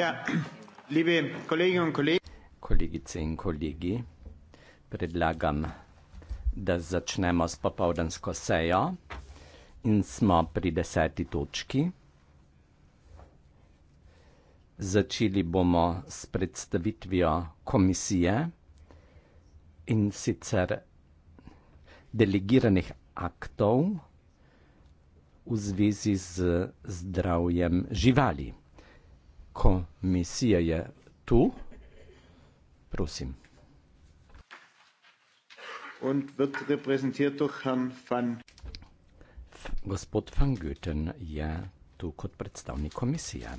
Ja, liebe Kolleginnen und Kollegen. Kolegice in kolegi, predlagam, da začnemo s popovdansko sejo in smo pri deseti točki. Začeli bomo s predstavitvijo komisije in sicer delegiranih aktov v zvezi z zdravjem živali komisije je tu. Prosim. Und wird repräsentiert durch Herrn van Gospod van Goethen je tu kot predstavnik komisije.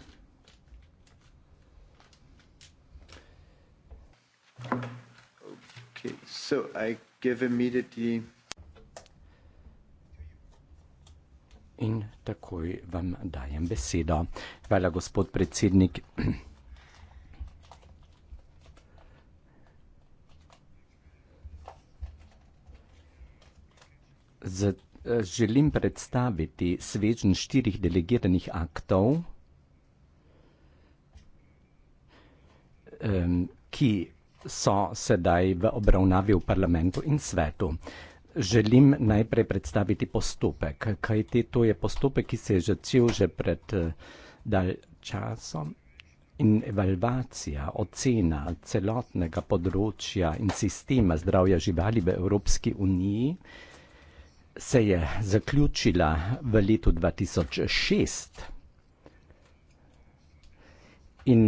Okay, so I give immediately in takoj vam dajem besedo. Hvala, gospod predsednik. Z, želim predstaviti svežen štirih delegiranih aktov, ki so sedaj v obravnavi v parlamentu in svetu. Želim najprej predstaviti postopek, kajti to je postopek, ki se je začel že pred eh, dal časom in evalvacija, ocena celotnega področja in sistema zdravja živali v Evropski uniji se je zaključila v letu 2006 in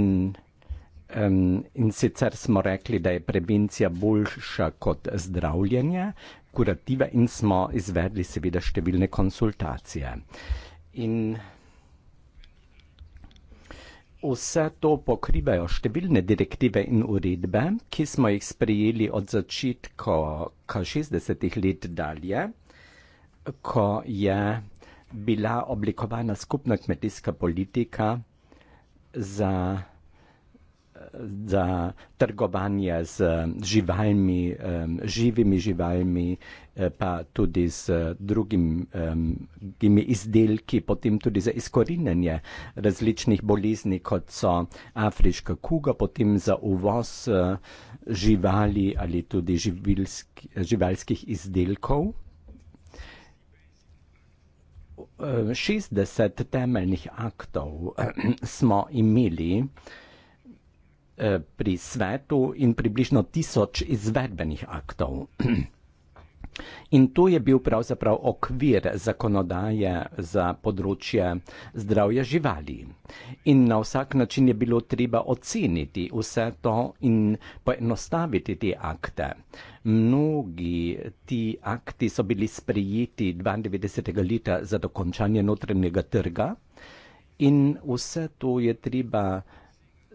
Um, in sicer smo rekli, da je prevencija boljša kot zdravljenje, kurativa in smo izvedli seveda številne konsultacije. In vse to pokrivajo številne direktive in uredbe, ki smo jih sprejeli od začetka 60-ih let dalje, ko je bila oblikovana skupna kmetijska politika za za trgovanje z živalmi, živimi živalmi, eh, pa tudi z drugimi izdelki, potem tudi za izkorinjanje različnih bolezni, kot so afriška kuga, potem za uvoz eh, živali ali tudi živalskih izdelkov. 60 eh, temeljnih aktov smo imeli, Eh, pri svetu in približno tisoč izvedbenih aktov. In to je bil pravzaprav okvir zakonodaje za področje zdravja živali. In na vsak način je bilo treba oceniti vse to in poenostaviti te akte. Mnogi ti akti so bili sprejeti 92. leta za dokončanje notranjega trga in vse to je treba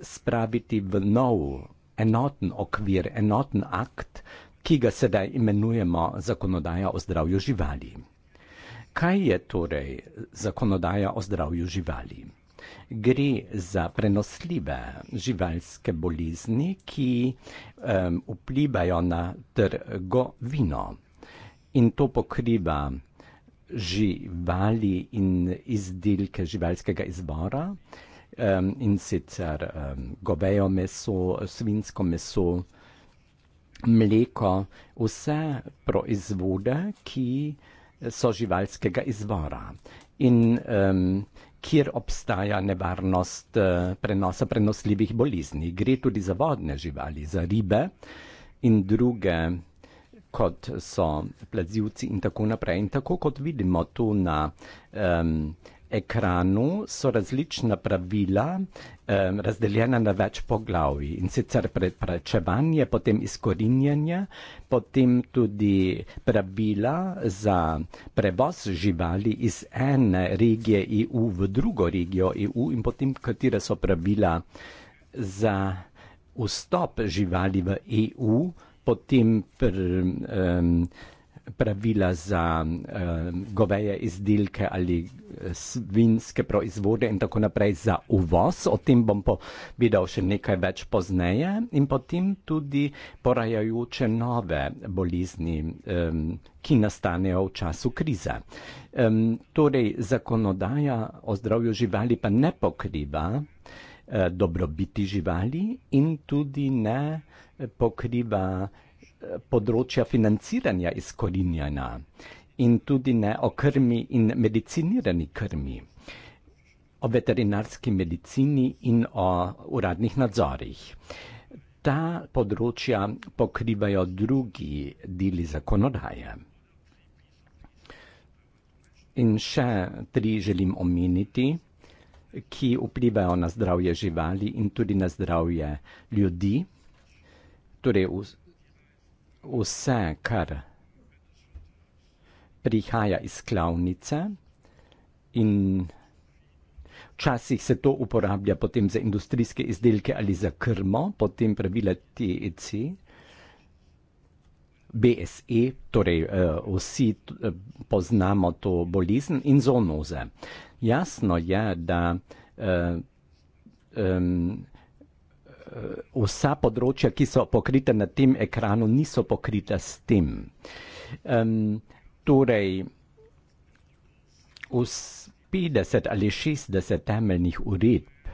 spraviti v nov enoten okvir, enoten akt, ki ga sedaj imenujemo zakonodaja o zdravju živali. Kaj je torej zakonodaja o zdravju živali? Gre za prenosljive živalske bolizni, ki um, vplivajo na trgovino in to pokriva živali in izdelke živalskega izbora, um, in sicer um, ehm, gobejo meso, svinsko meso, mleko, vse proizvode, ki so živalskega izvora in um, kjer obstaja nevarnost uh, prenosa prenosljivih bolizni. Gre tudi za vodne živali, za ribe in druge, kot so plazivci in tako naprej. In tako kot vidimo tu na um, ekranu so različna pravila eh, razdeljena na več poglavij in sicer preprečevanje, potem izkorinjanje, potem tudi pravila za prevoz živali iz ene regije EU v drugo regijo EU in potem katere so pravila za vstop živali v EU, potem pr, eh, pravila za eh, goveje izdelke ali svinske proizvode in tako naprej za uvoz. O tem bom povedal še nekaj več pozneje in potem tudi porajajoče nove bolizni, um, ki nastanejo v času krize. Um, torej, zakonodaja o zdravju živali pa ne pokriva uh, dobrobiti živali in tudi ne pokriva eh, področja financiranja izkorinjena. Uh, in tudi ne o krmi in medicinirani krmi, o veterinarski medicini in o uradnih nadzorih. Ta področja pokrivajo drugi deli zakonodaje. In še tri želim omeniti, ki vplivajo na zdravje živali in tudi na zdravje ljudi. Torej, vse, kar prihaja iz klavnice in včasih se to uporablja potem za industrijske izdelke ali za krmo, potem pravila TEC, BSE, torej uh, vsi uh, poznamo to bolezen in zoonoze. Jasno je, da uh, um, vsa področja, ki so pokrita na tem ekranu, niso pokrita s tem. Um, torej v 50 ali 60 temeljnih uredb uh,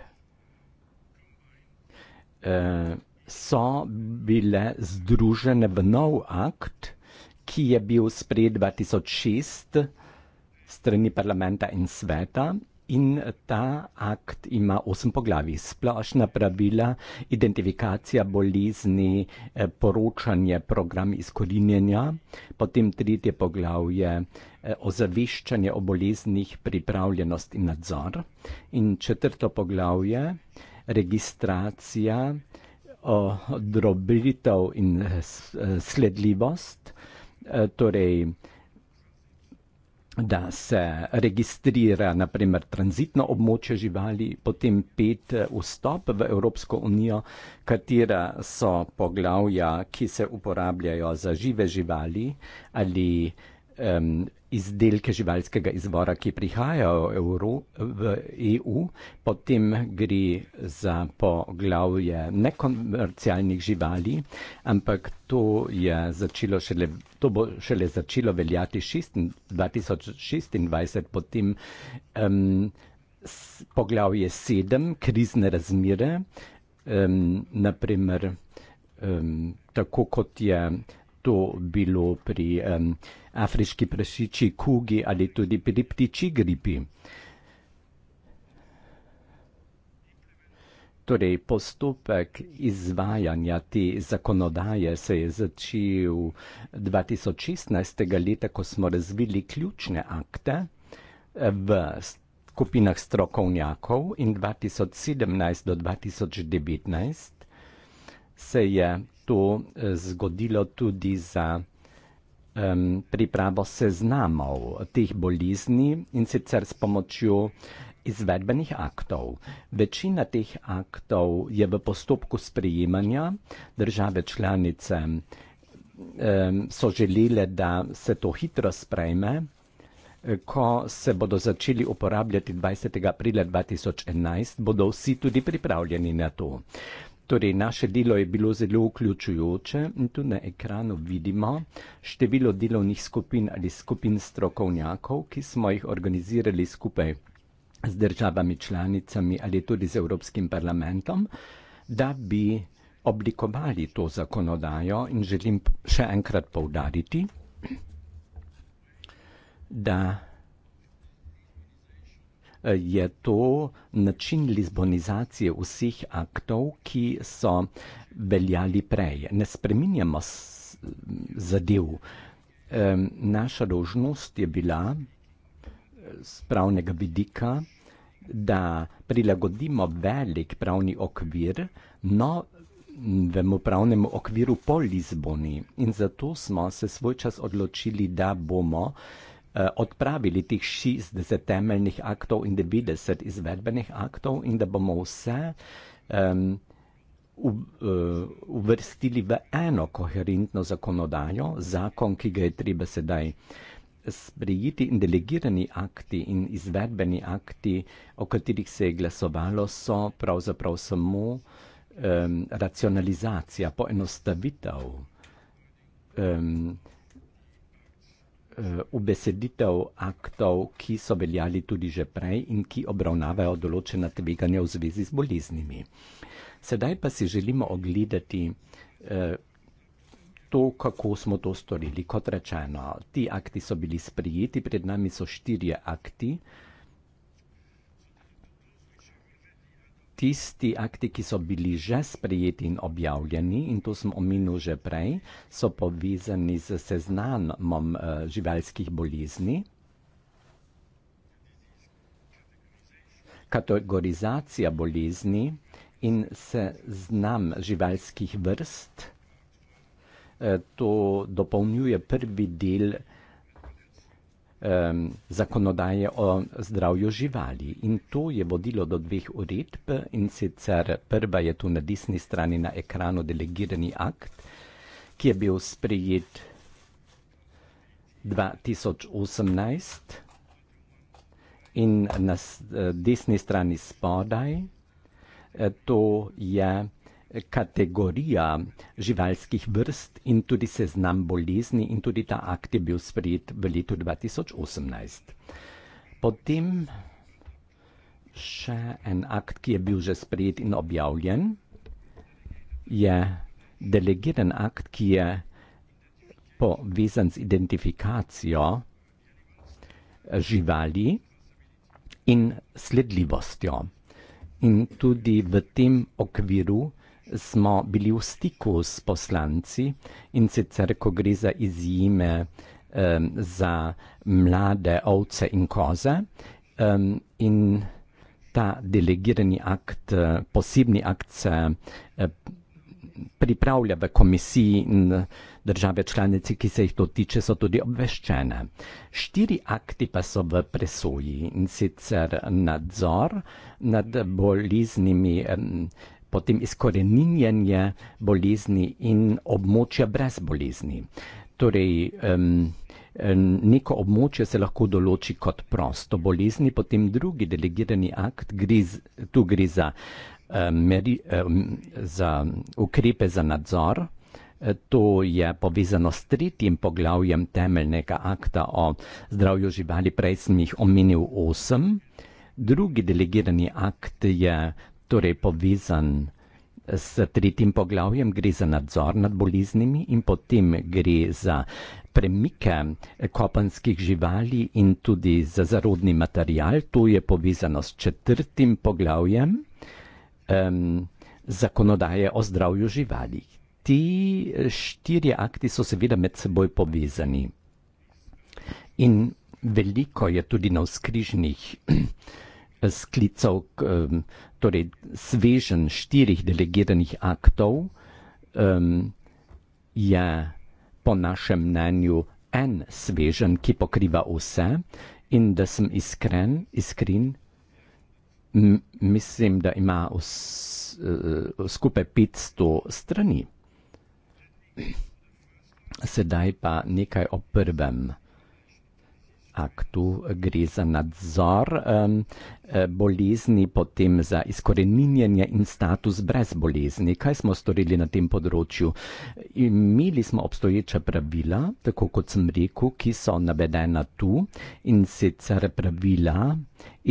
so bile združene v nov akt, ki je bil sprejet 2006 strani parlamenta in sveta In ta akt ima osem poglavij. Splošna pravila, identifikacija bolezni, eh, poročanje, program izkorinjenja, potem tretje poglavje, eh, ozaveščanje o boleznih, pripravljenost in nadzor, in četrto poglavje, registracija, drobitev in eh, sledljivost, torej da se registrira naprimer tranzitno območje živali, potem pet eh, vstop v Evropsko unijo, katera so poglavja, ki se uporabljajo za žive živali ali um, izdelke živalskega izvora, ki prihajajo v EU, e potem gre za poglavje nekomercialnih živali, ampak to, šele, to bo šele začelo veljati 2026, potem um, poglavje 7, krizne razmire, um, naprimer um, tako kot je to bilo pri um, afriški prašiči kugi ali tudi pri ptiči gripi. Torej, postopek izvajanja te zakonodaje se je začel 2016. leta, ko smo razvili ključne akte v skupinah strokovnjakov in 2017 do 2019 se je to eh, zgodilo tudi za um, pripravo seznamov teh bolizni in sicer s pomočjo izvedbenih aktov. Večina teh aktov je v postopku sprejemanja države članice. So želeli, da se to hitro sprejme, eh, ko se bodo začeli uporabljati 20. aprila 2011, bodo vsi tudi pripravljeni na to. Torej, naše delo je bilo zelo vključujoče in tu na ekranu vidimo število delovnih skupin ali skupin strokovnjakov, ki smo jih organizirali skupaj z državami članicami ali tudi z Evropskim parlamentom, da bi oblikovali to zakonodajo in želim še enkrat poudariti, da je to način lizbonizacije vseh aktov, ki so veljali prej. Ne spreminjamo zadev. Naša dožnost je bila z pravnega vidika, da prilagodimo velik pravni okvir novemu pravnemu okviru po Lizboni. In zato smo se svoj čas odločili, da bomo Eh, odpravili tih 60 temeljnih aktov in 90 izvedbenih aktov in da bomo vse um, v, uh, eh, uvrstili v eno koherentno zakonodajo, zakon, ki ga je treba sedaj sprejeti in delegirani akti in izvedbeni akti, o katerih se je glasovalo, so pravzaprav samo um, racionalizacija, poenostavitev. Um, Eh, ubeseditev aktov, ki so veljali tudi že prej in ki obravnavajo določena tveganja v zvezi z boleznimi. Sedaj pa si želimo ogledati eh, to, kako smo to storili. Kot rečeno, ti akti so bili sprijeti, pred nami so štirje akti, tisti akti, ki so bili že sprejeti in objavljeni, in to sem omenil že prej, so povezani z seznamom uh, živalskih bolezni. Kategorizacija bolezni in seznam živalskih vrst, eh, to dopolnjuje prvi del um, zakonodaje o zdravju živali. In to je vodilo do dveh uredb in sicer prva je tu na desni strani na ekranu delegirani akt, ki je bil sprejet 2018 in na desni strani spodaj, eh, to je kategorija živalskih vrst in tudi seznam bolezni in tudi ta akt je bil sprejet v letu 2018. Potem še en akt, ki je bil že sprejet in objavljen, je delegiran akt, ki je povezan z identifikacijo eh, živali in sledljivostjo. In tudi v tem okviru smo bili v stiku s poslanci in sicer, ko gre za izjime um, za mlade ovce in koze um, in ta delegirani akt, eh, posebni akt se eh, pripravlja v komisiji in države članice, ki se jih to tiče, so tudi obveščene. Štiri akti pa so v presoji in sicer nadzor nad boliznimi um, potem izkoreninjanje bolezni in območja brez bolezni. Torej, um, neko območje se lahko določi kot prosto bolezni, potem drugi delegirani akt, gre z, tu gre za, um, meri, um, za ukrepe za nadzor. E, to je povezano s tretjim poglavjem temeljnega akta o zdravju živali, prej sem jih omenil osem. Drugi delegirani akt je torej povezan s tretjim poglavjem, gre za nadzor nad boleznimi in potem gre za premike kopanskih živali in tudi za zarodni material. To je povezano s četrtim poglavjem um, zakonodaje o zdravju živali. Ti štirje akti so seveda med seboj povezani. In veliko je tudi na vzkrižnih sklical torej, svežen štirih delegiranih aktov, je po našem mnenju en svežen, ki pokriva vse, in da sem iskren, iskren. Mislim, da ima eh, skupaj 500 strani. Sedaj pa nekaj o prvem aktu gre za nadzor um, bolezni, potem za izkoreninjenje in status brez bolezni. Kaj smo storili na tem področju? Imeli smo obstoječa pravila, tako kot sem rekel, ki so navedena tu in sicer pravila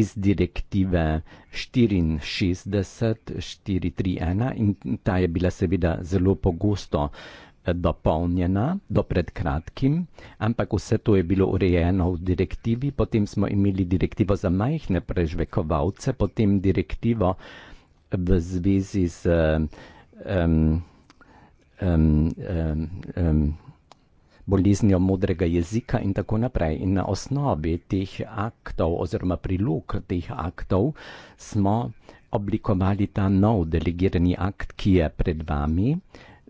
iz direktive 64431 in ta je bila seveda zelo pogosto Eh, dopolnjena do pred kratkim, ampak vse to je bilo urejeno v direktivi, potem smo imeli direktivo za majhne prežvekovalce, potem direktivo v zvezi z um, um, um, um, boliznijo modrega jezika in tako naprej. In na osnovi teh aktov oziroma prilog teh aktov smo oblikovali ta nov delegirani akt, ki je pred vami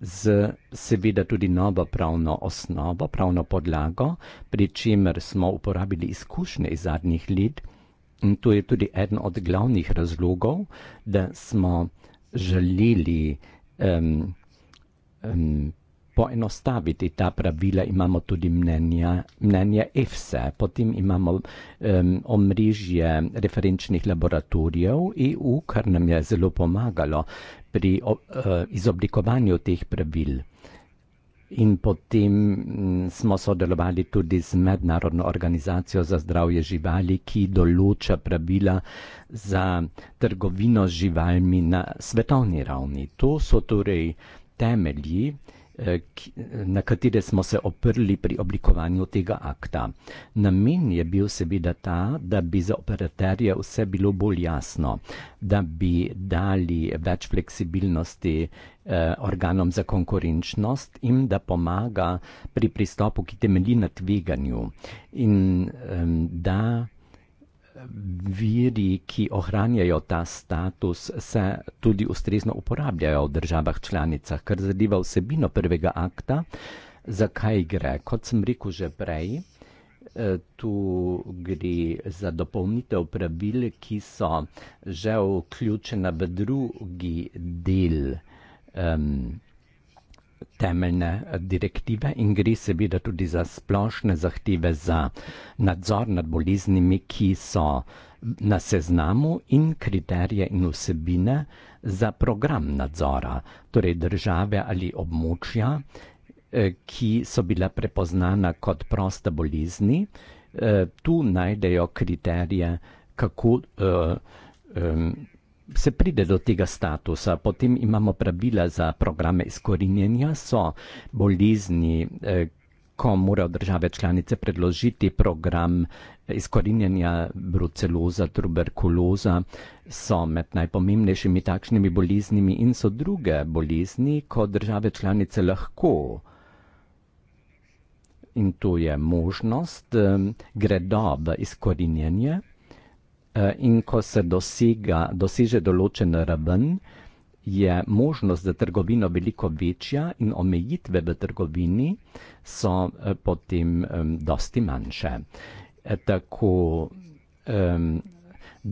z seveda tudi novo pravno osnovo, pravno podlago, pri čemer smo uporabili izkušnje iz zadnjih let. In to je tudi eden od glavnih razlogov, da smo želeli um, um, poenostaviti ta pravila. Imamo tudi mnenja, mnenja EFSA, potem imamo um, omrežje referenčnih laboratorijev EU, kar nam je zelo pomagalo pri ob, uh, izoblikovanju teh pravil. In potem mm, smo sodelovali tudi z Mednarodno organizacijo za zdravje živali, ki določa pravila za trgovino z živalmi na svetovni ravni. To so torej temelji, Eh, na katere smo se oprli pri oblikovanju tega akta. Namen je bil seveda ta, da bi za operaterje vse bilo bolj jasno, da bi dali več fleksibilnosti eh, organom za konkurenčnost in da pomaga pri pristopu, ki temelji na tveganju in da viri, ki ohranjajo ta status, se tudi ustrezno uporabljajo v državah članicah, kar zadeva vsebino prvega akta, zakaj gre. Kot sem rekel že prej, eh, tu gre za dopolnitev pravil, ki so že vključena v drugi del temeljne direktive in gre seveda tudi za splošne zahteve za nadzor nad boliznimi, ki so na seznamu in kriterije in vsebine za program nadzora, torej države ali območja, eh, ki so bila prepoznana kot prosta bolizni, eh, tu najdejo kriterije, kako eh, se pride do tega statusa, potem imamo pravila za programe izkorinjenja, so bolezni, eh, ko morajo države članice predložiti program izkorinjenja bruceloza, tuberkuloza, so med najpomembnejšimi takšnimi boleznimi in so druge bolezni, ko države članice lahko in to je možnost, eh, gredo v izkorinjenje. Eh, in ko se dosega, doseže določen raven, je možnost za trgovino veliko večja in omejitve v trgovini so eh, potem dosti manjše. Eh, tako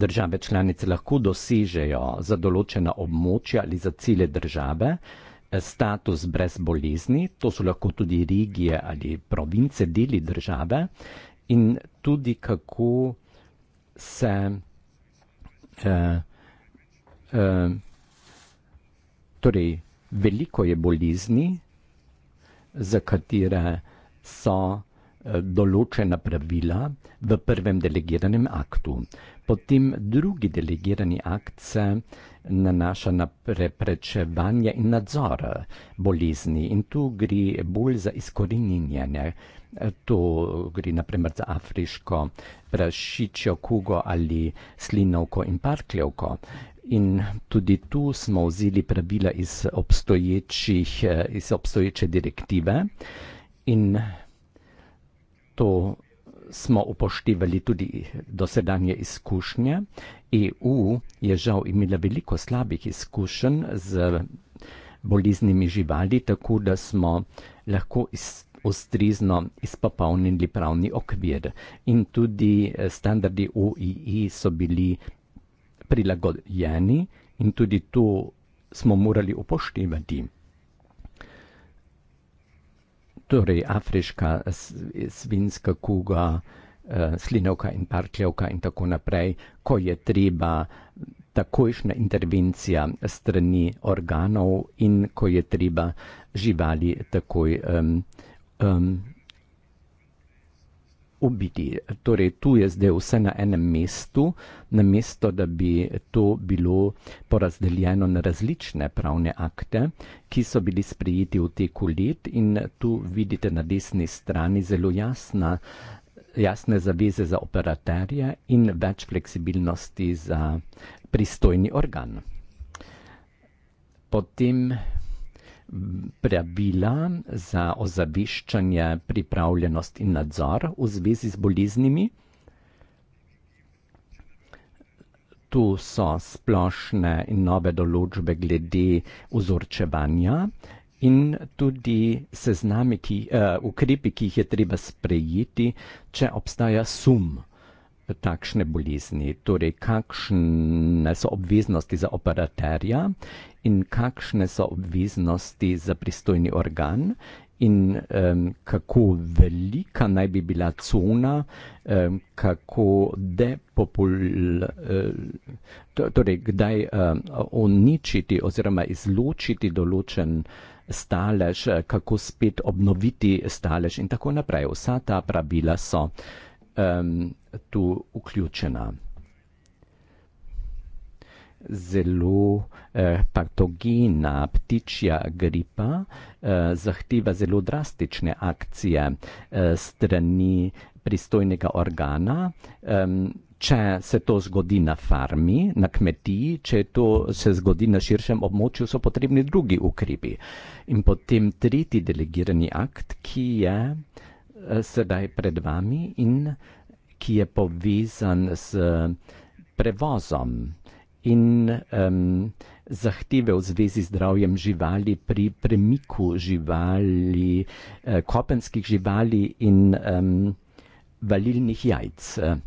države članice lahko dosežejo za določena območja ali za cele države status brez bolezni, to so lahko tudi regije ali province, deli države in tudi kako se eh, eh, torej veliko je bolizni, za katere so eh, določena pravila v prvem delegiranem aktu. Potem drugi delegirani akt se nanaša na preprečevanje in nadzor bolizni in tu gre bolj za izkorinjenje. Tu gre naprimer za afriško prašičjo kugo ali slinovko in parkljevko. In tudi tu smo vzeli pravila iz, iz obstoječe direktive in to smo upoštevali tudi dosedanje izkušnje. EU je žal imela veliko slabih izkušenj z boliznimi živali, tako da smo lahko iz ustrezno izpopolnili pravni okvir in tudi eh, standardi OII e so bili prilagodjeni in tudi to smo morali upoštevati. Torej, afriška svinska kuga, eh, slinovka in parkljevka in tako naprej, ko je treba takojšna intervencija strani organov in ko je treba živali takoj um, um, ubiti. Torej, tu je zdaj vse na enem mestu, na mesto, da bi to bilo porazdeljeno na različne pravne akte, ki so bili sprejeti v teku let in tu vidite na desni strani zelo jasna, jasne zaveze za operaterje in več fleksibilnosti za pristojni organ. Potem pravila za ozaveščanje, pripravljenost in nadzor v zvezi z boleznimi. Tu so splošne in nove določbe glede vzorčevanja in tudi seznami, ki, uh, ukrepi, ki jih je treba sprejeti, če obstaja sum takšne bolezni, torej kakšne so obveznosti za operaterja in kakšne so obveznosti za pristojni organ in um, kako velika naj bi bila cona, um, kako depopul, uh, torej kdaj uničiti um, oziroma izločiti določen stalež, kako spet obnoviti stalež in tako naprej. Vsa ta pravila so um, tu vključena. Zelo eh, patogena ptičja gripa eh, zahteva zelo drastične akcije eh, strani pristojnega organa. Eh, če se to zgodi na farmi, na kmetiji, če to se zgodi na širšem območju, so potrebni drugi ukrepi. In potem tretji delegirani akt, ki je eh, Eh, sedaj pred vami in ki je povezan s eh, prevozom in um, zahteve v zvezi z zdravjem živali pri premiku živali, eh, kopenskih živali in um, valilnih jajc. Eh,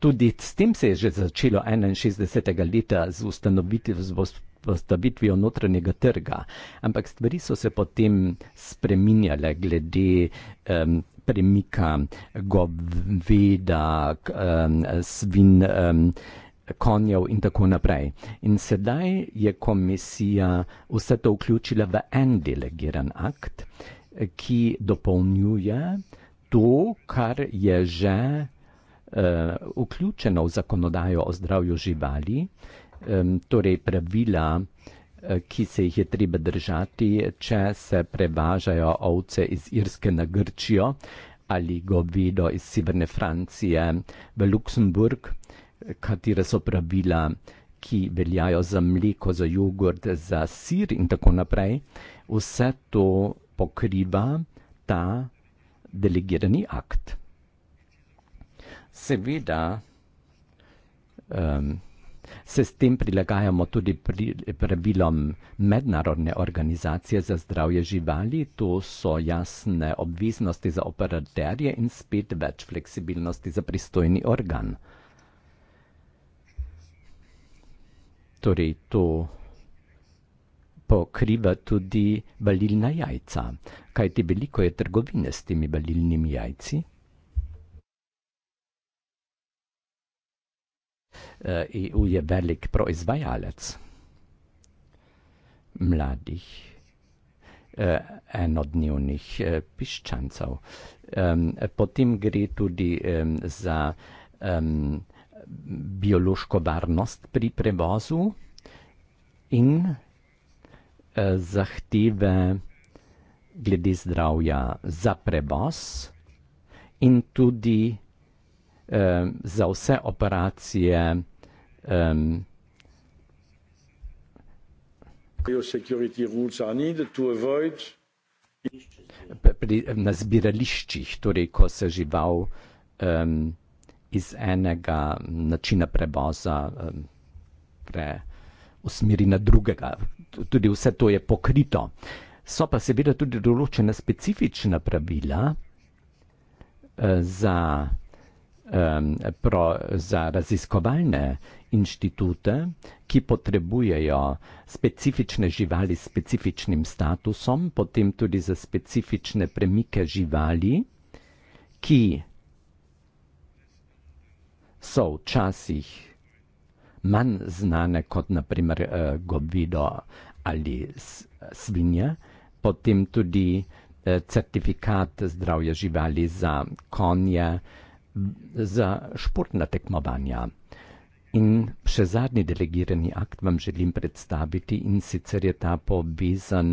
tudi s tem se je že začelo 61. leta z ustanovitvijo postavitvijo notranjega trga. Ampak stvari so se potem spreminjale glede um, premika goveda, um, svin, um, konjev in tako naprej. In sedaj je komisija vse to vključila v en delegiran akt, ki dopolnjuje to, kar je že. Uh, vključeno v zakonodajo o zdravju živali, uh, torej pravila, eh, ki se jih je treba držati, če se prevažajo ovce iz Irske na Grčijo ali govedo iz Severne Francije v Luksemburg, katera so pravila, ki veljajo za mleko, za jogurt, za sir in tako naprej. Vse to pokriva ta delegirani akt. Seveda, um, se s tem prilagajamo tudi pri, pravilom mednarodne organizacije za zdravje živali. To so jasne obveznosti za operaterje in spet več fleksibilnosti za pristojni organ. Torej, to pokriva tudi valilna jajca. Kaj ti veliko je trgovine s temi valilnimi jajci? EU eh, e je velik proizvajalec mladih, eh, enodnevnih eh, piščancev. Potem gre tudi za biološko varnost pri prevozu in zahteve glede zdravja za prevoz in tudi um, za vse operacije. Um, Pri, na zbiriščih, torej, ko se žival um, iz enega načina prevoza um, pre, usmeri na drugega. Tudi vse to je pokrito. So pa seveda tudi določena specifična pravila uh, za pro, za raziskovalne inštitute, ki potrebujejo specifične živali s specifičnim statusom, potem tudi za specifične premike živali, ki so včasih manj znane kot naprimer eh, govido ali svinje, potem tudi eh, certifikat zdravja živali za konje, za športna tekmovanja. In še zadnji delegirani akt vam želim predstaviti in sicer je ta povezan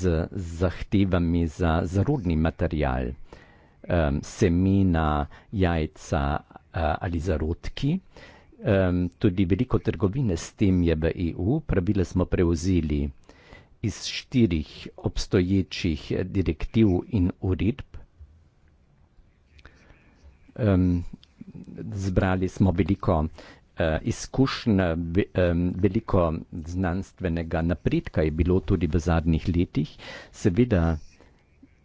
z zahtevami za zarodni material, um, semena, jajca uh, ali zarodki. Um, tudi veliko trgovine s tem je v EU, pravile smo prevzeli iz štirih obstoječih direktiv in uredb um, zbrali smo veliko e, izkušnje, veliko znanstvenega napredka je bilo tudi v zadnjih letih. Seveda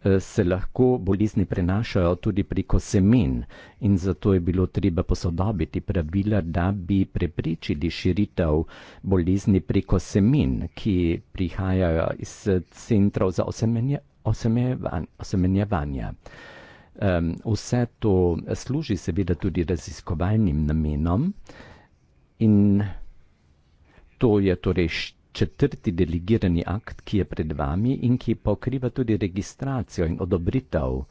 e, se lahko bolezni prenašajo tudi preko semen in zato je bilo treba posodobiti pravila, da bi preprečili širitev bolezni preko semen, ki prihajajo iz centrov za osemenje, osemenje, osemenjevanje. Um, vse to služi seveda tudi raziskovalnim namenom in to je torej četrti delegirani akt, ki je pred vami in ki pokriva tudi registracijo in odobritev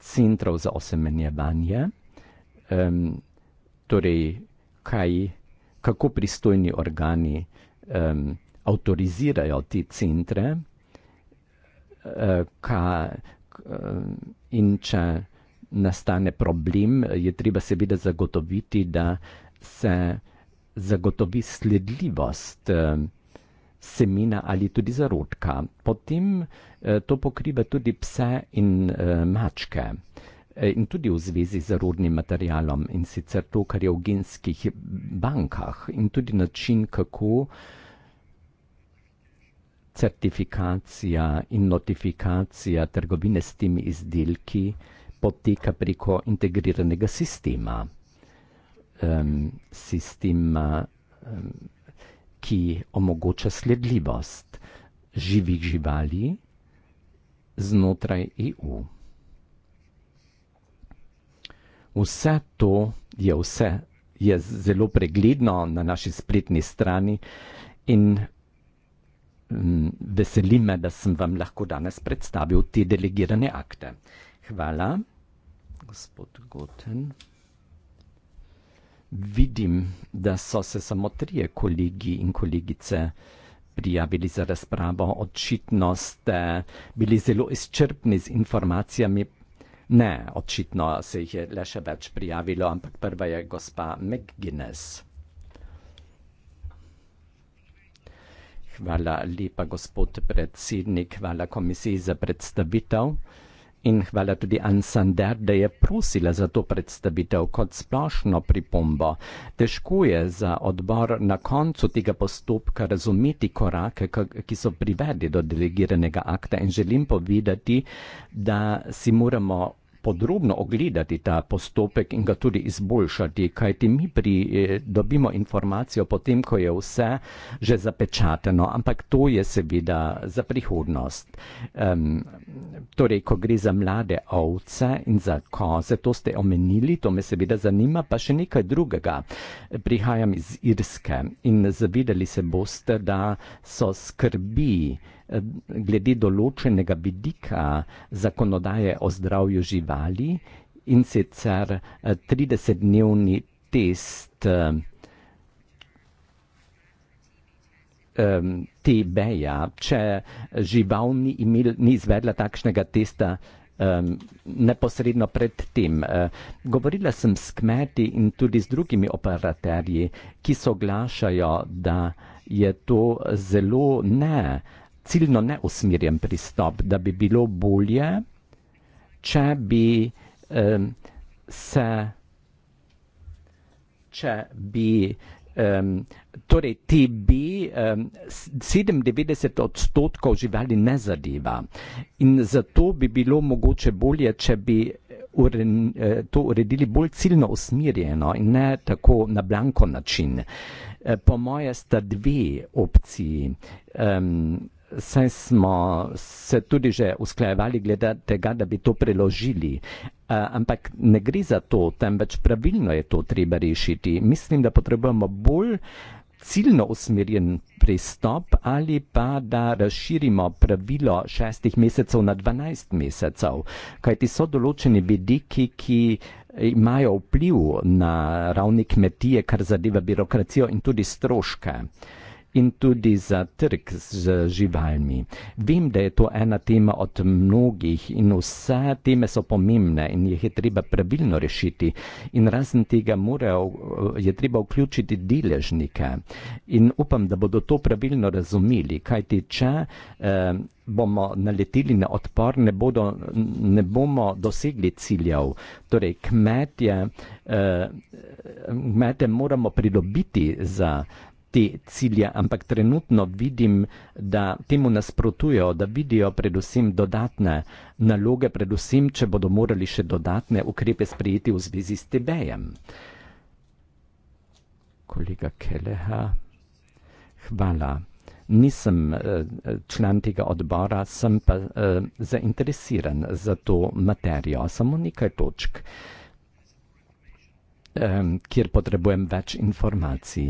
centrov za osemenjevanje. Um, torej, kaj, kako pristojni organi um, avtorizirajo te centre, uh, eh, kaj um, In če nastane problem, je treba seveda zagotoviti, da se zagotovi sledljivost eh, semena ali tudi zarodka. Potem eh, to pokriva tudi pse in eh, mačke. In tudi v zvezi z rodnim materialom, in sicer to, kar je v genskih bankah, in tudi način, kako uh, certifikacija in notifikacija trgovine s temi izdelki poteka preko integriranega sistema. Um, sistema, um, ki omogoča sledljivost živih živali znotraj EU. Vse to je, vse, je zelo pregledno na naši spletni strani in Mm, veseli me, da sem vam lahko danes predstavil te delegirane akte. Hvala, gospod Goten. Vidim, da so se samo trije kolegi in kolegice prijavili za razpravo. Očitno ste bili zelo izčrpni z informacijami. Ne, očitno se jih je le še več prijavilo, ampak prva je gospa McGuinness. hvala lepa, gospod predsednik, hvala komisiji za predstavitev in hvala tudi Ansander, da je prosila za to predstavitev kot splošno pripombo. Težko je za odbor na koncu tega postopka razumeti korake, ki so privedli do delegiranega akta in želim povedati, da si moramo podrobno ogledati ta postopek in ga tudi izboljšati, kajti mi pri, eh, dobimo informacijo potem, ko je vse že zapečateno, ampak to je seveda za prihodnost. Um, torej, ko gre za mlade ovce in za koze, to ste omenili, to me seveda zanima, pa še nekaj drugega. Prihajam iz Irske in zavedali se boste, da so skrbi glede določenega vidika zakonodaje o zdravju živali in sicer 30-dnevni eh, test eh, te beja, če žival ni, imel, ni izvedla takšnega testa um, neposredno pred tem. Eh, govorila sem s kmeti in tudi z drugimi operaterji, ki soglašajo, da je to zelo ne ciljno neusmerjen pristop, da bi bilo bolje, če bi um, se. Če bi, um, torej, ti bi um, 97 odstotkov živali ne zadeva. In zato bi bilo mogoče bolje, če bi uren, eh, to uredili bolj ciljno usmirjeno in ne tako na blanko način. Eh, po moje sta dve opciji. Um, saj smo se tudi že usklajevali glede tega, da bi to preložili. Uh, ampak ne gre za to, temveč pravilno je to treba rešiti. Mislim, da potrebujemo bolj ciljno usmerjen pristop ali pa da razširimo pravilo šestih mesecev na dvanajst mesecev, kajti so določeni vidiki, ki imajo vpliv na ravni kmetije, kar zadeva birokracijo in tudi stroške. Uh, in tudi za trg z živalmi. Vem, da je to ena tema od mnogih in vse teme so pomembne in jih je treba pravilno rešiti. In razen tega mora, je treba vključiti deležnike. In upam, da bodo to pravilno razumeli, kaj ti če eh, bomo naleteli na odpor, ne, bodo, ne bomo dosegli ciljev. Torej, kmetje, eh, kmete moramo pridobiti za te cilje, ampak trenutno vidim, da temu nasprotujo, da vidijo predvsem dodatne naloge, predvsem, če bodo morali še dodatne ukrepe sprejeti v zvezi s TB-jem. Kolega Keleha, hvala. Nisem eh, član tega odbora, sem pa eh, zainteresiran za to materijo. Samo nekaj točk, eh, kjer potrebujem več informacij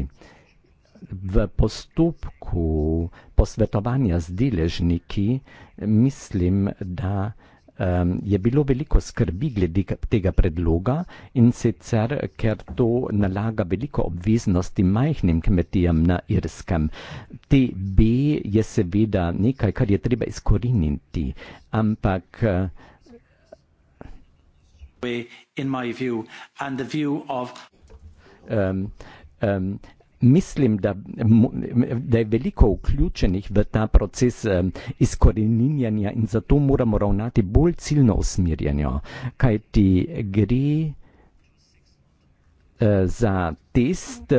v postopku posvetovanja z deležniki, mislim, da um, je bilo veliko skrbi glede tega predloga in sicer, ker to nalaga veliko obveznosti majhnim kmetijam na Irskem. TB je seveda nekaj, kar je treba izkoriniti, ampak. Um, um, mislim, da, da je veliko vključenih v ta proces eh, izkoreninjanja in zato moramo ravnati bolj ciljno usmerjeno, kaj ti gre eh, za test.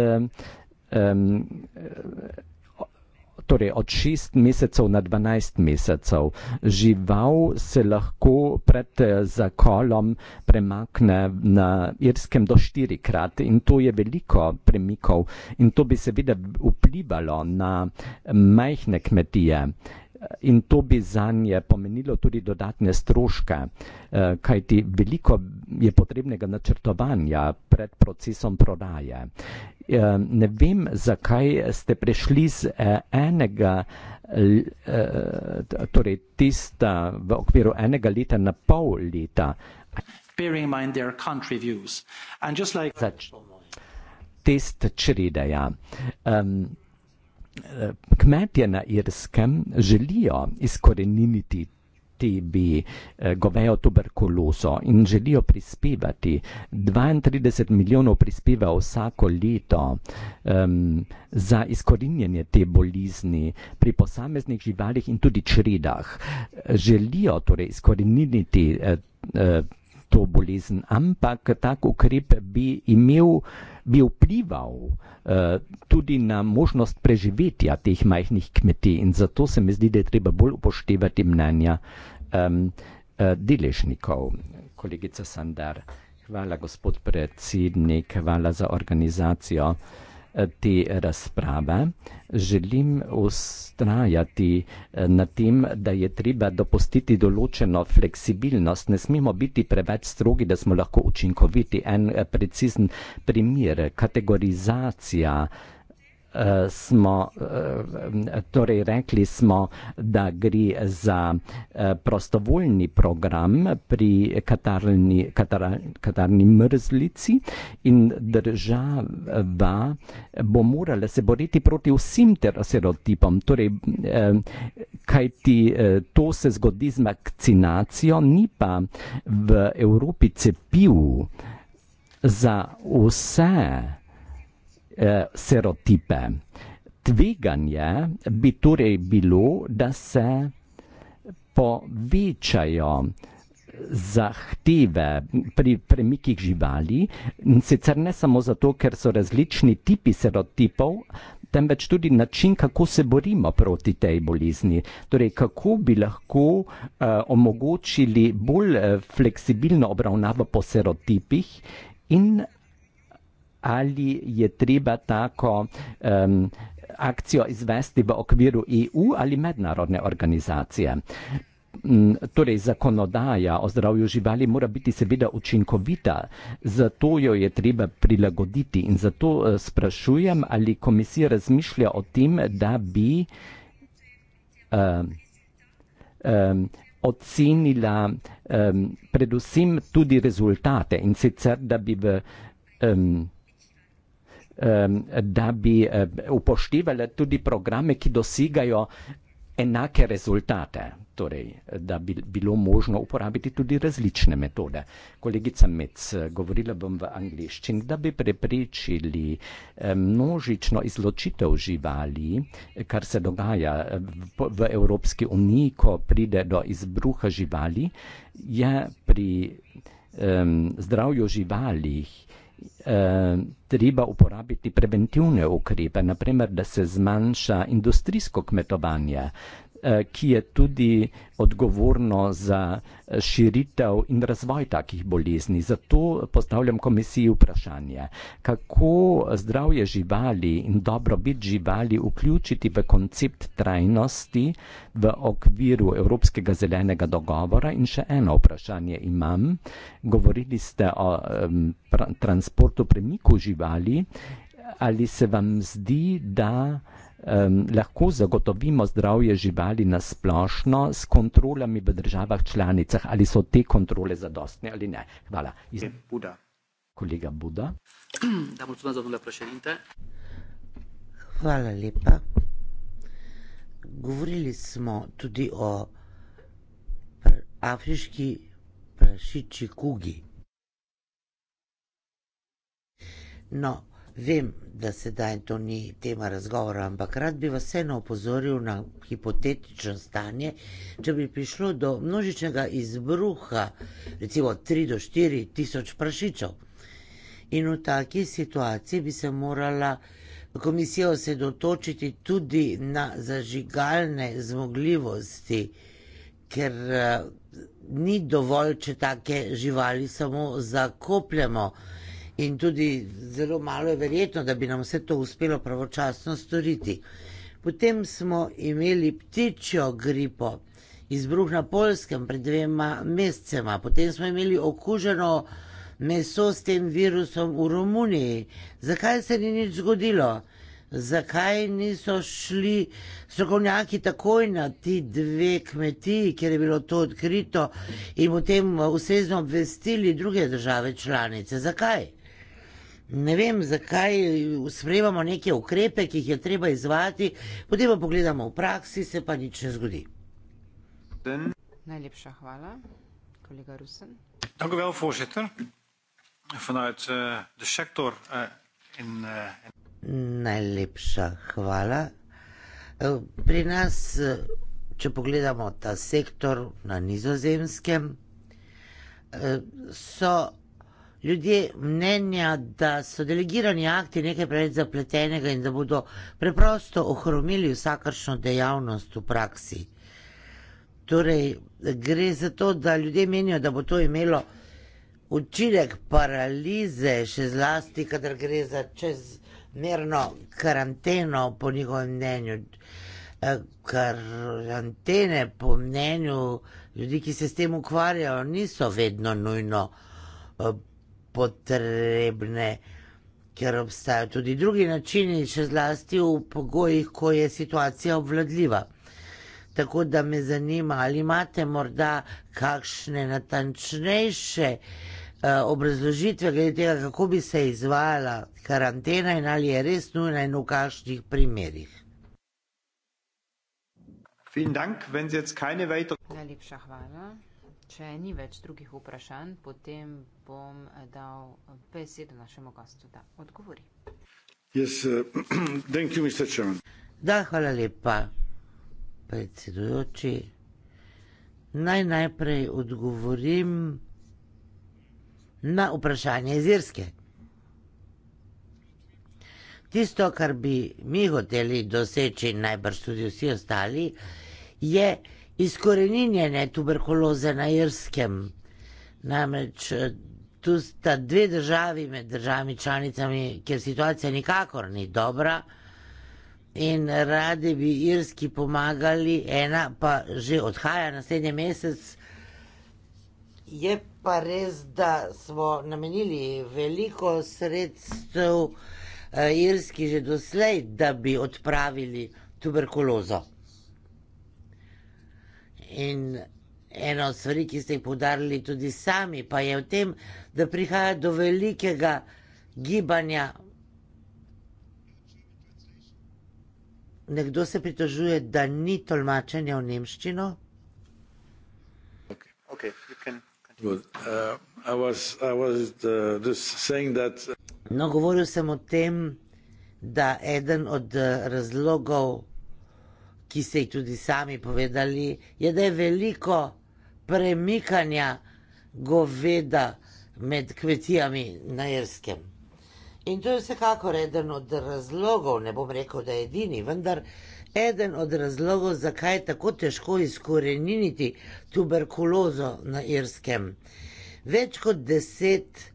Um, torej od 6 mesecev na 12 mesecev. Žival se lahko pred eh, zakolom premakne na irskem do 4 krat in to je veliko premikov in to bi seveda vplivalo na eh, majhne kmetije. In to bi za nje pomenilo tudi dodatne stroške, eh, kajti veliko je potrebnega načrtovanja pred procesom prodaje. Ehm, ne vem, zakaj ste prešli z eh, enega, eh, torej tista v okviru enega leta na pol leta. Test črede, ja. Ehm, eh, kmetje na Irskem želijo izkoreniniti proti bi eh, govejo tuberkulozo in želijo prispevati 32 milijonov prispeva vsako leto um, za izkorinjenje te bolizni pri posameznih živalih in tudi čredah. Želijo torej izkoreniniti uh, to bolezen, ampak tak ukrep bi imel, bi vplival eh, tudi na možnost preživetja teh majhnih kmetij in zato se mi zdi, da je treba bolj upoštevati mnenja um, deležnikov. Kolegica Sandar, hvala gospod predsednik, hvala za organizacijo te razprave. Želim ustrajati eh, na tem, da je treba dopustiti določeno fleksibilnost. Ne smemo biti preveč strogi, da smo lahko učinkoviti. En eh, precizen primer, kategorizacija uh, smo, uh, torej rekli smo, da gre za uh, prostovoljni program pri katarni, katar, katarni mrzlici in država bo morala se boriti proti vsem terasirotipom. Torej, uh, eh, kaj ti uh, to se zgodi z vakcinacijo, ni pa v Evropi cepiv za vse eh, serotipe. Tveganje bi torej bilo, da se povečajo zahteve pri premikih živali, sicer ne samo zato, ker so različni tipi serotipov, temveč tudi način, kako se borimo proti tej bolizni. Torej, kako bi lahko uh, omogočili bolj uh, fleksibilno obravnavo po serotipih in ali je treba tako um, akcijo izvesti v okviru EU ali mednarodne organizacije. Torej, zakonodaja o zdravju živali mora biti seveda učinkovita, zato jo je treba prilagoditi in zato eh, sprašujem, ali komisija razmišlja o tem, da bi um, um, ocenila um, predvsem tudi rezultate in sicer, da bi v um, da bi upoštevali tudi programe, ki dosegajo enake rezultate, torej da bi bilo možno uporabiti tudi različne metode. Kolegica Mec, eh, govorila bom v angliščini, da bi preprečili eh, množično izločitev živali, kar se dogaja eh, v Evropski uniji, ko pride do izbruha živali, je pri um, zdravju živalih Eh, treba uporabiti preventivne ukrepe, naprimer, da se zmanjša industrijsko kmetovanje, Eh, ki je tudi odgovorno za eh, širitev in razvoj takih bolezni. Zato postavljam komisiji vprašanje, kako zdravje živali in dobrobit živali vključiti v koncept trajnosti v okviru Evropskega zelenega dogovora. In še eno vprašanje imam. Govorili ste o um, pra, transportu premiku živali. Ali se vam zdi, da um, lahko zagotovimo zdravje živali na splošno s kontrolami v državah članicah, ali so te kontrole zadostne ali ne. Hvala. Iz... Buda. Kolega Buda. Hvala lepa. Govorili smo tudi o afriški prašiči kugi. No, Vem, da sedaj to ni tema razgovora, ampak rad bi vas vseeno opozoril na hipotetično stanje, če bi prišlo do množičnega izbruha, recimo 3 do 4 tisoč prašičev. In v taki situaciji bi se morala komisija osredotočiti tudi na zažigalne zmogljivosti, ker eh, ni dovolj, če take živali samo zakopljemo in tudi zelo malo je verjetno, da bi nam vse to uspelo pravočasno storiti. Potem smo imeli ptičjo gripo, izbruh na Polskem pred dvema mesecema, potem smo imeli okuženo meso s tem virusom v Romuniji. Zakaj se ni nič zgodilo? Zakaj niso šli strokovnjaki takoj na ti dve kmetiji, kjer je bilo to odkrito in potem vsezno obvestili druge države članice? Zakaj? ne vem, zakaj sprejemamo neke ukrepe, ki jih je treba izvajati, potem pa pogledamo v praksi, se pa nič ne zgodi. Den. Najlepša hvala, kolega Rusen. Tako vel, fošeter. Vanuit eh, de sektor eh, eh, in... Najlepša hvala. Pri nas, če pogledamo ta sektor na nizozemskem, so ljudje mnenja, da so delegirani akti nekaj preveč zapletenega in da bodo preprosto ohromili vsakršno dejavnost v praksi. Torej, gre za to, da ljudje menijo, da bo to imelo učinek paralize, še zlasti, kadar gre za čezmerno karanteno, po njihovem mnenju. Eh, karantene, po mnenju ljudi, ki se s tem ukvarjajo, niso vedno nujno eh, potrebne, ker obstajajo tudi drugi načini, še zlasti v pogojih, ko je situacija obvladljiva. Tako da me zanima, ali imate morda kakšne natančnejše uh, obrazložitve glede tega, kako bi se izvajala karantena in ali je res nujna in v kakšnih primerjih. Najlepša hvala če ni več drugih vprašanj, potem bom dal besedo našemu gostu, da odgovori. Yes, uh, thank you, Mr. Chairman. Da, hvala lepa, predsedujoči. Naj najprej odgovorim na vprašanje iz Irske. Tisto, kar bi mi hoteli doseči, najbrž tudi vsi ostali, je, da izkoreninjene tuberkuloze na Irskem. Namreč eh, tu sta dve državi med državami članicami, kjer situacija nikakor ni dobra in radi bi Irski pomagali, ena pa že odhaja naslednji mesec. Je pa res, da smo namenili veliko sredstev eh, Irski že doslej, da bi odpravili tuberkulozo in ena od stvari, ki ste jih podarili tudi sami, pa je v tem, da prihaja do velikega gibanja. Nekdo se pritožuje, da ni tolmačenja v nemščino. No, govoril sem o tem, da eden od uh, razlogov, ki ste jih tudi sami povedali, je, da je veliko premikanja goveda med kmetijami na Irskem. In to je vsekakor eden od razlogov, ne bom rekel, da je edini, vendar eden od razlogov, zakaj je tako težko izkoreniniti tuberkulozo na Irskem. Več kot deset let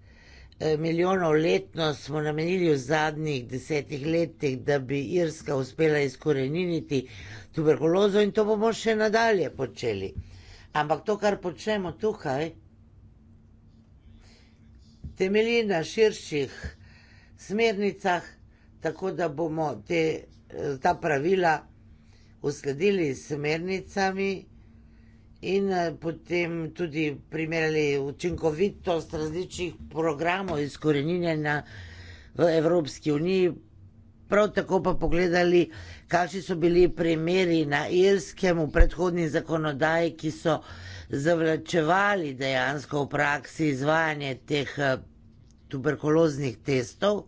milijonov letno smo namenili v zadnjih desetih letih, da bi Irska uspela izkoreniniti tuberkulozo in to bomo še nadalje počeli. Ampak to, kar počnemo tukaj, temelji na širših smernicah, tako da bomo te, ta pravila uskladili s smernicami in eh, potem tudi primerjali učinkovitost različnih programov izkoreninjena v Evropski uniji. Prav tako pa pogledali, kakšni so bili primeri na irskem v predhodni zakonodaji, ki so zavlačevali dejansko v praksi izvajanje teh eh, tuberkuloznih testov.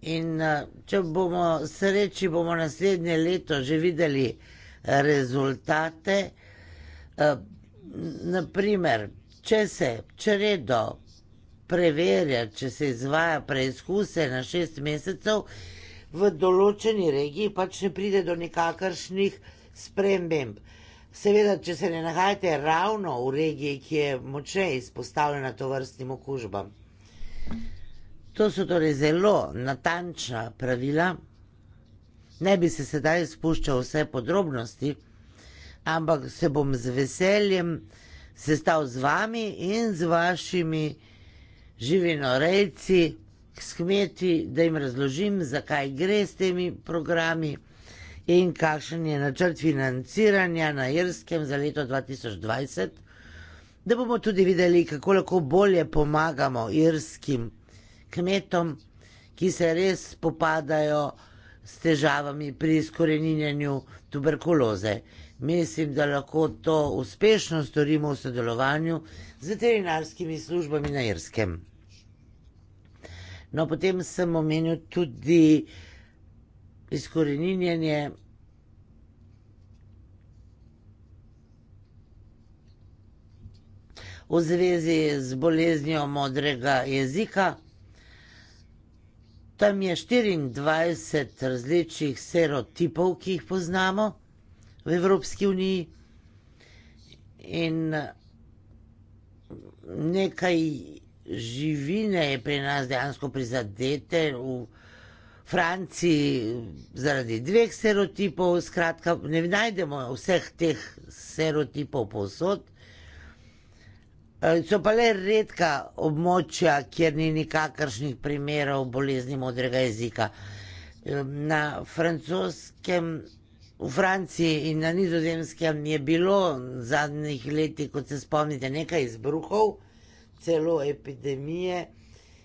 In eh, če bomo sreči, bomo naslednje leto že videli rezultate. Eh, naprimer, če se čredo preverja, če se izvaja preizkuse na šest mesecev, v določeni regiji pač ne pride do nikakršnih sprememb. Seveda, če se ne nahajate ravno v regiji, ki je moče izpostavljena to vrstnim okužbam. To so torej zelo natančna pravila. Ne bi se sedaj spuščal vse podrobnosti, ampak se bom z veseljem sestal z vami in z vašimi živinorejci, s kmeti, da jim razložim, zakaj gre s temi programi in kakšen je načrt financiranja na Irskem za leto 2020, da bomo tudi videli, kako lahko bolje pomagamo irskim kmetom, ki se res popadajo s težavami pri izkoreninjenju tuberkuloze mislim, da lahko to uspešno storimo v sodelovanju z veterinarskimi službami na Irskem. No, potem sem omenil tudi izkoreninjanje v zvezi z boleznijo modrega jezika. Tam je 24 različnih serotipov, ki jih poznamo v Evropski uniji. In nekaj živine je pri nas dejansko prizadete, v Franciji zaradi dveh stereotipov, skratka, ne najdemo vseh teh stereotipov povsod. So pa le redka območja, kjer ni nikakršnih primerov bolezni modrega jezika. Na francoskem V Franciji in na nizozemskem je bilo v zadnjih letih, kot se spomnite, nekaj izbruhov, celo epidemije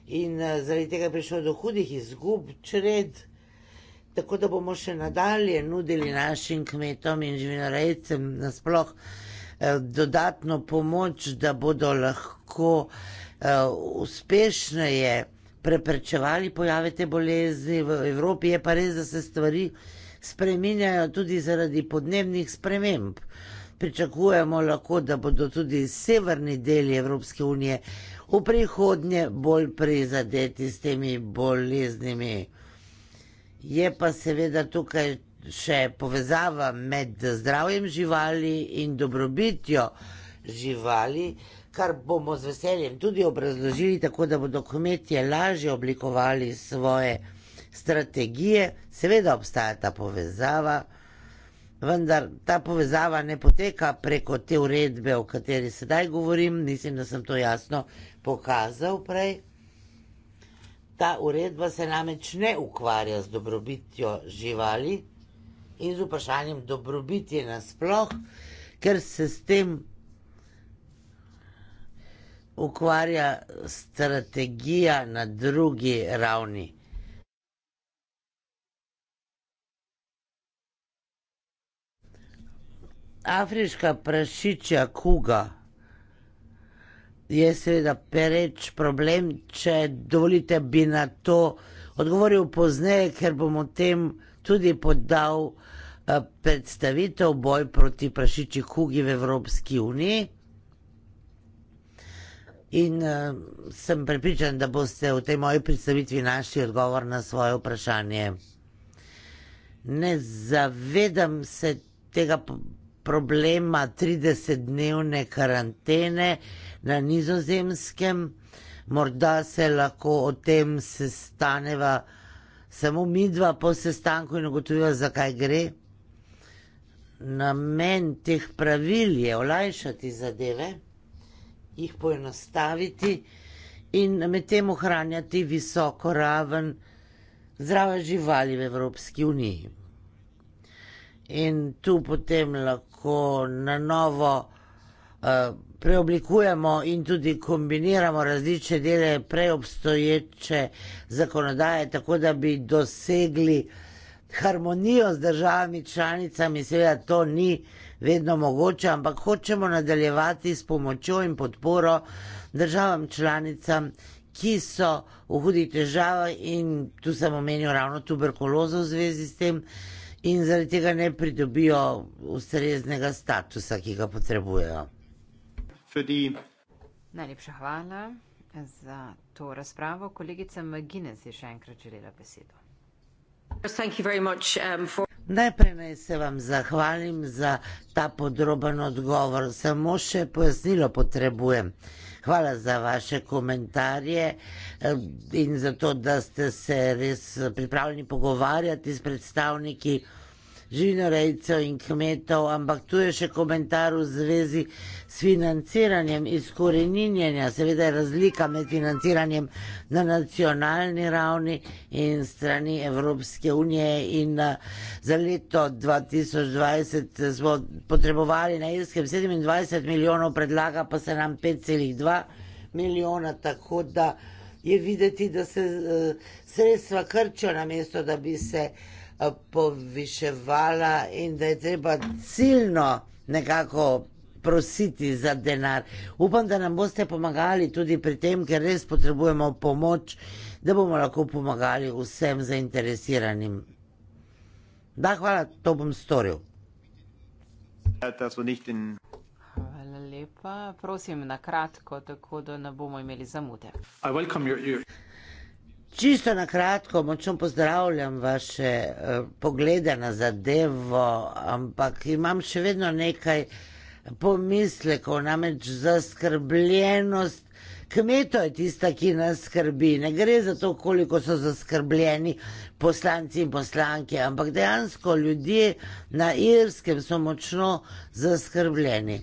in eh, zaradi tega je prišlo do hudih izgub čred, tako da bomo še nadalje nudili našim kmetom in živinorejcem nasploh eh, dodatno pomoč, da bodo lahko eh, uspešneje preprečevali pojave te bolezni. V Evropi je pa res, da se stvari vsega, spreminjajo tudi zaradi podnebnih sprememb. Pričakujemo lahko, da bodo tudi severni deli Evropske unije v prihodnje bolj prizadeti s temi boleznimi. Je pa seveda tukaj še povezava med zdravjem živali in dobrobitjo živali, kar bomo z veseljem tudi obrazložili, tako da bodo kmetje lažje oblikovali svoje strategije, seveda obstaja ta povezava, vendar ta povezava ne poteka preko te uredbe, o kateri sedaj govorim, mislim, da sem to jasno pokazal prej. Ta uredba se namreč ne ukvarja z dobrobitjo živali in z vprašanjem dobrobiti nasploh, ker se s tem ukvarja strategija na drugi ravni. afriška prašičja kuga je seveda pereč problem, če dovolite bi na to odgovoril pozneje, ker bom o tem tudi podal eh, predstavitev boj proti prašiči kugi v Evropski uniji. In uh, sem prepričan, da boste v tej moji predstavitvi našli odgovor na svoje vprašanje. Ne zavedam se tega problema 30-dnevne karantene na nizozemskem. Morda se lahko o tem sestaneva samo mi dva po sestanku in ugotoviva, zakaj gre. Namen teh pravil je olajšati zadeve, jih poenostaviti in med tem ohranjati visoko raven zdrave živali v Evropski uniji. In tu potem lahko lahko na novo uh, preoblikujemo in tudi kombiniramo različne dele preobstoječe zakonodaje, tako da bi dosegli harmonijo z državami članicami. Seveda to ni vedno mogoče, ampak hočemo nadaljevati s pomočjo in podporo državam članicam. Ki so v hudi težavi, in tu sem omenil ravno tuberkulozo v zvezi s tem, uh, in zaradi tega ne pridobijo ustreznega statusa, ki ga potrebujejo. Fedi. Najlepša hvala za to razpravo. Kolegica McGuinness je še enkrat želela besedo. Um, Najprej naj se vam zahvalim za ta podroben odgovor. Samo še pojasnilo potrebujem. Hvala za vaše komentarje eh, in za to, da ste se res eh, pripravljeni pogovarjati s predstavniki živinorejcev in kmetov, ampak tu je še komentar v zvezi s financiranjem izkoreninjenja, seveda je razlika med financiranjem na nacionalni ravni in strani Evropske unije in eh, za leto 2020 smo potrebovali na Irskem 27 milijonov, predlaga pa se nam 5,2 milijona, tako da je videti, da se eh, sredstva krčijo na mesto, da bi se uh, Eh, poviševala in da je treba ciljno nekako prositi za denar. Upam, da nam boste pomagali tudi pri tem, ker res potrebujemo pomoč, da bomo lahko pomagali vsem zainteresiranim. Da, hvala, to bom storil. Ja, hvala lepa. Prosim, na kratko, tako da ne bomo imeli zamude. I welcome your, your... Čisto na kratko, močno pozdravljam vaše eh, poglede na zadevo, ampak imam še vedno nekaj pomislekov, namreč zaskrbljenost. Kmeto je tista, ki nas skrbi. Ne gre za to, koliko so zaskrbljeni poslanci in poslanke, ampak dejansko ljudje na Irskem so močno zaskrbljeni.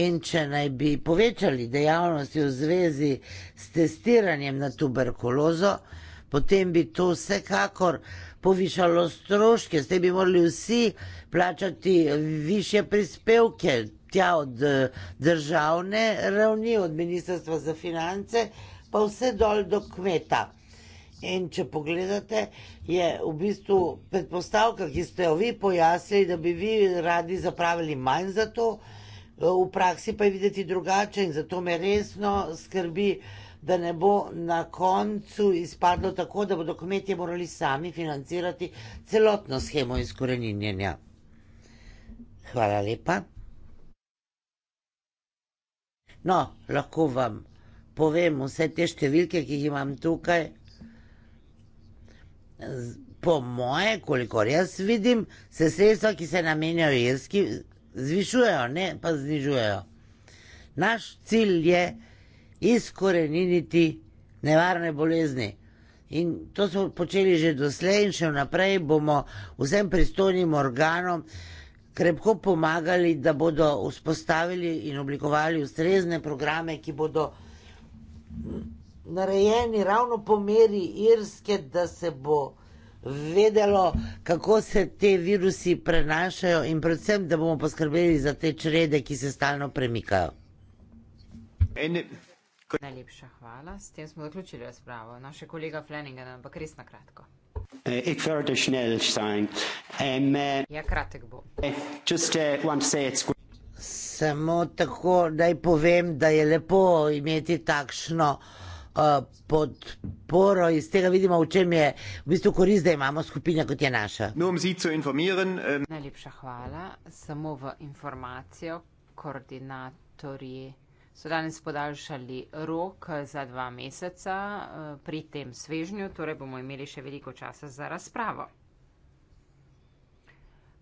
In če naj bi povečali dejavnosti v zvezi s testiranjem na tuberkulozo, potem bi to vsekakor povišalo stroške, zdaj bi morali vsi plačati više prispevke tja od eh, državne ravni, od ministrstva za finance, pa vse dol do kmeta. In če pogledate, je v bistvu predpostavka, ki ste jo vi pojasnili, da bi vi radi zapravili manj za to, eh, v praksi pa je videti drugače in zato me resno skrbi, da da ne bo na koncu izpadlo tako, da bodo kmetje morali sami financirati celotno schemo izkoreninjenja. Hvala lepa. No, lahko vam povem vse te številke, ki jih imam tukaj. Po moje, kolikor jaz vidim, se sredstva, ki se namenjajo irski, zvišujejo, ne pa znižujejo. Naš cilj je, izkoreniniti nevarne bolezni. In to smo počeli že doslej in še naprej bomo vsem pristojnim organom krepko pomagali, da bodo vzpostavili in oblikovali ustrezne programe, ki bodo narejeni ravno po meri irske, da se bo vedelo, kako se te virusi prenašajo in predvsem, da bomo poskrbeli za te črede, ki se stalno premikajo. Najlepša hvala. S tem smo zaključili razpravo. Naš no, kolega Flanagan, ampak res na kratko. Eh, ik werde schnell sein. Um, uh, eh, ja, kratek bo. Eh, just, uh, Samo tako naj povem, da je lepo imeti takšno uh, podporo in z tega vidimo, v čem je v bistvu korist, da imamo skupine, kot je naša. Um... Ähm Najlepša hvala. Samo v informacijo, koordinatorji so danes podaljšali rok eh, za dva meseca eh, pri tem svežnju, torej bomo imeli še veliko časa za razpravo.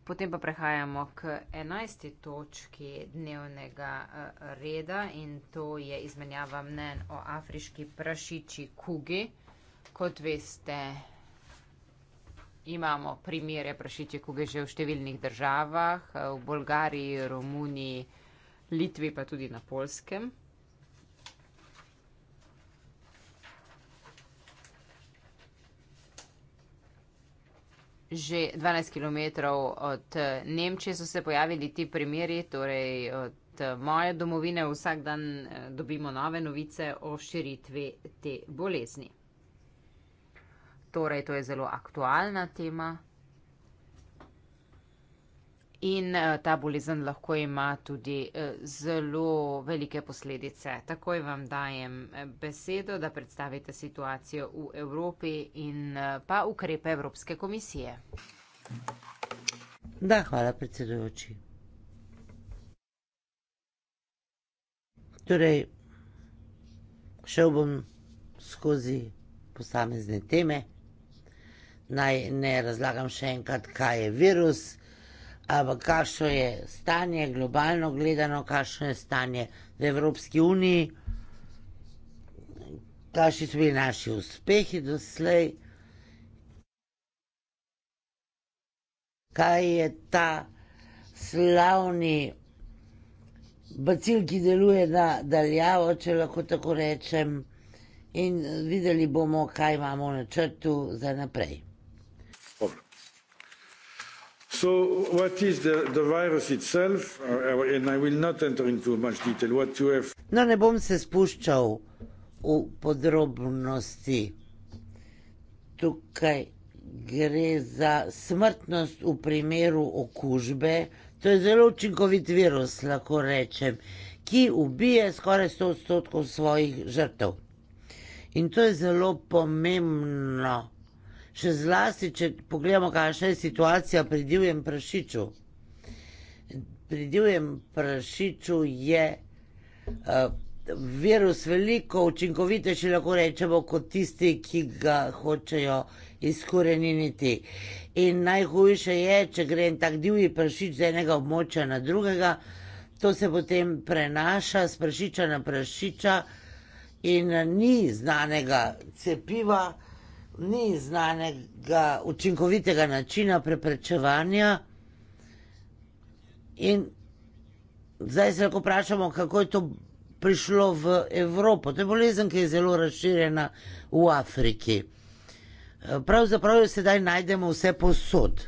Potem pa prehajamo k enajsti točki dnevnega eh, reda in to je izmenjava mnen o afriški prašiči kugi. Kot veste, imamo primere prašiče kuge že v številnih državah, v Bolgariji, Romuniji, Litvi, pa tudi na Polskem. Že 12 km od Nemčije so se pojavili ti primeri, torej od moje domovine vsak dan dobimo nove novice o širitvi te bolezni. Torej, to je zelo aktualna tema. In eh, ta bolezen lahko ima tudi eh, zelo velike posledice. Takoj vam dajem eh, besedo, da predstavite situacijo v Evropi in pa ukrepe Evropske komisije. Da, hvala predsedujoči. Torej, šel bom skozi posamezne teme. Naj ne razlagam še enkrat, kaj je virus ampak kakšno je stanje globalno gledano, kakšno je stanje v Evropski uniji, kakšni so bili naši uspehi doslej, kaj je ta slavni bacil, ki deluje na daljavo, če lahko tako rečem, in videli bomo, kaj imamo na črtu za naprej. So what is the, the virus itself? Uh, uh, and I will not enter into much detail. What you have... No, ne bom se spuščal v podrobnosti. Tukaj gre za smrtnost v primeru okužbe. To je zelo učinkovit virus, lahko rečem, ki ubije skoraj 100 odstotkov svojih žrtev. In to je zelo pomembno še zlasti, če pogledamo, kakšna je situacija pri divjem prašiču. Pri divjem prašiču je uh, virus veliko učinkovitejši, lahko rečemo, kot tisti, ki ga hočejo izkoreniniti. In najhujše je, če gre en tak divji prašič z enega območja na drugega, to se potem prenaša z prašiča na prašiča in ni znanega cepiva ni znanega učinkovitega načina preprečevanja. In zdaj se lahko vprašamo, kako je to prišlo v Evropo. To je bolezen, ki je zelo razširjena v Afriki. Pravzaprav jo sedaj najdemo vse posod.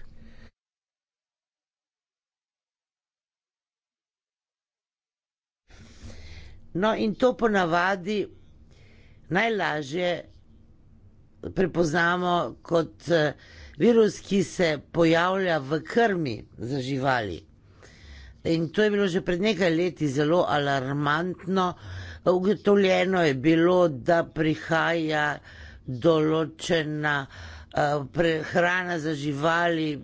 No, in to ponavadi najlažje prepoznamo kot eh, virus, ki se pojavlja v krmi za živali. In to je bilo že pred nekaj leti zelo alarmantno. Ugotovljeno je bilo, da prihaja določena eh, prehrana za živali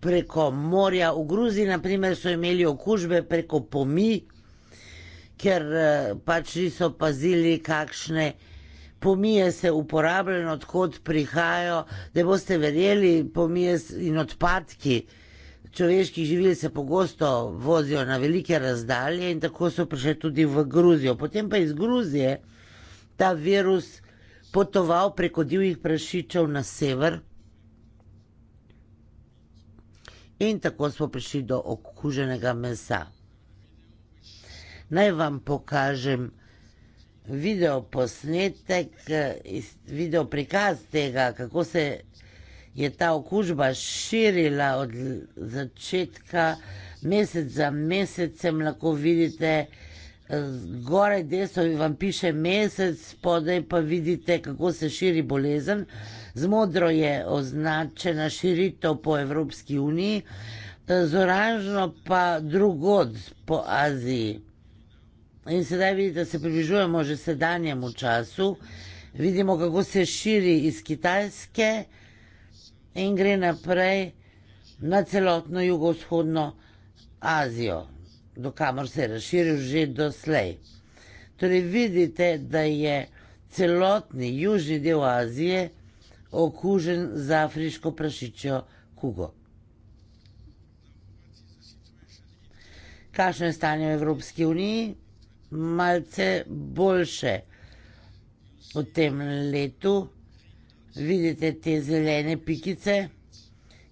preko morja. V Gruziji, na primer, so imeli okužbe preko pomi, ker eh, pač niso pazili, kakšne pomije se uporabljeno, odkot prihajajo, da boste verjeli, pomije in odpadki človeških živil se pogosto vozijo na velike razdalje in tako so prišli tudi v Gruzijo. Potem pa iz Gruzije ta virus potoval preko divjih prašičev na sever in tako smo prišli do okuženega mesa. Naj vam pokažem, kako je video posnetek, eh, video prikaz tega, kako se je ta okužba širila od začetka, mesec za mesecem lahko vidite, eh, zgoraj desno vam piše mesec, spodaj pa vidite, kako se širi bolezen. Z modro je označena širitev po Evropski uniji, eh, z oranžno pa drugod po Aziji in sedaj vidite, da se približujemo že sedanjemu času. Vidimo, kako se širi iz Kitajske in gre naprej na celotno jugovzhodno Azijo, do kamor se je razširil že doslej. Torej vidite, da je celotni južni del Azije okužen z afriško prašičjo kugo. Kakšno je stanje v Evropski uniji? malce boljše. V tem letu vidite te zelene pikice,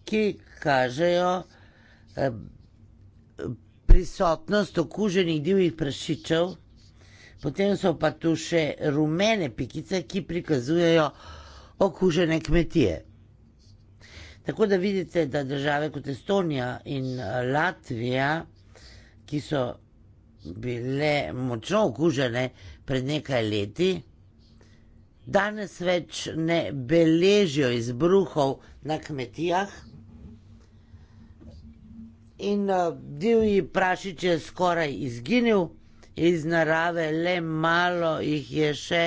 ki kažejo eh, prisotnost okuženih divjih prašičev. Potem so pa tu še rumene pikice, ki prikazujejo okužene kmetije. Tako da vidite, da države kot Estonija in Latvija, ki so bile močno okužene pred nekaj leti, danes več ne beležijo izbruhov na kmetijah. In eh, divji prašič je skoraj izginil iz narave, le malo jih je še.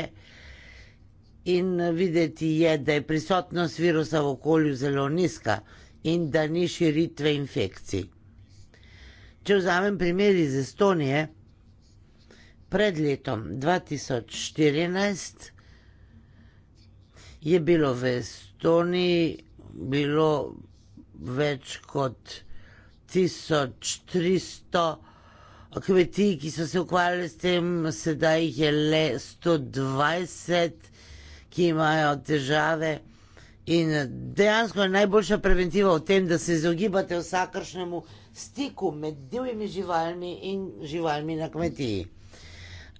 In eh, videti je, da je prisotnost virusa v okolju zelo nizka in da ni širitve infekcij. Če vzamem primer iz Estonije, pred letom 2014 je bilo v Estoniji bilo več kot 1300 kmetij, ki so se ukvarjali s tem, sedaj jih je le 120, ki imajo težave. In dejansko je najboljša preventiva v tem, da se izogibate vsakršnemu stiku med divjimi živalmi in živalmi na kmetiji.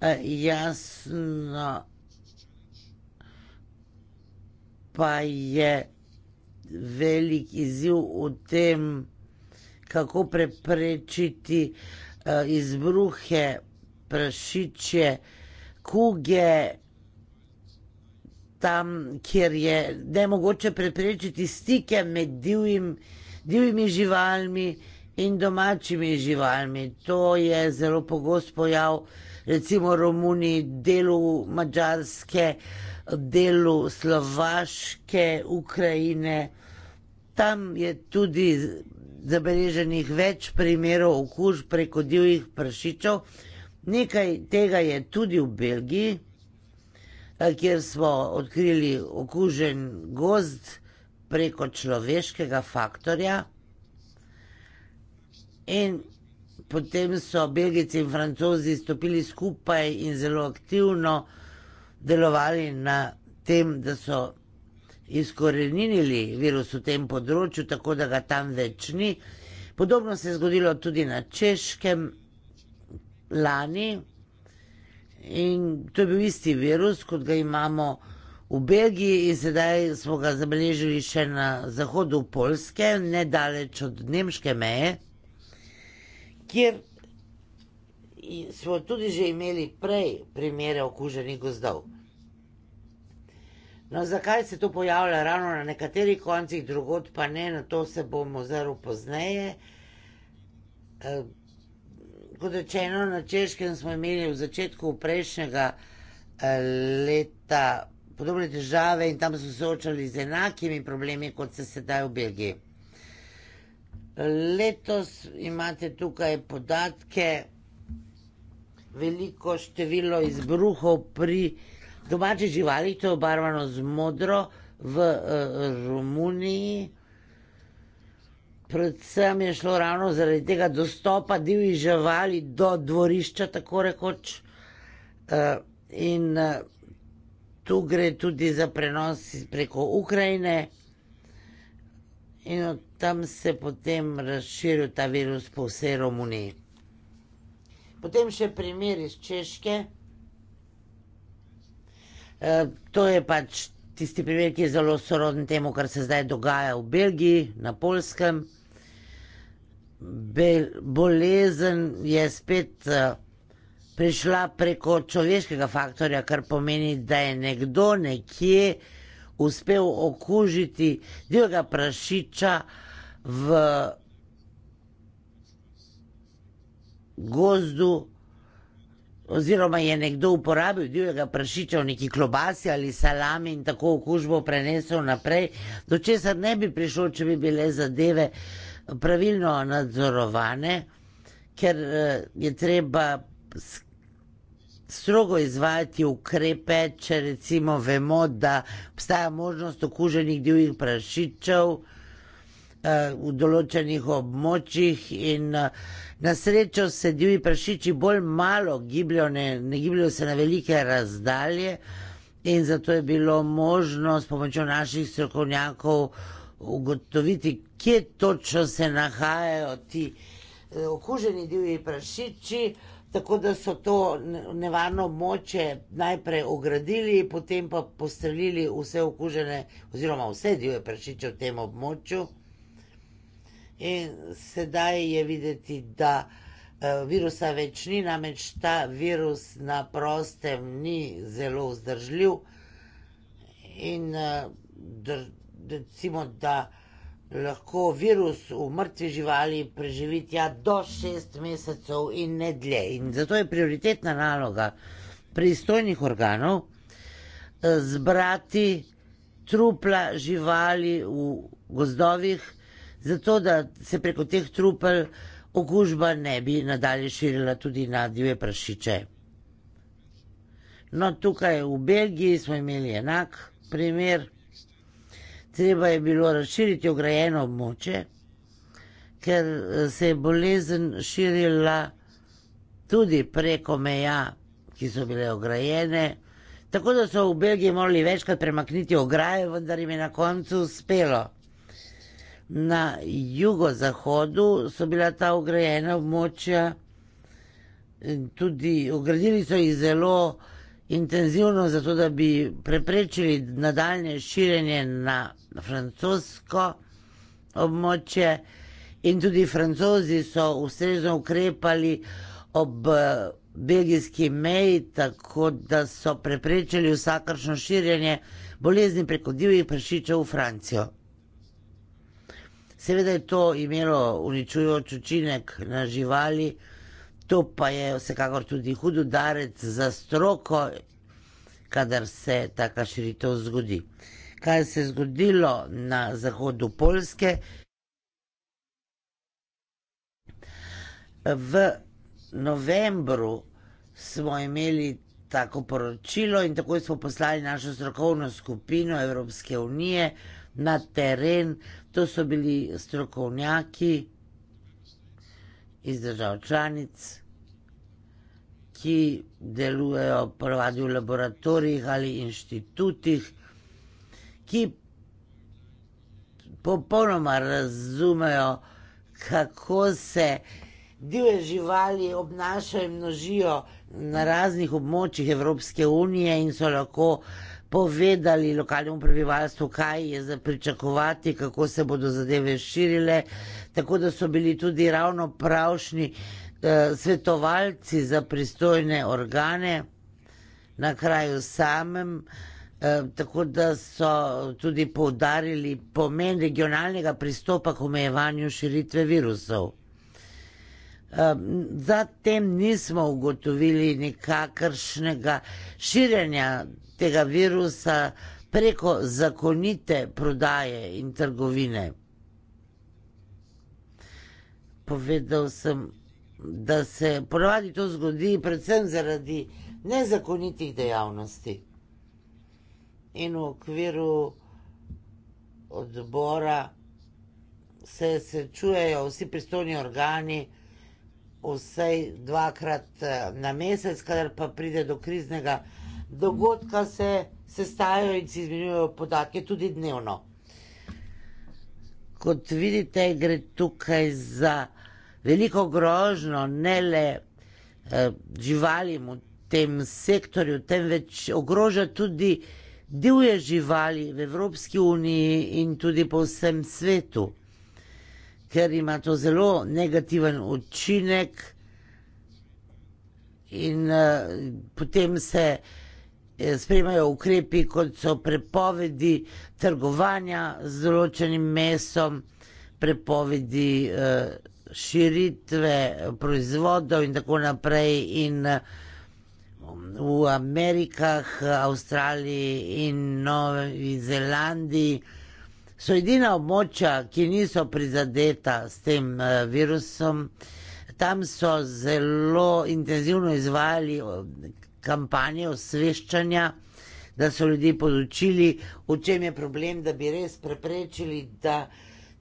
Uh, jasno pa je velik izziv v tem, kako preprečiti uh, izbruhe, prašiče, kuge. Tam, kjer je ne mogoče preprečiti stike med divjim, divjimi živalmi, uh, in domačimi živalmi. To je zelo pogost pojav, recimo Romuni, delu Mačarske, delu Slovaške, Ukrajine. Tam je tudi zabeleženih več primerov okuž preko divjih pršičev. Nekaj tega je tudi v Belgiji, eh, kjer smo odkrili okužen gozd preko človeškega faktorja in potem so Belgijci in Francozi stopili skupaj in zelo aktivno delovali na tem, da so izkoreninili virus v tem področju, tako da ga tam več ni. Podobno se je zgodilo tudi na češkem lani in to je bil isti virus, kot ga imamo v Belgiji in sedaj smo ga zabeležili še na zahodu Polske, nedaleč od nemške meje kjer smo tudi že imeli prej primere okuženih gozdov. No, zakaj se to pojavlja ravno na nekaterih koncih, drugod pa ne, na to se bomo zelo pozneje. E, kot rečeno, na Češkem smo imeli v začetku prejšnjega e, leta podobne države in tam so se soočali z enakimi problemi, kot se sedaj v Belgiji. Letos imate tukaj podatke, veliko število izbruhov pri domačih živalih, to je obarvano z modro v eh, Romuniji. Predvsem je šlo ravno zaradi tega dostopa divjih živali do dvorišča, tako rekoč. Eh, in eh, tu gre tudi za prenos preko Ukrajine in od tam se je potem razširil ta virus po vsej Romuniji. Potem še primer iz Češke. E, to je pač tisti primer, ki je zelo soroden temu, kar se zdaj dogaja v Belgiji, na Polskem. Be bolezen je spet e, prišla preko človeškega faktorja, kar pomeni, da je nekdo nekje uspel okužiti divjega prašiča v gozdu, oziroma je nekdo uporabil divjega prašiča v neki klobasi ali salami in tako okužbo prenesel naprej, do česar ne bi prišlo, če bi bile zadeve pravilno nadzorovane, ker eh, je treba skrbeti strogo izvajati ukrepe, če recimo vemo, da obstaja možnost okuženih divjih prašičev eh, v določenih območjih in eh, na srečo se divji prašiči bolj malo gibljajo, ne, ne gibljajo se na velike razdalje in zato je bilo možno s pomočjo naših strokovnjakov ugotoviti, kje točno se nahajajo ti eh, okuženi divji prašiči tako da so to nevarno moče najprej ogradili, potem pa postrelili vse okužene oziroma vse divje prašiče v tem območju. In sedaj je videti, da eh, virusa več ni, namreč ta virus na prostem ni zelo vzdržljiv in eh, recimo, da, da lahko virus v mrtvi živali preživi tja do šest mesecev in ne dlje. In zato je prioritetna naloga pristojnih organov eh, zbrati trupla živali v gozdovih, zato da se preko teh trupel okužba ne bi nadalje širila tudi na dve prašiče. No, tukaj v Belgiji smo imeli enak primer treba je bilo razširiti ograjeno območje, ker eh, se je bolezen širila tudi preko meja, ki so bile ograjene. Tako da so v Belgiji morali večkrat premakniti ograje, vendar jim je na koncu uspelo. Na jugozahodu so bila ta ograjena območja, eh, tudi ogradili so jih zelo intenzivno, zato da bi preprečili nadaljne širjenje na francosko območje in tudi francozi so ustrezno ukrepali ob eh, belgijski meji, tako da so preprečili vsakršno širjenje bolezni preko divjih pršičev v Francijo. Seveda je to imelo uničujoč učinek na živali, to pa je vsekakor tudi hud udarec za stroko, kadar se taka širitev zgodi kaj se je zgodilo na zahodu Polske. V novembru smo imeli tako poročilo in tako smo poslali našo strokovno skupino Evropske unije na teren. To so bili strokovnjaki iz držav članic, ki delujejo ponovadi v laboratorijih ali inštitutih, ki popolnoma razumejo, kako se divje živali obnašajo in množijo na raznih območjih Evropske unije in so lahko povedali lokalnemu prebivalstvu, kaj je za pričakovati, kako se bodo zadeve širile. Tako da so bili tudi ravno pravšnji eh, svetovalci za pristojne organe na kraju samem. Eh, tako da so tudi poudarili pomen regionalnega pristopa k omejevanju širitve virusov. Eh, Zatem nismo ugotovili nikakršnega širjenja tega virusa preko zakonite prodaje in trgovine. Povedal sem, da se ponovadi to zgodi predvsem zaradi nezakonitih dejavnosti in v okviru odbora se srečujejo vsi pristojni organi vsaj dvakrat eh, na mesec, kadar pa pride do kriznega dogodka, se sestajajo in si izmenjujejo podatke tudi dnevno. Kot vidite, gre tukaj za veliko grožno, ne le eh, živalim v tem sektorju, temveč ogroža tudi divje živali v Evropski uniji in tudi po vsem svetu, ker ima to zelo negativen učinek in uh, potem se eh, sprejmajo ukrepi, kot so prepovedi trgovanja z določenim mesom, prepovedi uh, širitve proizvodov in tako naprej. In, uh, V Amerikah, Avstraliji in Novi Zelandiji so edina območja, ki niso prizadeta s tem eh, virusom. Tam so zelo intenzivno izvajali eh, kampanje osveščanja, da so ljudi podočili, v čem je problem, da bi res preprečili, da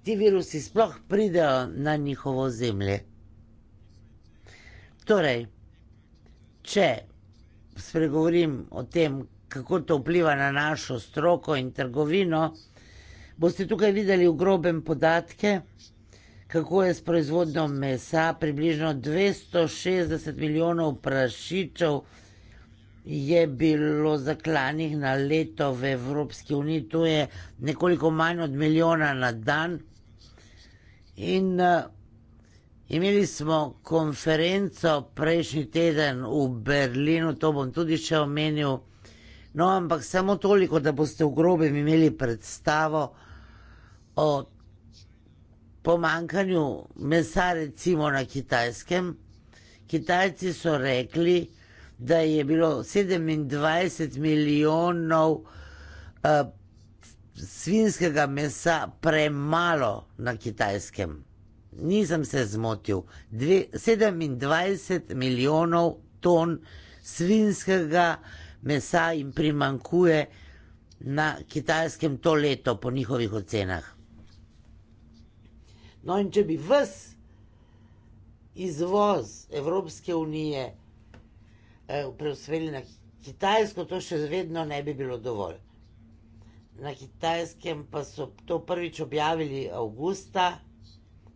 ti virusi sploh pridejo na njihovo zemlje. Torej, če spregovorim o tem, kako to vpliva na našo stroko in trgovino, boste tukaj videli v grobem podatke, kako je s proizvodnjo mesa približno 260 milijonov prašičev je bilo zaklanih na leto v Evropski uniji, to je nekoliko manj od milijona na dan. In eh, Imeli smo konferenco prejšnji teden v Berlinu, to bom tudi še omenil. No, ampak samo toliko, da boste v grobem imeli predstavo o pomankanju mesa, recimo na kitajskem. Kitajci so rekli, da je bilo 27 milijonov uh, eh, svinskega mesa premalo na kitajskem nisem se zmotil, dve, 27 milijonov ton svinskega mesa jim primankuje na kitajskem to leto, po njihovih ocenah. No, in če bi vse izvoz Evropske unije eh, preusmerili na Kitajsko, to še vedno ne bi bilo dovolj. Na kitajskem pa so to prvič objavili avgusta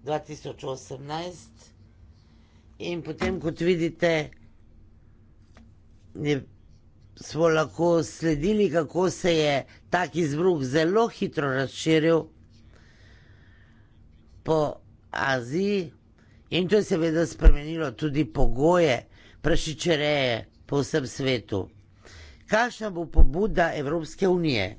2018. In potem, kot vidite, je, smo lahko sledili, kako se je tak izbruh zelo hitro razširil po Aziji. In to je seveda spremenilo tudi pogoje, prašičereje po vsem svetu. Kakšna bo pobuda Evropske unije?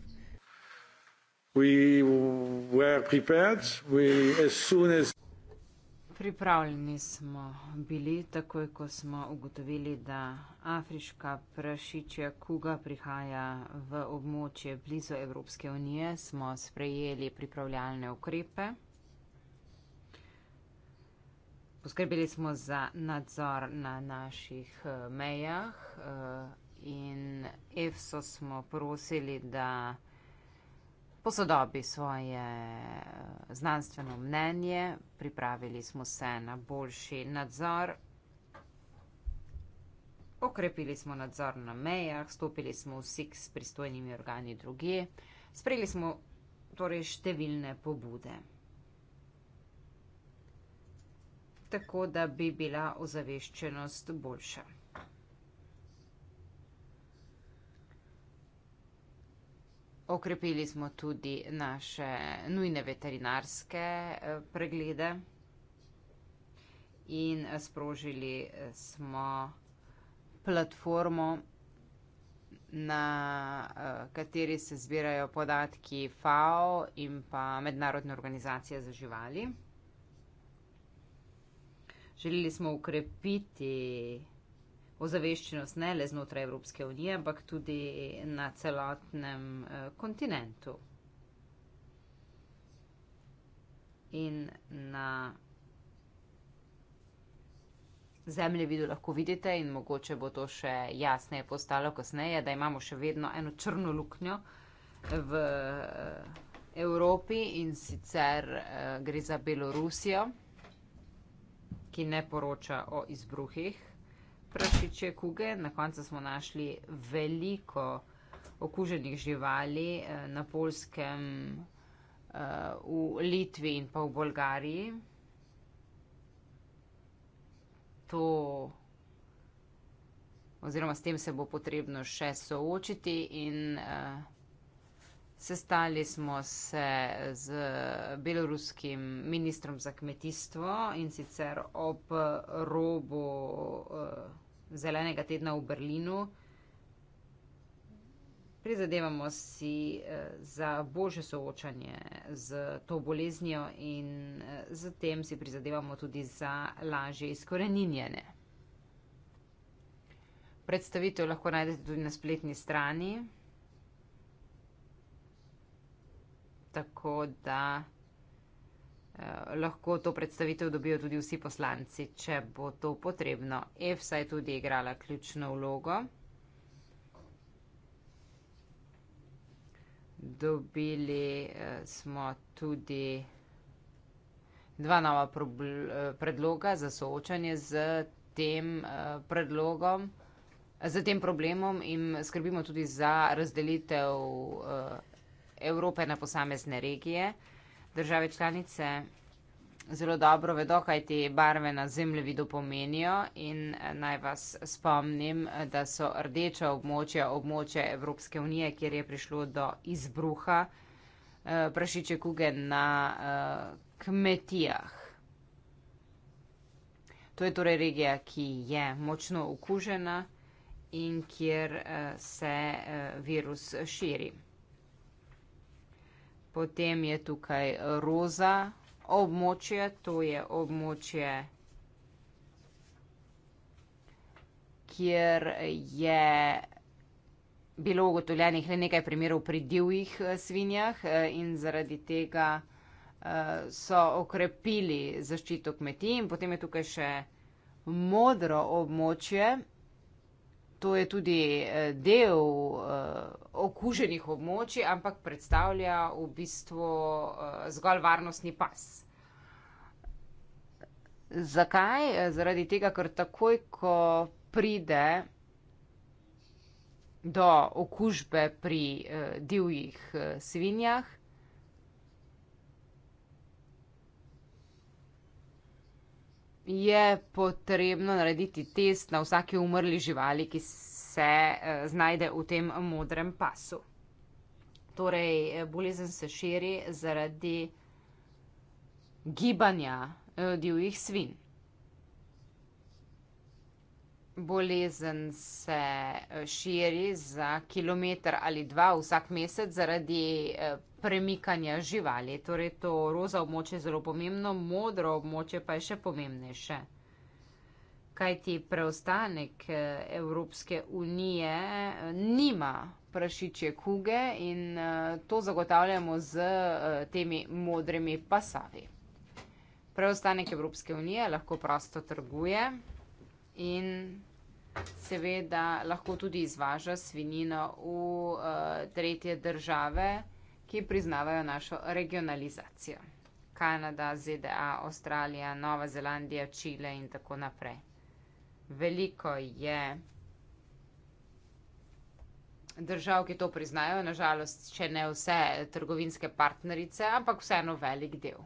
Pripravljeni smo bili, takoj ko smo ugotovili, da afriška prašičja kuga prihaja v območje blizu Evropske unije, smo sprejeli pripravljalne ukrepe. Poskrbeli smo za nadzor na naših eh, mejah eh, in EFSO smo prosili, da posodobi svoje eh, znanstveno mnenje, pripravili smo se na boljši nadzor, okrepili smo nadzor na mejah, stopili smo v sik s pristojnimi organi druge, sprejeli smo torej številne pobude. Tako da bi bila ozaveščenost boljša. Okrepili smo tudi naše nujne veterinarske eh, preglede in sprožili smo platformo, na eh, kateri se zbirajo podatki FAO in pa Mednarodne organizacije za živali. Želeli smo ukrepiti ozaveščenost ne le znotraj Evropske unije, ampak tudi na celotnem eh, kontinentu in na Zemlje vidu lahko vidite in mogoče bo to še jasneje postalo kasneje, da imamo še vedno eno črno luknjo v eh, Evropi in sicer eh, gre za Belorusijo, ki ne poroča o izbruhih prašiče kuge. Na koncu smo našli veliko okuženih živali eh, na polskem, eh, v Litvi in pa v Bolgariji. To, oziroma s tem se bo potrebno še soočiti in uh, Sestali smo se z beloruskim ministrom za kmetijstvo in sicer ob robu eh, zelenega tedna v Berlinu. Prizadevamo si eh, za božje soočanje z to boleznijo in zatem eh, si prizadevamo tudi za lažje izkoreninjene. Predstavitev lahko najdete tudi na spletni strani. tako da eh, lahko to predstavitev dobijo tudi vsi poslanci, če bo to potrebno. EFSA je tudi igrala ključno vlogo. Dobili eh, smo tudi dva nova eh, predloga za soočanje z tem predlogom, z tem problemom in skrbimo tudi za razdelitev Evrope na posamezne regije. Države članice zelo dobro vedo, kaj te barve na zemljevidu pomenijo in eh, naj vas spomnim, eh, da so rdeča območja območja Evropske unije, kjer je prišlo do izbruha eh, prašiče kuge na kmetijah. To je torej regija, ki je močno okužena in kjer se virus širi. Potem je tukaj roza območje, to je območje, kjer je bilo ugotovljenih le nekaj primerov pri divjih eh, svinjah eh, in zaradi tega eh, so okrepili zaščito kmetij. In potem je tukaj še modro območje to je tudi eh, del eh, okuženih območij, ampak predstavlja v bistvu eh, zgolj varnostni pas. Zakaj? Zaradi tega, ker takoj, ko pride do okužbe pri divjih svinjah, je potrebno narediti test na vsake umrli živali, ki se eh, znajde v tem modrem pasu. Torej, eh, bolezen se širi zaradi gibanja eh, divjih svin bolezen se eh, širi za kilometr ali dva vsak mesec zaradi eh, premikanja živali. Torej, to roza območje je zelo pomembno, modro območje pa je še pomembnejše. Kaj ti preostanek eh, Evropske unije nima prašiče kuge in to zagotavljamo z temi modrimi pasavi. Preostanek Evropske unije lahko prosto trguje in seveda lahko tudi izvaža svinino v uh, tretje države, ki priznavajo našo regionalizacijo. Kanada, ZDA, Avstralija, Nova Zelandija, Čile in tako naprej. Veliko je držav, ki to priznajo, nažalost, če ne vse trgovinske partnerice, ampak vseeno velik del.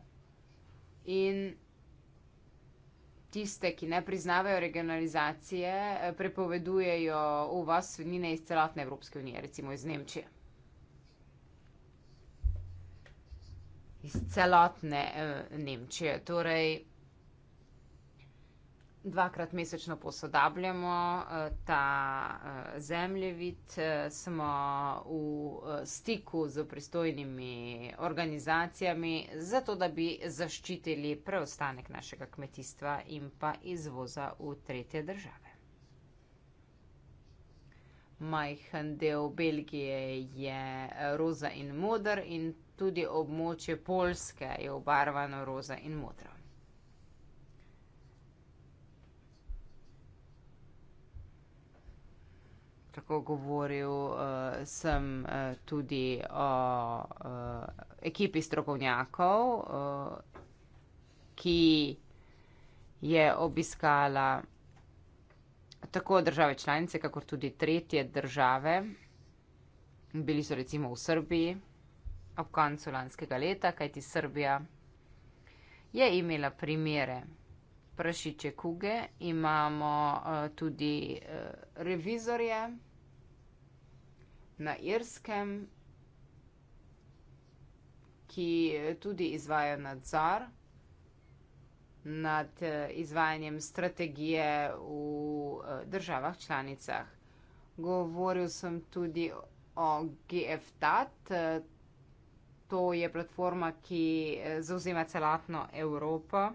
In tiste, ki ne priznavajo regionalizacije, eh, prepovedujejo uvoz svinjine iz celotne Evropske unije, recimo iz Nemčije. Iz celotne uh, Nemčije. Torej, dvakrat mesečno posodabljamo eh, ta eh, zemljevid, eh, smo v stiku z pristojnimi organizacijami, zato da bi zaščitili preostanek našega kmetijstva in pa izvoza v tretje države. Majhen del Belgije je roza in modr in tudi območje Polske je obarvano roza in modro. tako govoril, uh, sem uh, tudi o uh, ekipi strokovnjakov, uh, ki je obiskala tako države članice, kakor tudi tretje države. Bili so recimo v Srbiji ob koncu lanskega leta, kajti Srbija je imela primere prašiče kuge, imamo uh, tudi uh, revizorje na Irskem, ki eh, tudi izvajo nadzor nad uh, izvajanjem strategije v uh, državah članicah. Govoril sem tudi o GFDAT. Uh, To je platforma, ki zauzema celotno Evropo.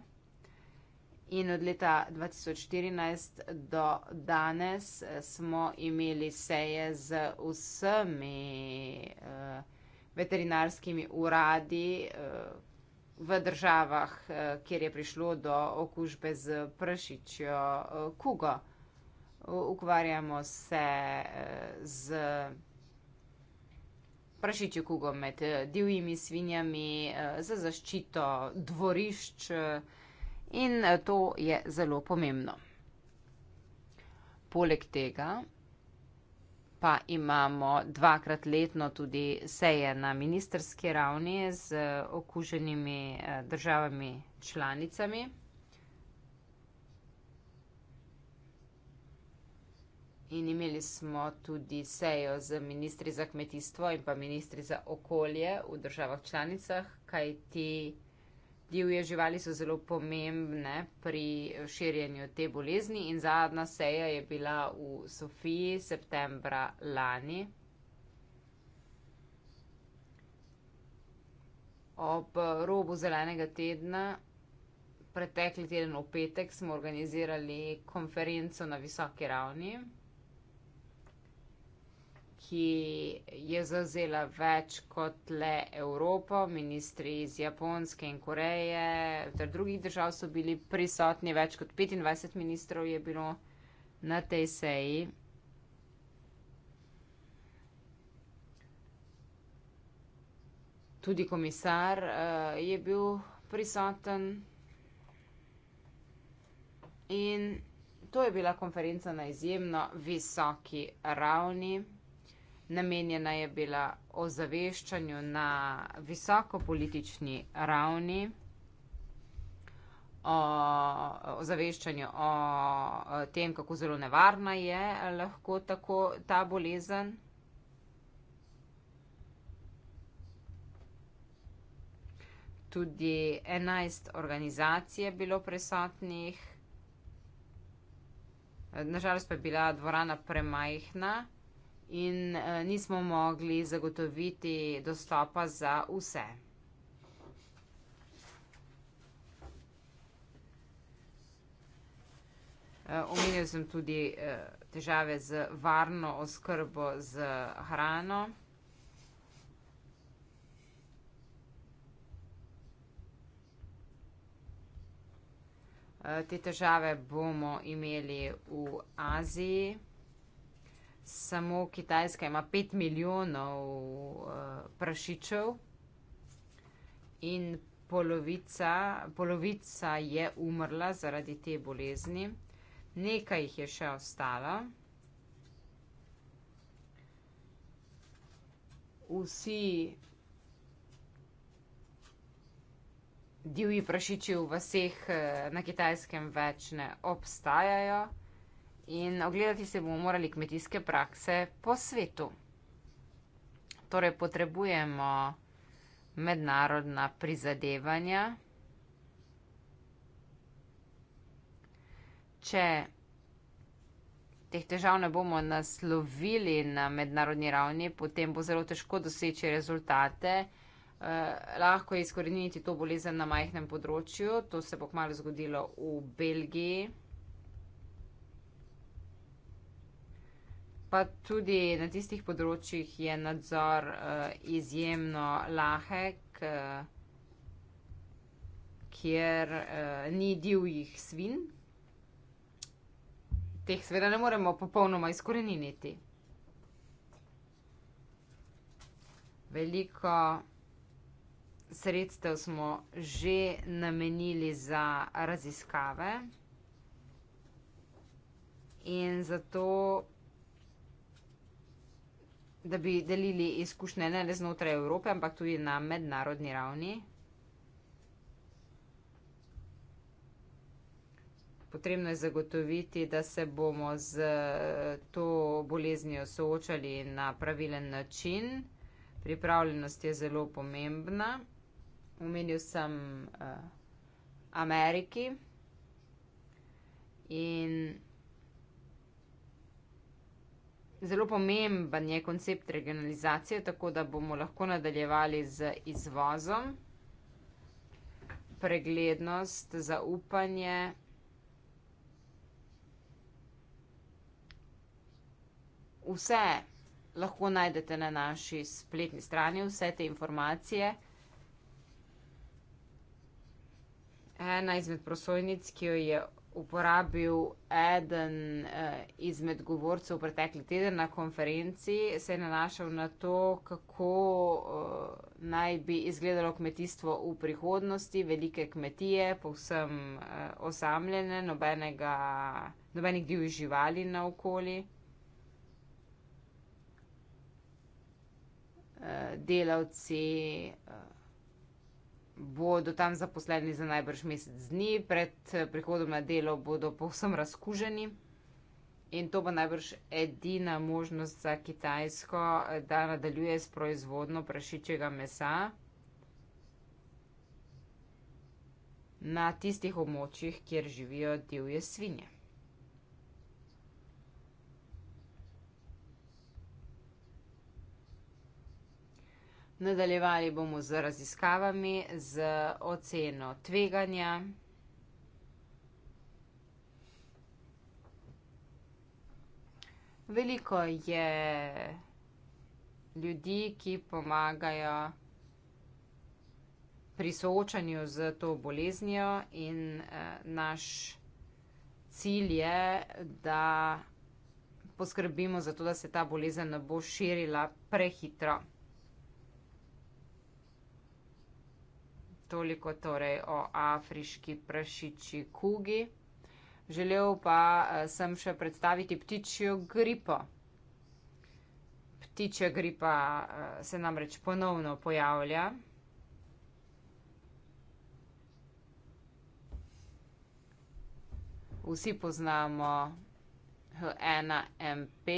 In od leta 2014 do danes eh, smo imeli seje z vsemi uh, veterinarskimi uradi uh, v državah, uh, kjer je prišlo do okužbe z pršičjo uh, kugo. Ukvarjamo se z prašičjo kugo med divjimi svinjami, z zaščito dvorišč, in eh, to je zelo pomembno. Poleg tega pa imamo dvakrat letno tudi seje na ministerski ravni z eh, okuženimi eh, državami članicami. In imeli smo tudi sejo z ministri za kmetijstvo in pa ministri za okolje v državah članicah, kajti. Divje živali so zelo pomembne pri širjenju te bolezni in zadnja seja je bila v Sofiji septembra lani. Ob robu zelenega tedna, pretekli teden v petek, smo organizirali konferenco na visoki ravni ki je zauzela več kot le Evropo. Ministri iz Japonske in Koreje ter drugih držav so bili prisotni, več kot 25 ministrov je bilo na tej seji. Tudi komisar uh, je bil prisoten. In to je bila konferenca na izjemno visoki ravni namenjena je bila ozaveščanju na visokopolitični ravni, o, ozaveščanju o, o tem, kako zelo nevarna je lahko tako ta bolezen. Tudi 11 organizacij je bilo prisotnih, nažalost pa je bila dvorana premajhna in uh, nismo mogli zagotoviti dostopa za vse. Eh, omenil sem tudi eh, težave z varno oskrbo z hrano. Te težave bomo imeli v Aziji samo Kitajska ima 5 milijonov uh, prašičev in polovica, polovica je umrla zaradi te bolezni. Nekaj jih je še ostalo. Vsi divji prašiči v vseh eh, na kitajskem več ne obstajajo in ogledati se bomo morali kmetijske prakse po svetu. Torej, potrebujemo mednarodna prizadevanja. Če teh težav ne bomo naslovili na mednarodni ravni, potem bo zelo težko doseči rezultate. Eh, lahko je izkoreniti to bolezen na majhnem področju, to se bo kmalo zgodilo v Belgiji. pa tudi na tistih področjih je nadzor uh, izjemno lahek, uh, kjer uh, ni divjih svin. Teh seveda ne moremo popolnoma izkoreniniti. Veliko sredstev smo že namenili za raziskave in zato da bi delili izkušnje ne le znotraj Evrope, ampak tudi na mednarodni ravni. Potrebno je zagotoviti, da se bomo z to boleznijo soočali na pravilen način. Pripravljenost je zelo pomembna. Umenil sem uh, Ameriki in Zelo pomemben je koncept regionalizacije, tako da bomo lahko nadaljevali z izvozom, preglednost, zaupanje. Vse lahko najdete na naši spletni strani, vse te informacije. Ena izmed prosojnic, ki jo je uporabil eden eh, izmed govorcev v pretekli teden na konferenci, se je nanašal na to, kako eh, naj bi izgledalo kmetijstvo v prihodnosti, velike kmetije, povsem eh, osamljene, nobenega, nobenih divjih živali na okoli. Eh, delavci. Eh, bodo tam zaposleni za najbrž mesec dni, pred eh, prihodom na delo bodo povsem razkuženi. In to bo najbrž edina možnost za Kitajsko, eh, da nadaljuje s proizvodno prašičjega mesa na tistih območjih, kjer živijo divje svinje. Nadaljevali bomo z raziskavami, z oceno tveganja. Veliko je ljudi, ki pomagajo pri soočanju z to boleznijo in eh, naš cilj je, da poskrbimo za to, da se ta bolezen ne bo širila prehitro. toliko torej o afriški prašiči kugi. Želel pa eh, sem še predstaviti ptičjo gripo. Ptičja gripa eh, se namreč ponovno pojavlja. Vsi poznamo H1N5.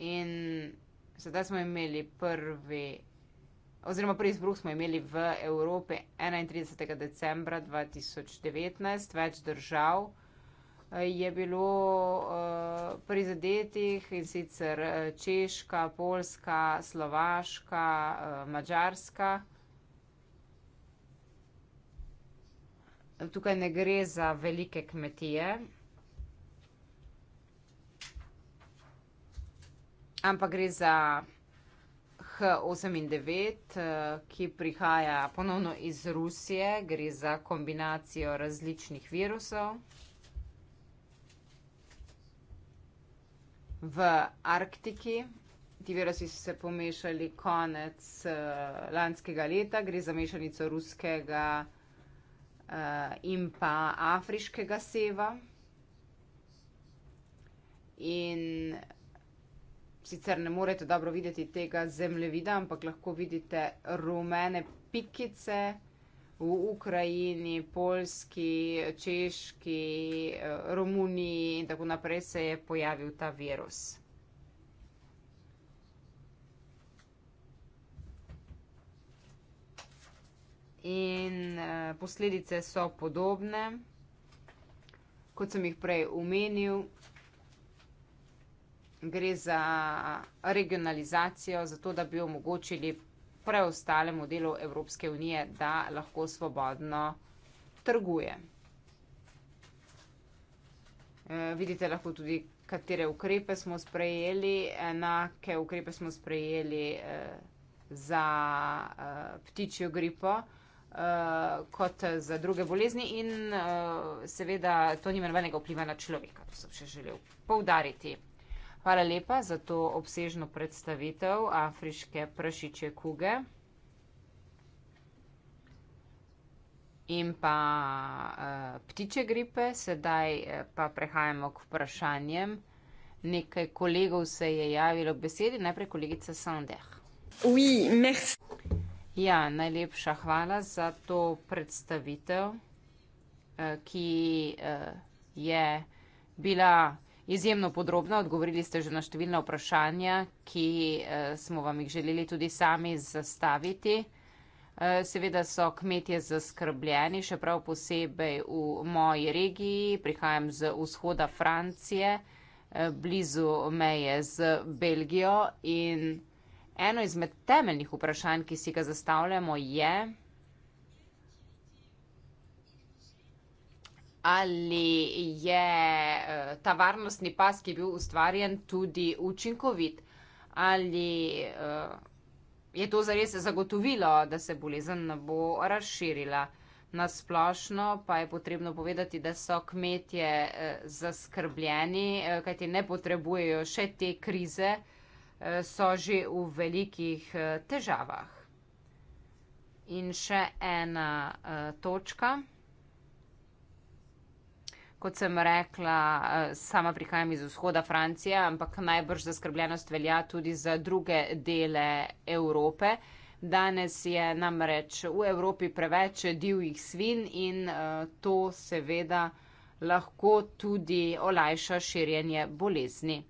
In Sedaj smo imeli prvi, oziroma prvi izbruh smo imeli v Evropi 31. decembra 2019, več držav eh, je bilo eh, prizadetih in sicer eh, Češka, Poljska, Slovaška, Mačarska. Tukaj ne gre za velike kmetije, ampak gre za H8 in 9, ki prihaja ponovno iz Rusije, gre za kombinacijo različnih virusov. V Arktiki, ti virusi so se pomešali konec eh, lanskega leta, gre za mešanico ruskega eh, in pa afriškega seva. In sicer ne morete dobro videti tega zemljevida, ampak lahko vidite rumene pikice v Ukrajini, Poljski, Češki, eh, Romuniji in tako naprej se je pojavil ta virus. In eh, posledice so podobne, kot sem jih prej omenil, gre za regionalizacijo, zato da bi omogočili preostalemu delu Evropske unije, da lahko svobodno trguje. E, vidite lahko tudi, katere ukrepe smo sprejeli, enake ukrepe smo sprejeli e, za e, ptičjo gripo e, kot za druge bolezni in e, seveda to nima nobenega vpliva na človeka, to sem še želel poudariti. Hvala lepa za to obsežno predstavitev afriške prašiče kuge. In pa eh, ptiče gripe, sedaj eh, pa prehajamo k vprašanjem. Nekaj kolegov se je javilo k besedi, najprej kolegica Sandeh. Oui, merci. Ja, najlepša hvala za to predstavitev, eh, ki je bila predstavljena izjemno podrobno, odgovorili ste že na številna vprašanja, ki eh, smo vam jih želeli tudi sami zastaviti. Eh, seveda so kmetje zaskrbljeni, še prav posebej v moji regiji, prihajam z vzhoda Francije, eh, blizu meje z Belgijo in eno izmed temeljnih vprašanj, ki si ga zastavljamo, je, ali je eh, ta varnostni pas, ki je bil ustvarjen, tudi učinkovit, ali eh, je to zares zagotovilo, da se bolezen ne bo razširila. Nasplošno pa je potrebno povedati, da so kmetje eh, zaskrbljeni, kajti ne potrebujejo še te krize, so že v velikih težavah. In še ena uh, točka kot sem rekla, eh, sama prihajam iz vzhoda Francije, ampak najbrž zaskrbljenost velja tudi za druge dele Evrope. Danes je namreč v Evropi preveč divjih svin in eh, to seveda lahko tudi olajša širjenje bolezni.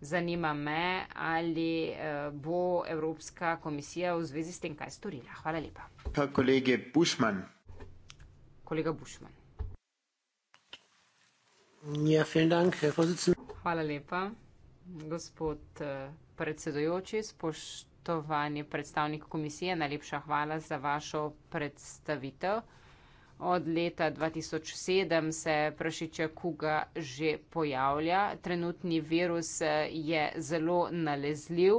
Zanima me, ali eh, bo Evropska komisija v zvezi s tem kaj storila. Hvala lepa. Pa kolege Bušman. Kolega Bušman. Ja, dank, Hvala lepa, gospod eh, predsedujoči, spoštovani. Spoštovani predstavnik komisije, najlepša hvala za vašo predstavitev. Od leta 2007 se prašiča kuga že pojavlja. Trenutni virus eh, je zelo nalezljiv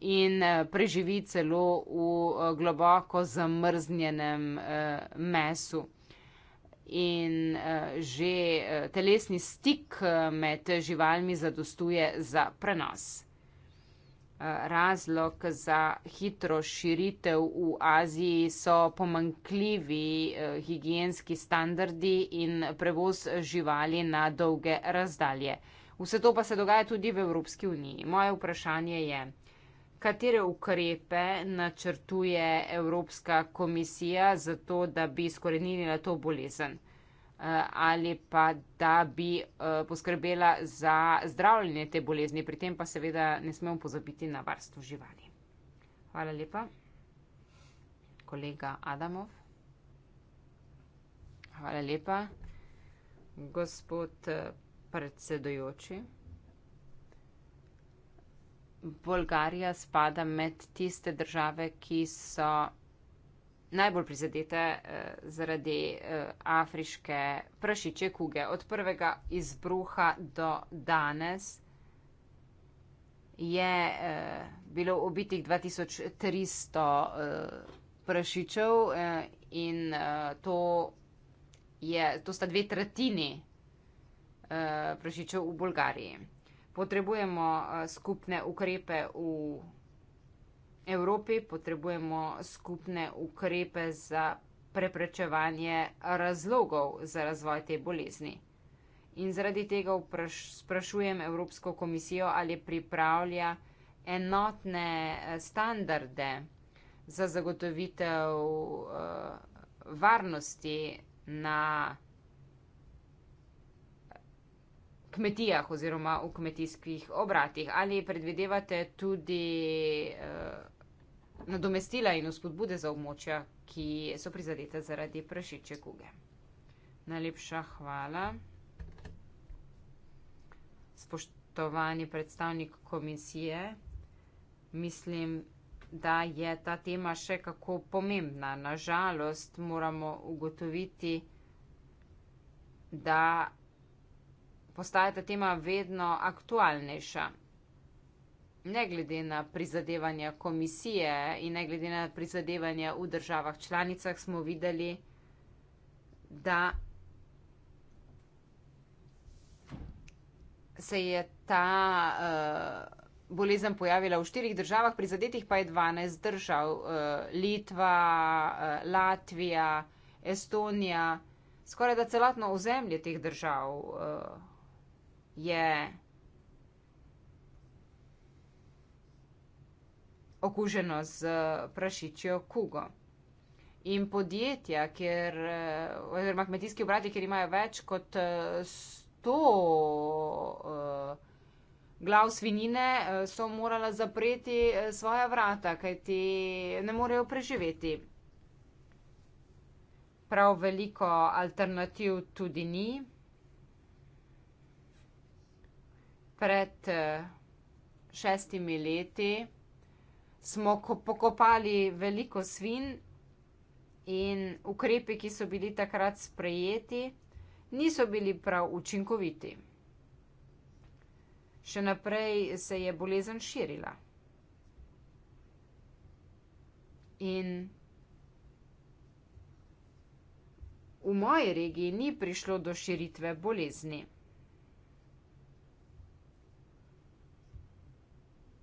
in eh, preživi celo v globoko zamrznjenem mesu in uh, že uh, telesni stik uh, med živalmi zadostuje za prenos. Razlog za hitro širitev v Aziji so pomankljivi higijenski standardi in prevoz živali na dolge razdalje. Vse to pa se dogaja tudi v Evropski uniji. Moje vprašanje je, Katere ukrepe načrtuje Evropska komisija za to, da bi skorenila to bolezen eh, ali pa da bi eh, poskrbela za zdravljenje te bolezni, pri tem pa seveda ne smemo pozabiti na varstvo živali. Hvala lepa. Kolega Adamov. Hvala lepa. Gospod eh, predsedojoči. Bolgarija spada med tiste države, ki so najbolj prizadete eh, zaradi eh, afriške prašiče kuge. Od prvega izbruha do danes je eh, bilo ubitih 2300 eh, prašičev eh, in eh, to, je, to sta dve tretjini eh, prašičev v Bolgariji potrebujemo eh, skupne ukrepe v Evropi, potrebujemo skupne ukrepe za preprečevanje razlogov za razvoj te bolezni. In zaradi tega vpraš, sprašujem Evropsko komisijo, ali pripravlja enotne eh, standarde za zagotovitev uh, varnosti na kmetijah oziroma v kmetijskih obratih. Ali predvidevate tudi uh, nadomestila in vzpodbude za območja, ki so prizadete zaradi prašiče kuge? Najlepša hvala. Spoštovani predstavnik komisije, mislim, da je ta tema še kako pomembna. Nažalost, moramo ugotoviti, da postaja ta tema vedno aktualnejša. Ne glede na prizadevanja komisije in ne glede na prizadevanja v državah članicah, smo videli, da se je ta uh, bolezen pojavila v štirih državah, prizadetih pa je 12 držav. Uh, Litva, uh, Latvija, Estonija, skoraj da celotno ozemlje teh držav. Uh, je okuženo z prašičjo kugo. In podjetja, kjer, oziroma kmetijski obrati, kjer imajo več kot 100 eh, eh, glav svinine, eh, so morala zapreti svoja vrata, kajti ne morejo preživeti. Prav veliko alternativ tudi ni. pred eh, šestimi leti smo pokopali veliko svinj in ukrepi, ki so bili takrat sprejeti, niso bili prav učinkoviti. Še naprej se je bolezen širila. In v moji regiji ni prišlo do širitve bolezni.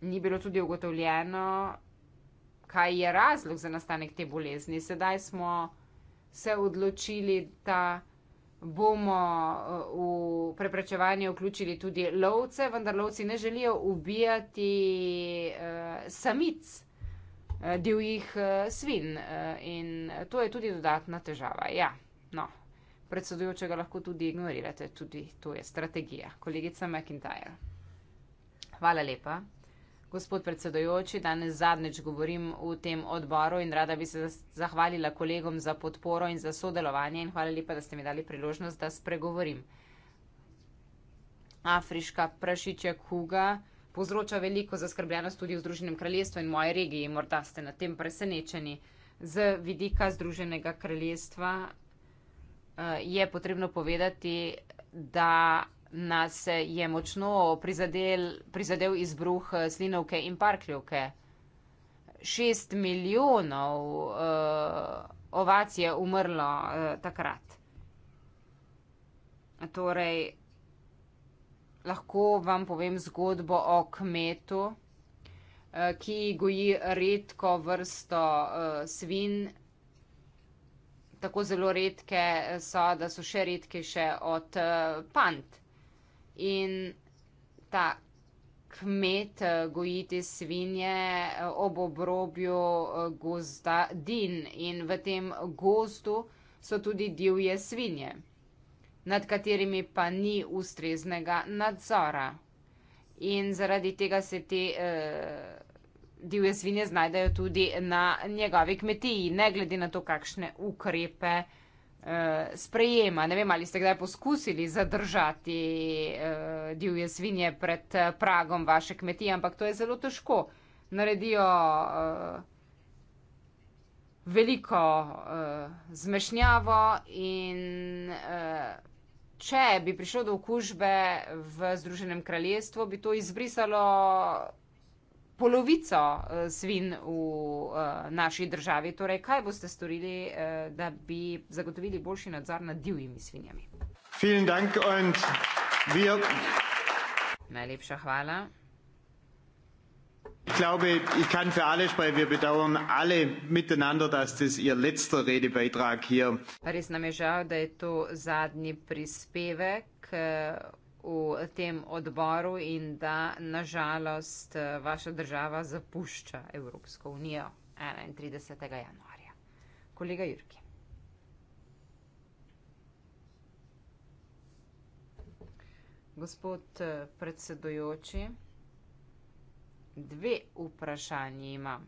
ni bilo tudi ugotovljeno, kaj je razlog za nastanek te bolezni. Sedaj smo se odločili, da bomo eh, v preprečevanje vključili tudi lovce, vendar lovci ne želijo ubijati uh, samic, uh, divjih uh, svin. Uh, in to je tudi dodatna težava. Ja, no. Predsedujočega lahko tudi ignorirate, tudi to je strategija. Kolegica McIntyre. Hvala lepa. Gospod predsedojoči, danes zadnjič govorim v tem odboru in rada bi se zahvalila kolegom za podporo in za sodelovanje in hvala lepa, da ste mi dali priložnost, da spregovorim. Afriška prašičja kuga povzroča veliko zaskrbljenost tudi v Združenem kraljestvu in moji regiji. Morda ste na tem presenečeni. Z vidika Združenega kraljestva eh, je potrebno povedati, da nas je močno prizadel, prizadel izbruh eh, slinovke in parkljuke. Šest milijonov uh, ovac je umrlo uh, takrat. Torej, lahko vam povem zgodbo o kmetu, uh, ki goji redko vrsto uh, svin. Tako zelo redke so, da so še redkejše od uh, pant. Uh, In ta kmet eh, goji te svinje eh, ob obrobju eh, gozda Din. In v tem gozdu so tudi divje svinje, nad katerimi pa ni ustreznega nadzora. In zaradi tega se te. Uh, Divje svinje znajdejo tudi na njegovi kmetiji, ne glede na to, kakšne ukrepe uh, Eh, sprejema. Ne vem, ali ste kdaj poskusili zadržati uh, divje svinje pred eh, pragom vaše kmetije, ampak to je zelo težko. Naredijo uh, veliko uh, zmešnjavo in uh, če bi prišlo do okužbe v Združenem kraljestvu, bi to izbrisalo polovico uh, svin v uh, naši državi. Torej, kaj boste storili, uh, da bi zagotovili boljši nadzor nad divjimi svinjami? Wir... Najlepša hvala. Ich glaube, ich kann für alle sprechen. Wir bedauern alle miteinander, dass das Ihr letzter Redebeitrag hier. Paris nam je žal, da je to zadnji prispevek v tem odboru in da nažalost vaša država zapušča Evropsko unijo 31. januarja. Kolega Jurki. Gospod predsedujoči, dve vprašanje imam.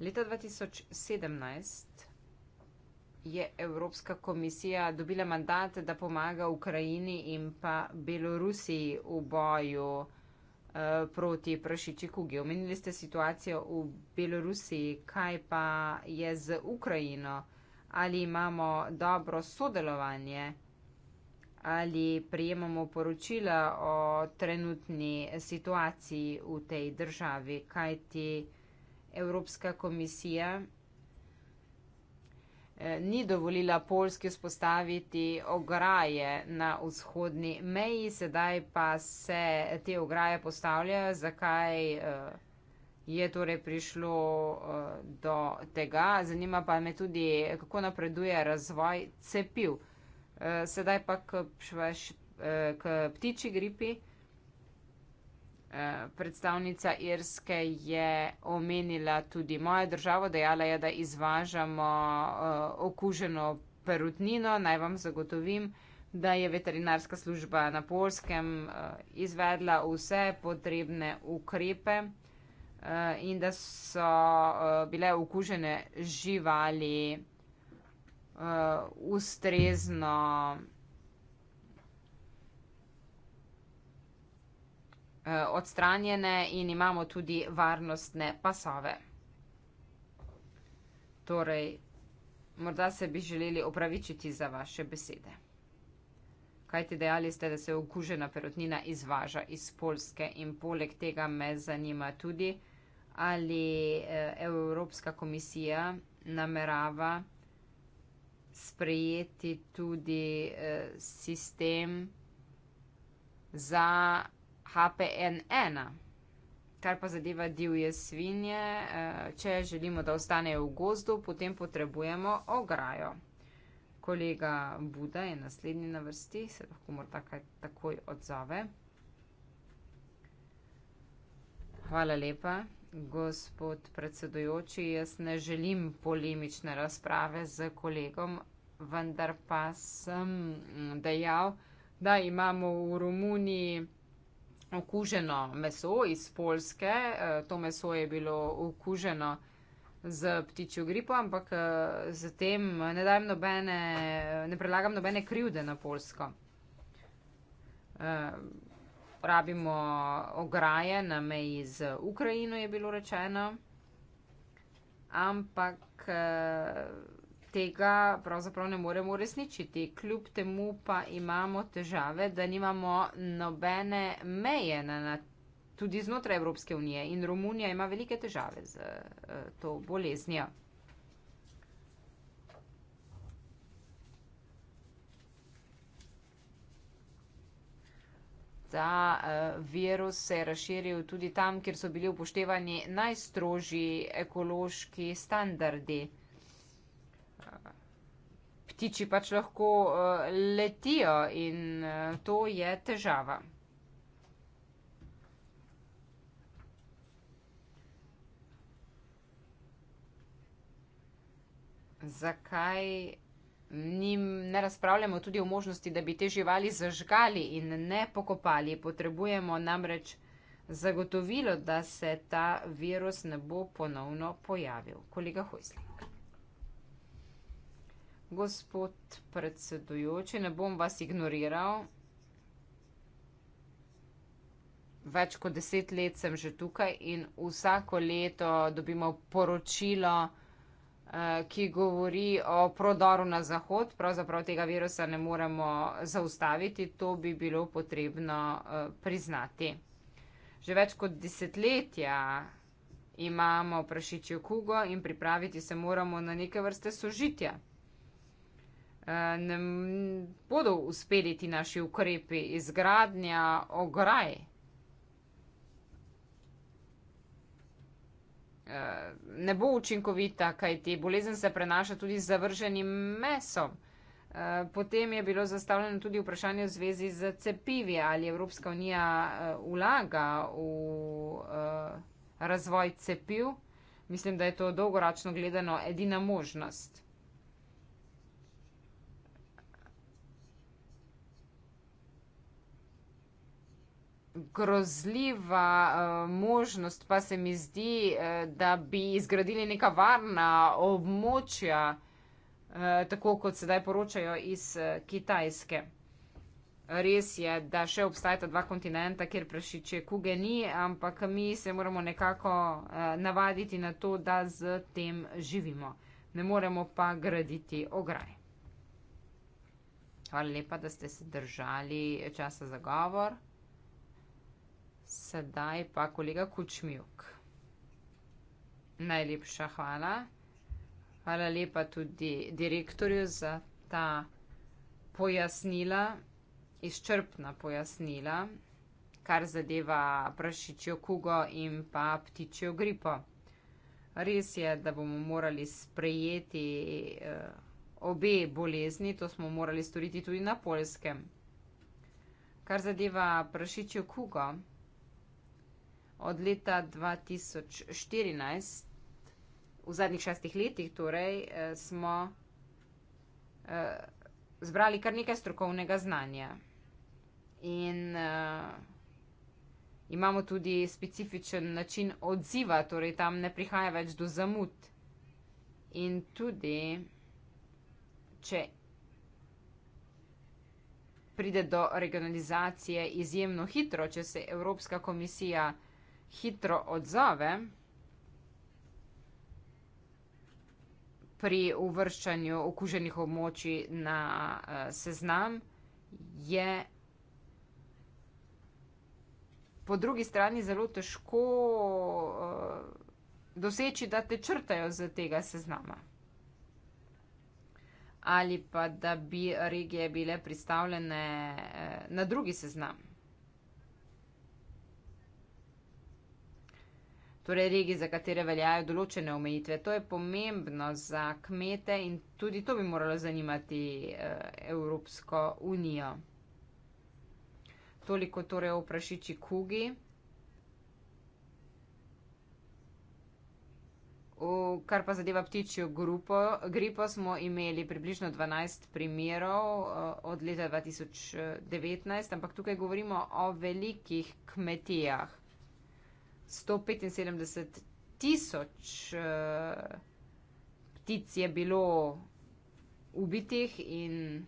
Leta 2017 je Evropska komisija dobila mandat, da pomaga Ukrajini in pa Belorusiji v boju eh, proti prašiči kugi. Omenili ste situacijo v Belorusiji, kaj pa je z Ukrajino? Ali imamo dobro sodelovanje? Ali prijemamo poročila o trenutni situaciji v tej državi? Kaj ti Evropska komisija Eh, ni dovolila Polski spostaviti ograje na vzhodni meji, sedaj pa se te ograje postavljajo. Zakaj eh, je torej prišlo eh, do tega? Zanima pa me tudi, kako napreduje razvoj cepiv. Sedaj pa k, k ptiči gripi. Eh, predstavnica Irske je omenila tudi mojo državo, dejala je, da izvažamo eh, okuženo perutnino. Naj vam zagotovim, da je veterinarska služba na Polskem eh, izvedla vse potrebne ukrepe in da so bile okužene živali ustrezno. Eh, odstranjene in imamo tudi varnostne pasove. Torej, morda se bi želeli opravičiti za vaše besede. Kaj ti dejali ste, da se okužena perutnina izvaža iz Polske in poleg tega me zanima tudi, ali eh, Evropska komisija namerava sprejeti tudi eh, sistem za HPN1. Kar pa zadeva divje svinje, eh, če želimo, da ostanejo v gozdu, potem potrebujemo ograjo. Kolega Buda je naslednji na vrsti, se lahko morda kaj takoj odzove. Hvala lepa, gospod predsedujoči. Jaz ne želim polemične razprave z kolegom, vendar pa sem mm, dejal, da imamo v Romuniji okuženo meso iz Polske. Eh, to meso je bilo okuženo z ptičjo gripo, ampak z eh, tem ne, nobene, ne prelagam nobene krivde na Polsko. Eh, rabimo ograje na meji z Ukrajino, je bilo rečeno. Ampak tega pravzaprav ne moremo uresničiti. Kljub temu pa imamo težave, da nimamo nobene meje na, na, tudi znotraj Evropske unije in Romunija ima velike težave z uh, to boleznijo. Ta uh, virus se je razširil tudi tam, kjer so bili upoštevani najstrožji ekološki standardi ptiči pač lahko uh, letijo in uh, to je težava. Zakaj njim ne razpravljamo tudi o možnosti, da bi te živali zažgali in ne pokopali? Potrebujemo namreč zagotovilo, da se ta virus ne bo ponovno pojavil. Kolega Hojslik gospod predsedujoči, ne bom vas ignoriral. Več kot deset let sem že tukaj in vsako leto dobimo poročilo, eh, ki govori o prodoru na zahod. Pravzaprav tega virusa ne moremo zaustaviti, to bi bilo potrebno eh, priznati. Že več kot desetletja imamo prašičjo kugo in pripraviti se moramo na neke vrste sožitja. Eh, ne bodo uspeli ti naši ukrepi izgradnja ograj. Eh, ne bo učinkovita, kaj ti bolezen se prenaša tudi z zavrženim mesom. Eh, potem je bilo zastavljeno tudi vprašanje v zvezi z cepivi, ali Evropska unija vlaga v razvoj cepiv. Mislim, da je to dolgoročno gledano edina možnost. grozljiva uh, možnost, pa se mi zdi, uh, da bi izgradili neka varna območja, uh, tako kot sedaj poročajo iz uh, Kitajske. Res je, da še obstajata dva kontinenta, kjer prašiče kuge ni, ampak mi se moramo nekako uh, navaditi na to, da z tem živimo. Ne moremo pa graditi ograj. Hvala lepa, da ste se držali časa za govor. Sedaj pa kolega Kučmjuk. Najlepša hvala. Hvala lepa tudi direktorju za ta pojasnila, izčrpna pojasnila, kar zadeva prašičjo kugo in pa ptičjo gripo. Res je, da bomo morali sprejeti eh, obe bolezni, to smo morali storiti tudi na polskem. Kar zadeva prašičjo kugo, od leta 2014, v zadnjih šestih letih, torej, eh, smo eh, zbrali kar nekaj strokovnega znanja. In uh, imamo tudi specifičen način odziva, torej tam ne prihaja več do zamud. In tudi, če pride do regionalizacije izjemno hitro, če se Evropska komisija hitro odzove pri uvrščanju okuženih območij na eh, seznam, je po drugi strani zelo težko eh, doseči, da te črtajo z tega seznama. Ali pa, da bi regije bile pristavljene eh, na drugi seznam. torej regij, za katere veljajo določene omejitve. To je pomembno za kmete in tudi to bi moralo zanimati eh, Evropsko unijo. Toliko torej o prašiči kugi. V kar pa zadeva ptičjo grupo, gripo, smo imeli približno 12 primerov eh, od leta 2019, eh, ampak tukaj govorimo o velikih kmetijah. 175 tisoč uh, ptic je bilo ubitih in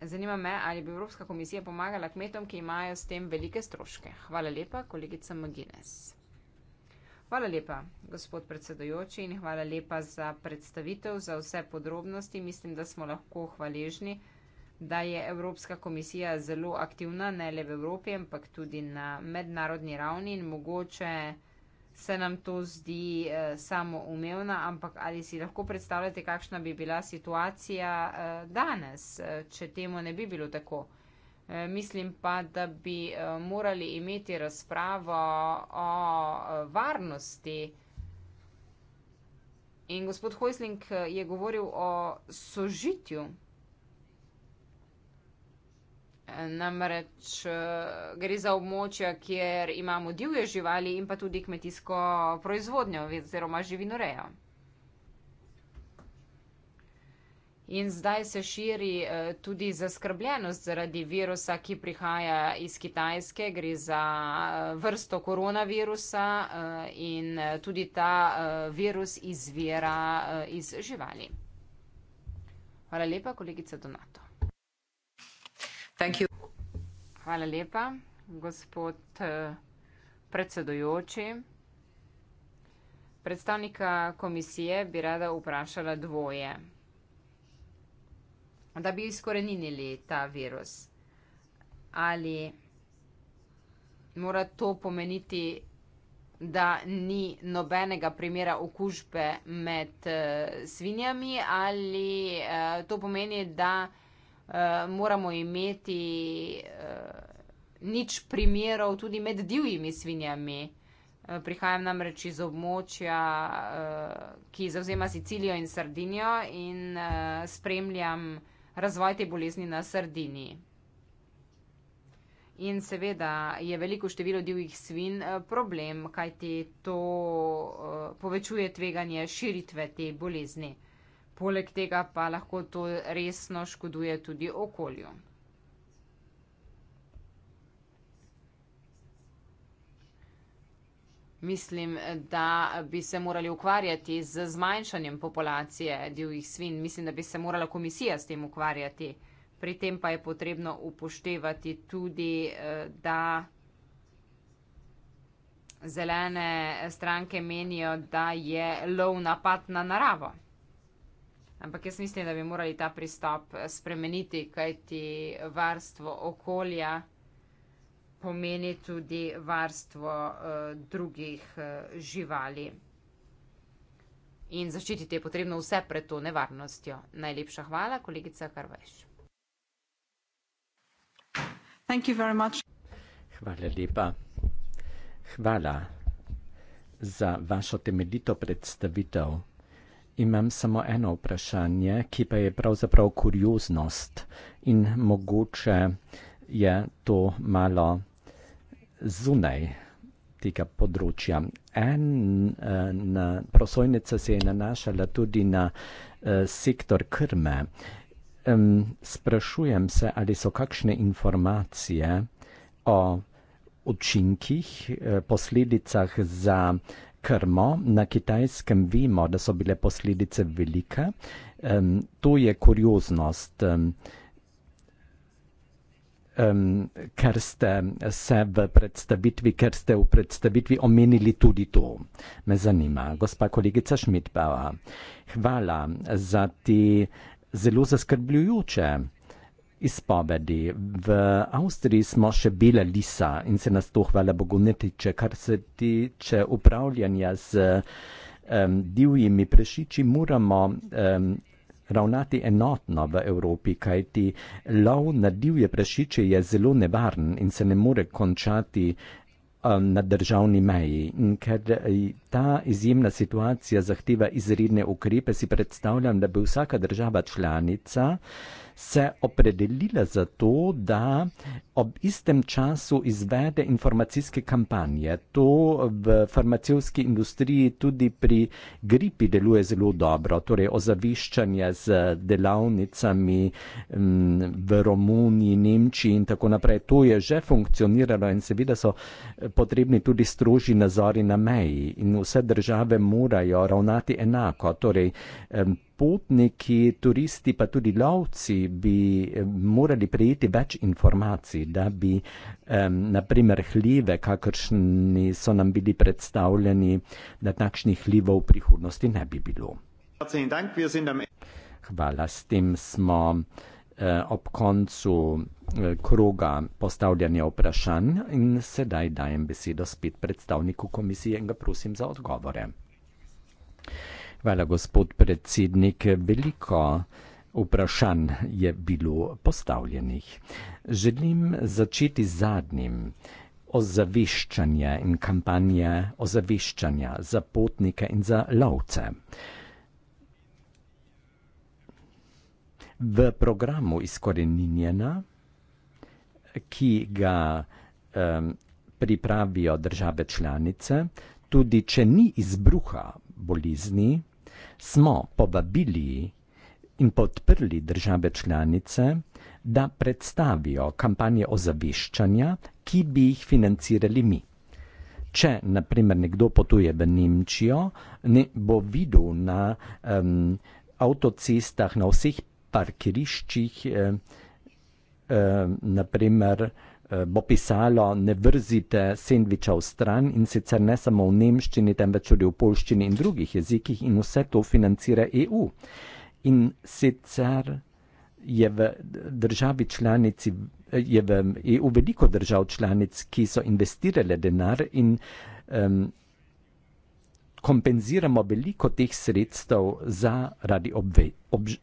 zanima me, ali bi Evropska komisija pomagala kmetom, ki imajo s tem velike stroške. Hvala lepa, kolegica Magines. Hvala lepa, gospod predsedojoči, in hvala lepa za predstavitev, za vse podrobnosti. Mislim, da smo lahko hvaležni. Uh, da je Evropska komisija zelo aktivna, ne le v Evropi, ampak tudi na mednarodni ravni in mogoče se nam to zdi eh, samoumevna, ampak ali si lahko predstavljate, kakšna bi bila situacija eh, danes, eh, če temu ne bi bilo tako. Eh, mislim pa, da bi eh, morali imeti razpravo o eh, varnosti. In gospod Hojsling eh, je govoril o sožitju. Namreč eh, gre za območja, kjer imamo divje živali in pa tudi kmetijsko proizvodnjo oziroma živinorejo. In zdaj se širi eh, tudi zaskrbljenost zaradi virusa, ki prihaja iz Kitajske. Gre za eh, vrsto koronavirusa in tudi ta virus izvira iz živali. Hvala lepa, kolegica Donat. Hvala lepa, gospod eh, predsedujoči. Predstavnika komisije bi rada vprašala dvoje. Da bi izkoreninili ta virus, ali mora to pomeniti, da ni nobenega primera okužbe med eh, svinjami, ali eh, to pomeni, da Eh, moramo imeti uh, nič primerov tudi med divjimi svinjami. Eh, prihajam namreč iz območja, ki zauzema Sicilijo in Sardinijo in spremljam razvoj te bolezni na Sardini. In seveda je veliko število divjih svin problem, kajti to povečuje tveganje širitve te bolezni poleg tega pa lahko to resno škoduje tudi okolju. Mislim, da bi se morali ukvarjati z zmanjšanjem populacije divjih svin. Mislim, da bi se morala komisija s tem ukvarjati. Pri tem pa je potrebno upoštevati tudi, eh, da zelene stranke menijo, da je lov napad na naravo. Ampak jaz mislim, da bi morali ta pristop eh, spremeniti, kajti varstvo okolja pomeni tudi varstvo uh, drugih uh, živali. In zaščititi je potrebno vse pred to nevarnostjo. Najlepša hvala, kolegica Karveš. Hvala lepa. Hvala za vašo temeljito predstavitev imam samo eno vprašanje, ki pa je pravzaprav kurioznost in mogoče je to malo zunaj tega področja. En eh, prosojnica se je nanašala tudi na eh, sektor krme. Sprašujem se, ali so kakšne informacije o učinkih, eh, posledicah za krmo, na kitajskem vemo, da so bile posledice velike. Um, to je kurioznost. Um, Um, ker ste se v predstavitvi, ker ste v predstavitvi omenili tudi to. Me zanima, gospa kolegica Šmitbava, hvala za te zelo zaskrbljujoče izpovedi. V Avstriji smo še bila lisa in se nas to hvala Bogu ne tiče, kar se tiče upravljanja z um, divjimi prešiči, moramo. Um, Ravnati enotno v Evropi, kajti lov na divje prešiče je zelo nevaren in se ne more končati um, na državni meji. In ker eh, ta izjemna situacija zahteva izredne ukrepe, si predstavljam, da bi vsaka država članica se opredelila za to, da ob istem času izvede informacijske kampanje. To v farmacijski industriji tudi pri gripi deluje zelo dobro, torej ozaviščanje z delavnicami mm, v Romuniji, Nemčiji in tako naprej. To je že funkcioniralo in seveda so eh, potrebni tudi stroži nazori na meji in vse države morajo ravnati enako. Torej, potniki, turisti, pa tudi lovci bi eh, morali prejeti več informacij, da bi um, naprimer hlive, kakršni so nam bili predstavljeni, da takšnih hlivov v prihodnosti ne bi bilo. Hvala, s tem smo eh, ob koncu eh, kroga postavljanja vprašanj in sedaj dajem besedo spet predstavniku komisije in ga prosim za odgovore. Hvala, gospod predsednik. Veliko vprašanj je bilo postavljenih. Želim začeti z zadnjim. Ozaveščanje in kampanje ozaveščanja za potnike in za lovce. V programu Izkoreninjena, ki ga um, pripravijo države članice, tudi če ni izbruha bolizni, smo povabili in podprli države članice, da predstavijo kampanje ozaveščanja, ki bi jih financirali mi. Če naprimer nekdo potuje v Nemčijo, ne bo videl na um, avtocestah, na vseh parkiriščih, um, eh, um, eh, naprimer. Eh, bo pisalo, ne vrzite sendvičev stran in sicer ne samo v nemščini, temveč tudi v polščini in drugih jezikih in vse to financira EU. In sicer je v državi članici, je v EU veliko držav članic, ki so investirale denar in um, kompenziramo veliko teh sredstev za radi obve, obž,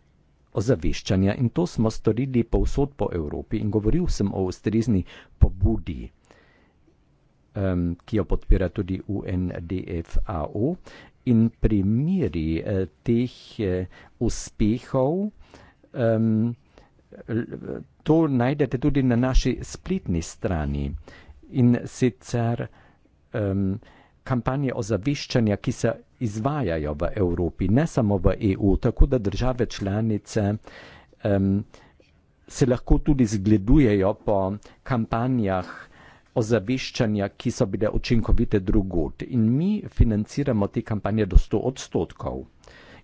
ozaveščanja in to smo storili povsod po Evropi in govoril sem o ustrezni pobudi, um, ki jo podpira tudi UNDFAO in primiri eh, teh eh, uspehov. Um, to najdete tudi na naši spletni strani in sicer um, kampanje ozaviščanja, ki se izvajajo v Evropi, ne samo v EU, tako da države članice um, se lahko tudi zgledujejo po kampanjah ozaviščanja, ki so bile učinkovite drugot. In mi financiramo te kampanje do 100 odstotkov.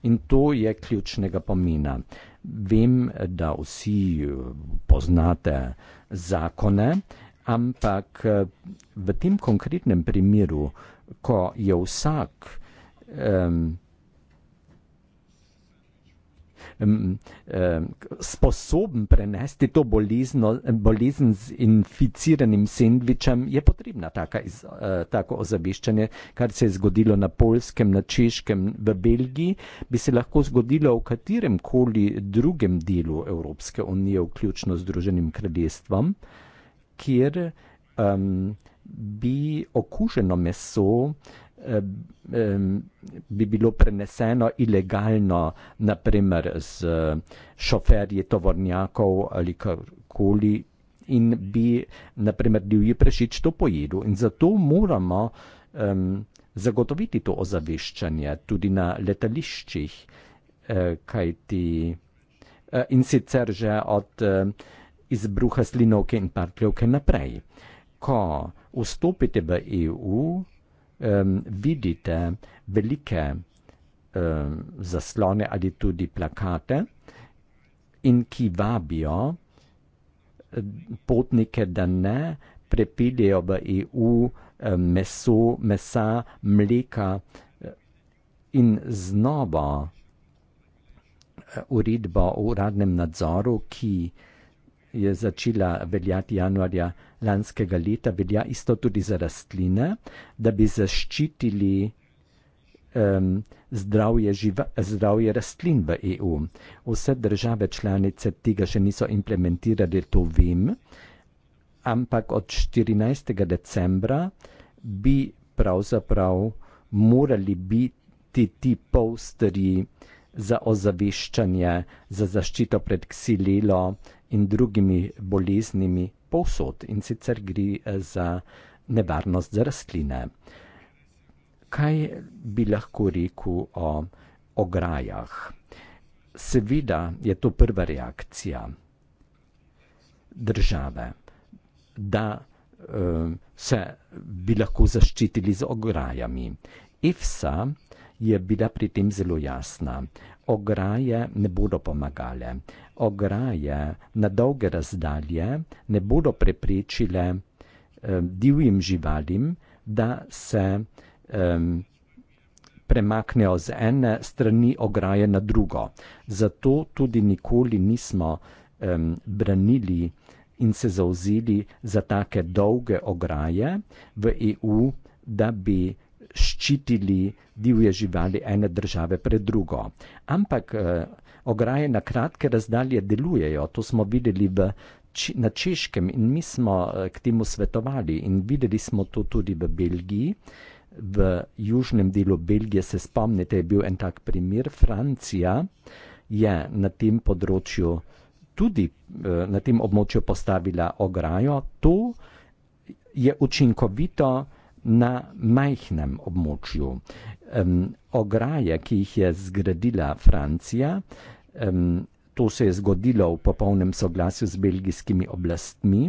In to je ključnega pomena. Vem, da vsi poznate zakone, ampak v tem konkretnem primeru ko je vsak um, um, um, sposoben prenesti to bolizno, bolizn z inficiranim sendvičem, je potrebna taka, uh, tako ozaviščanje, kar se je zgodilo na polskem, na češkem, v Belgiji, bi se lahko zgodilo v katerem koli drugem delu Evropske unije, vključno z Združenim kraljestvom, kjer um, bi okuženo meso eh, bi bilo preneseno ilegalno, naprimer z eh, šoferji tovornjakov ali karkoli in bi, naprimer, divji prešič to pojedu. In zato moramo um, zagotoviti to ozaveščanje tudi na letališčih, uh, eh, kaj ti uh, in sicer že od uh, izbruha slinovke in parkljevke naprej. Ko vstopite v EU, um, vidite velike um, zaslone ali tudi plakate, in ki vabijo potnike, da ne prepeljejo v EU meso, mesa, mleka in znova uredba o uradnem nadzoru, ki je začela veljati januarja lanskega leta velja isto tudi za rastline, da bi zaščitili um, zdravje, živa, zdravje rastlin v EU. Vse države članice tega še niso implementirali, to vem, ampak od 14. decembra bi pravzaprav morali biti ti posteri za ozaveščanje, za zaščito pred ksililo in drugimi boleznimi povsod in sicer gre eh, za nevarnost za rastline. Kaj bi lahko rekel o ograjah? Seveda je to prva reakcija države, da uh, se bi lahko zaščitili z ograjami. IFSA uh, je bila pri tem zelo jasna. Ograje ne bodo pomagale, ograje na dolge razdalje ne bodo preprečile eh, divjim živalim, da se eh, premaknejo z ene strani ograje na drugo. Zato tudi nikoli nismo eh, branili in se zauzeli za take dolge ograje v EU, da bi ščitili divje živali ene države pred drugo. Ampak eh, ograje na kratke razdalje delujejo, to smo videli v, či, na Češkem in mi smo eh, k temu svetovali in videli smo to tudi v Belgiji. V južnem delu Belgije se spomnite, je bil en tak primer. Francija je na tem področju tudi eh, na tem območju postavila ograjo. To je učinkovito, na majhnem območju. Um, ograje, ki jih je zgradila Francija, um, to se je zgodilo v popolnem soglasju z belgijskimi oblastmi,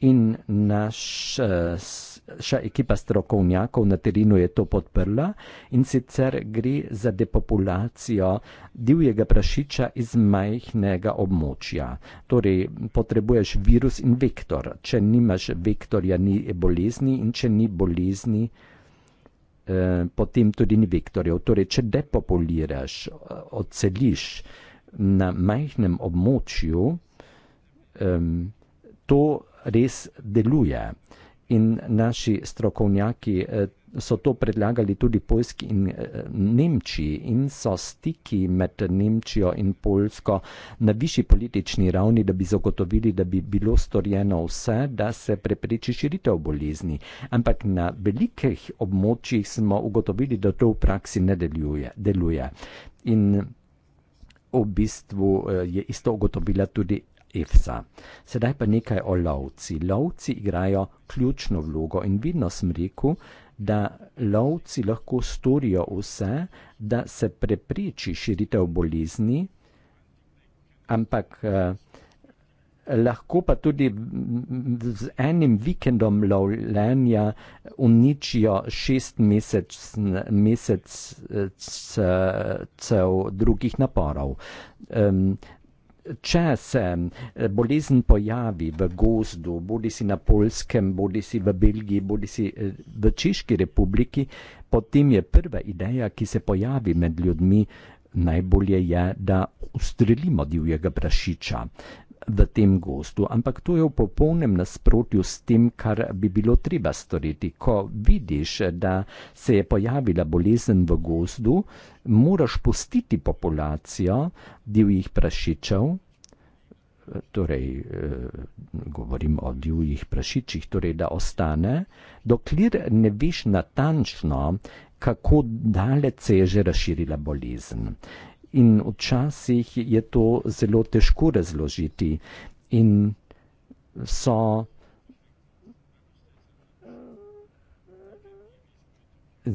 in naša eh, ekipa strokovnjakov na terenu je to podprla in sicer gre za depopulacijo divjega prašiča iz majhnega območja. Torej, potrebuješ virus in vektor. Če nimaš vektorja, ni bolezni in če ni bolezni, eh, potem tudi ni vektorjev. Torej, če depopuliraš, eh, odseliš na majhnem območju, eh, To res deluje. In naši strokovnjaki eh, so to predlagali tudi Poljski in eh, Nemčiji in so stiki med Nemčijo in Poljsko na višji politični ravni, da bi zagotovili, da bi bilo storjeno vse, da se prepreči širitev bolezni. Ampak na velikih območjih smo ugotovili, da to v praksi ne deluje. deluje. In v bistvu eh, je isto ugotovila tudi EFSA. Sedaj pa nekaj o lovci. Lovci igrajo ključno vlogo in vidno sem rekel, da lovci lahko storijo vse, da se prepriči širitev bolezni, ampak eh, lahko pa tudi z enim vikendom lovljenja uničijo šest mesec, mesec eh, cel drugih naporov če se eh, bolezen pojavi v gozdu, bodi si na Polskem, bodi si v Belgiji, bodi si eh, v Češki republiki, potem je prva ideja, ki se pojavi med ljudmi, najbolje je, da ustrelimo divjega prašiča v tem gostu, ampak to je v popolnem nasprotju s tem, kar bi bilo treba storiti. Ko vidiš, da se je pojavila bolezen v gostu, moraš pustiti populacijo divjih prašičev, torej eh, govorim o divjih prašičih, torej da ostane, dokler ne veš natančno, kako daleč se je že razširila bolezen. In včasih je to zelo težko razložiti. In so.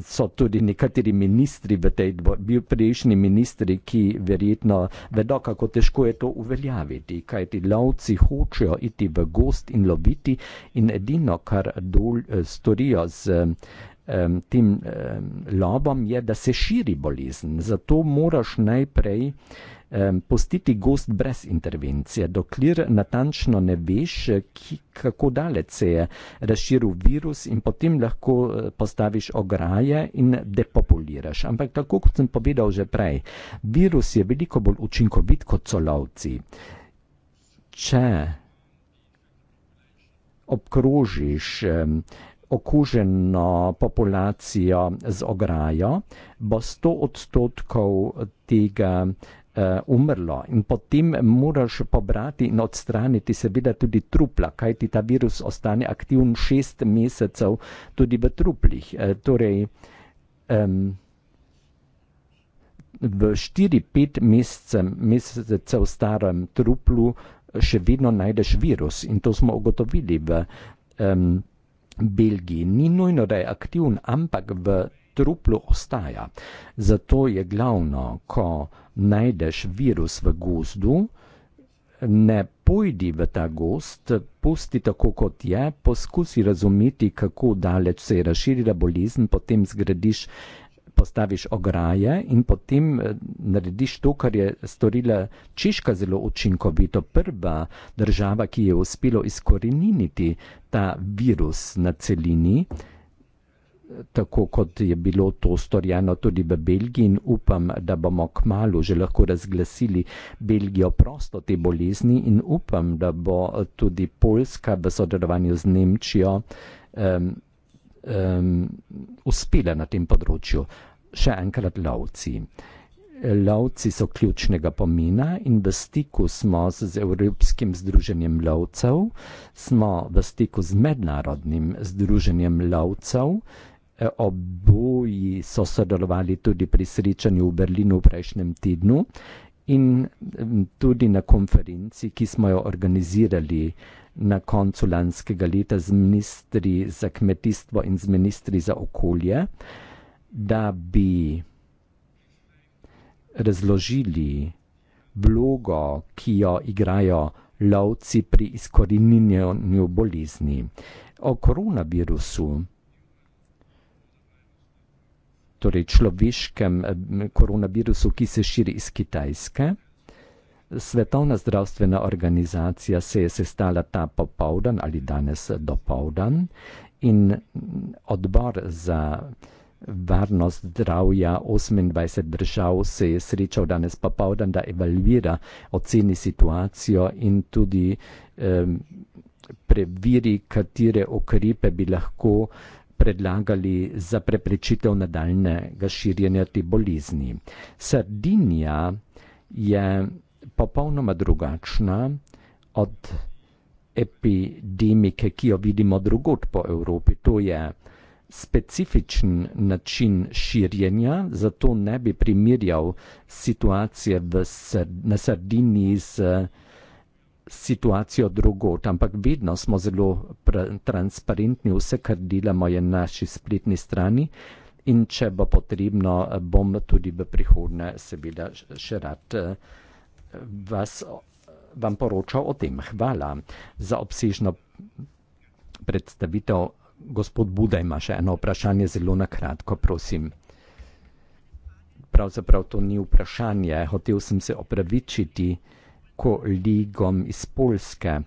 so tudi nekateri ministri v tej dvorani, prejšnji ministri, ki verjetno vedo, kako težko je to uveljaviti, kaj ti lovci hočejo iti v gost in loviti in edino, kar dol eh, storijo z um, tem um, lobom, je, da se širi bolezen. Zato moraš najprej postiti gost brez intervencije, dokler natančno ne veš, ki, kako daleč se je razširil virus in potem lahko e, postaviš ograje in depopuliraš. Ampak tako kot sem povedal že prej, virus je veliko bolj učinkovit kot solovci. Če obkrožiš okuženo populacijo z ograjo, bo 100 odstotkov tega Eh, umrlo in potem moraš pobrati in odstraniti seveda tudi trupla, kajti ta virus ostane aktiven šest mesecev tudi v truplih. Eh, torej, um, v štiri, pet mesecev, mesecev starem truplu eh, še vedno najdeš virus in to smo ugotovili v um, Belgiji. Ni nujno, da je aktiven, ampak v truplu ostaja. Zato je glavno, ko najdeš virus v gozdu, ne pojdi v ta gost, pusti tako, kot je, poskusi razumeti, kako daleč se je razširila bolezen, potem zgradiš, postaviš ograje in potem eh, narediš to, kar je storila Češka zelo učinkovito, prva država, ki je uspelo izkoreniniti ta virus na celini tako kot je bilo to storjeno tudi v Belgiji in upam, da bomo k malu že lahko razglasili Belgijo prosto te bolezni in upam, da bo tudi Poljska v sodelovanju z Nemčijo um, um, uspela na tem področju. Še enkrat lovci. Lovci so ključnega pomena in v stiku smo z, z Evropskim združenjem lovcev, smo v stiku z mednarodnim združenjem lovcev, E, oboji so sodelovali tudi pri srečanju v Berlinu v prejšnjem tednu in tudi na konferenci, ki smo jo organizirali na koncu lanskega leta z ministri za kmetijstvo in z ministri za okolje, da bi razložili vlogo, ki jo igrajo lovci pri izkoreninjanju bolezni. O koronavirusu torej človeškem eh, koronavirusu, ki se širi iz Kitajske. Svetovna zdravstvena organizacija se je sestala ta popovdan ali danes dopovdan in odbor za varnost zdravja 28 držav se je srečal danes popovdan, da evalvira oceni situacijo in tudi eh, preveri, katere ukrepe bi lahko eh, predlagali za preprečitev nadaljnega širjenja te bolezni. Sardinija je popolnoma drugačna od epidemike, ki jo vidimo drugot po Evropi. To je specifičen način širjenja, zato ne bi primerjal situacije v, na Sardiniji z uh, situacijo drugot, ampak vedno smo zelo transparentni, vse, kar delamo, je na naši spletni strani in če bo potrebno, bom tudi v prihodnje seveda še rad eh, vas, vam poročal o tem. Hvala za obsežno predstavitev. Gospod Buda ima še eno vprašanje, zelo na kratko, prosim. Pravzaprav to ni vprašanje, hotel sem se opravičiti kolegom iz Polske,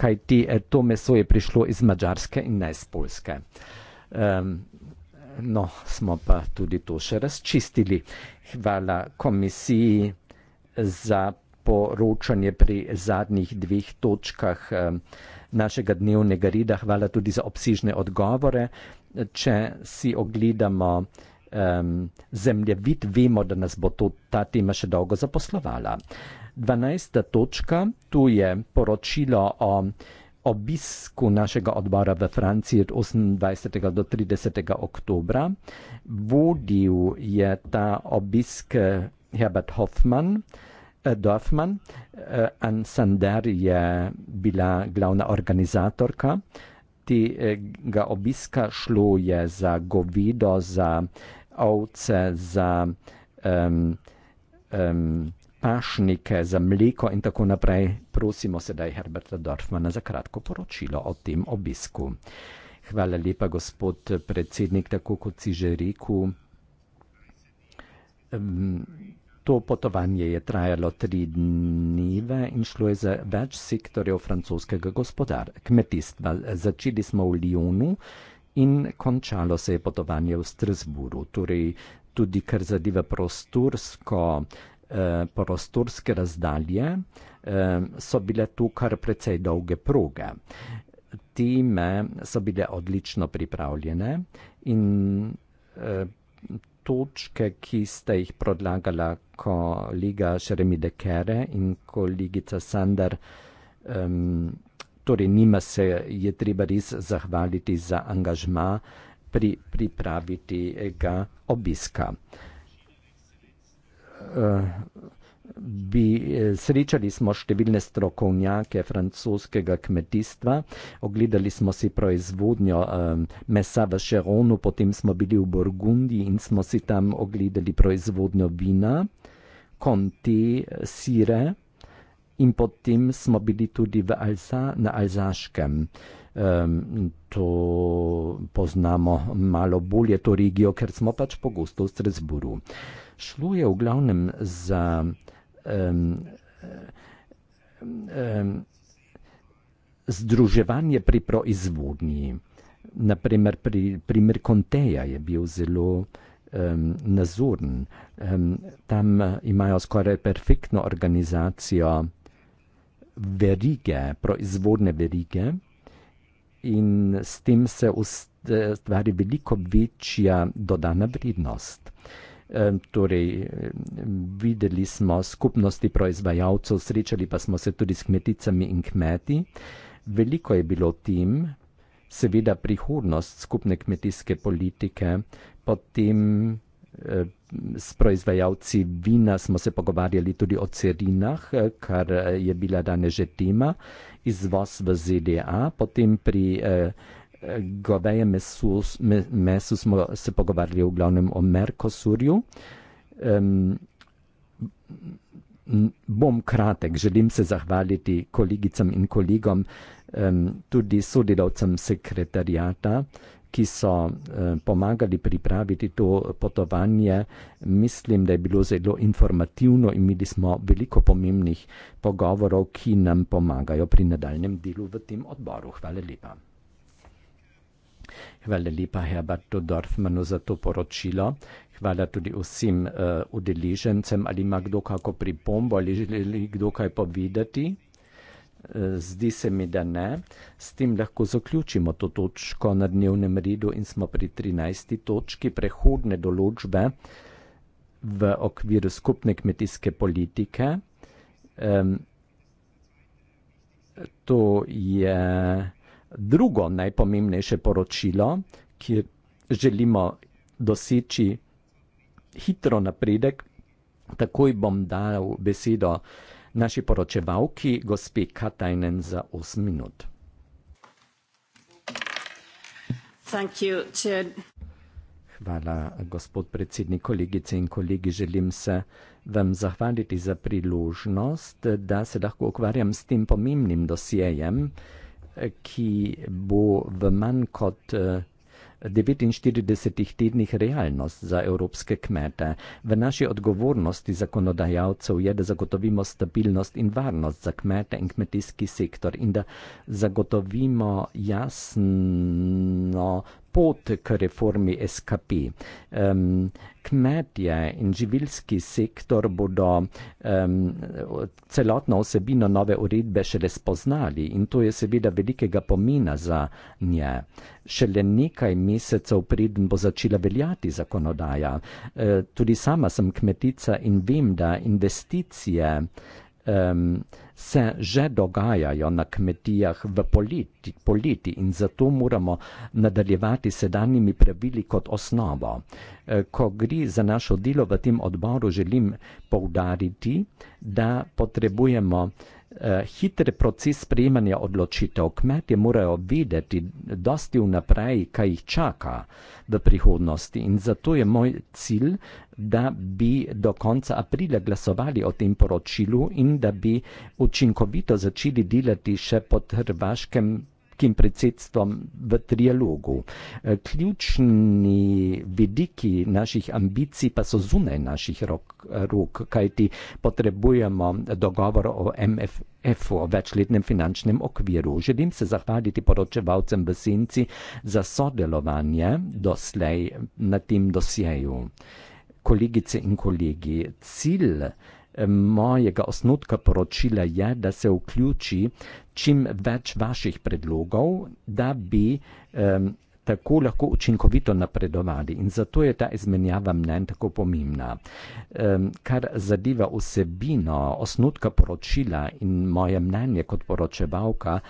kaj ti eh, to meso je prišlo iz Mačarske in ne iz Polske. Um, no, smo pa tudi to še razčistili. Hvala komisiji za poročanje pri zadnjih dveh točkah um, našega dnevnega reda. Hvala tudi za obsižne odgovore. Če si ogledamo um, zemljevid, vemo, da nas bo to, ta tema še dolgo zaposlovala. 12. točka, tu je poročilo o obisku našega odbora v Franciji od 28. do 30. oktobra. Vodil je ta obisk Herbert Hoffman, eh, Dorfman, eh, Ann Sander je bila glavna organizatorka tega obiska, šlo je za govido, za ovce, za um, um, pašnike, za mleko in tako naprej. Prosimo sedaj Herberta Dorfmana za kratko poročilo o tem obisku. Hvala lepa, gospod predsednik, tako kot si že rekel. To potovanje je trajalo tri dneve in šlo je za več sektorjev francoskega gospodar, kmetijstva. Začeli smo v Lyonu in končalo se je potovanje v Strasburu. Torej, tudi kar zadeva prostorsko Eh, prostorske razdalje, eh, so bile tu kar precej dolge proge. Time so bile odlično pripravljene in eh, točke, ki ste jih predlagala kolega Šeremi Dekere in kolegica Sandar, torej njima se je treba res zahvaliti za angažma pri pripravi tega obiska. Eh, bi, eh, srečali smo številne strokovnjake francoskega kmetijstva, ogledali smo si proizvodnjo eh, mesa v Šeronu, potem smo bili v Burgundiji in smo si tam ogledali proizvodnjo vina, konti, sire in potem smo bili tudi v Alza, na Alzaškem. To poznamo malo bolje, to regijo, ker smo pač pogosto v Strasburu šlo je v glavnem za um, um, združevanje pri proizvodnji. Naprimer, pri, primer Konteja je bil zelo um, nazoren. Um, tam imajo skoraj perfektno organizacijo verige, proizvodne verige in s tem se ustvari veliko večja dodana vrednost. Torej, videli smo skupnosti proizvajalcev, srečali pa smo se tudi s kmeticami in kmeti. Veliko je bilo tim, seveda prihodnost skupne kmetijske politike, potem s proizvajalci vina smo se pogovarjali tudi o cerinah, kar eh, je bila danes že tema, izvoz v ZDA, potem pri eh, goveje meso, me, meso smo se pogovarjali v glavnem o Merkosurju. Um, bom kratek, želim se zahvaliti kolegicam in kolegom, um, tudi sodelavcem sekretarijata, ki so um, pomagali pripraviti to potovanje. Mislim, da je bilo zelo informativno in imeli smo veliko pomembnih pogovorov, ki nam pomagajo pri nadaljem delu v tem odboru. Hvala lepa. Hvala lepa Herbertu Dorfmanu za to poročilo. Hvala tudi vsem uh, udeležencem. Ali ima kdo kako pripombo ali želi kdo kaj povedati? Eh, zdi se mi, da ne. S tem lahko zaključimo to točko na dnevnem redu in smo pri 13. točki prehodne določbe v okviru skupne kmetijske politike. Um, to je drugo najpomembnejše poročilo, ki želimo doseči hitro napredek, takoj bom dal besedo naši poročevalki, gospe Katajnen, za 8 minut. Hvala, gospod predsednik, kolegice in kolegi. Želim se vam zahvaliti za priložnost, da se lahko ukvarjam s tem pomembnim dosjejem ki bo v manj kot 49 eh, tednih realnost za evropske kmete. V naši odgovornosti zakonodajalcev je, da zagotovimo stabilnost in varnost za kmete in kmetijski sektor in da zagotovimo jasno pot k reformi SKP. Um, kmetje in živilski sektor bodo um, celotno osebino nove uredbe šele spoznali in to je seveda velikega pomena za nje. Šele nekaj mesecev preden bo začela veljati zakonodaja. Uh, tudi sama sem kmetica in vem, da investicije uh, um, se že dogajajo na kmetijah v politi, politi in zato moramo nadaljevati sedanjimi pravili kot osnovo. Ko gre za našo delo v tem odboru, želim poudariti, da potrebujemo Eh, hitri proces sprejemanja odločitev. Kmetje morajo vedeti dosti vnaprej, kaj jih čaka v prihodnosti in zato je moj cilj, da bi do konca aprila glasovali o tem poročilu in da bi učinkovito začeli delati še pod hrvaškem ruskim predsedstvom v trialogu. E, ključni vidiki naših ambicij pa so zunaj naših rok, rok kajti potrebujemo dogovor o MF. O večletnem finančnem okviru. Želim se zahvaliti poročevalcem v Senci za sodelovanje doslej na tem dosjeju. Kolegice in kolegi, cilj mojega osnutka poročila je, da se vključi čim več vaših predlogov, da bi tako lahko učinkovito napredovali. In zato je ta izmenjava mnen tako pomembna. Kar zadeva vsebino osnutka poročila in moje mnenje kot poročevalka,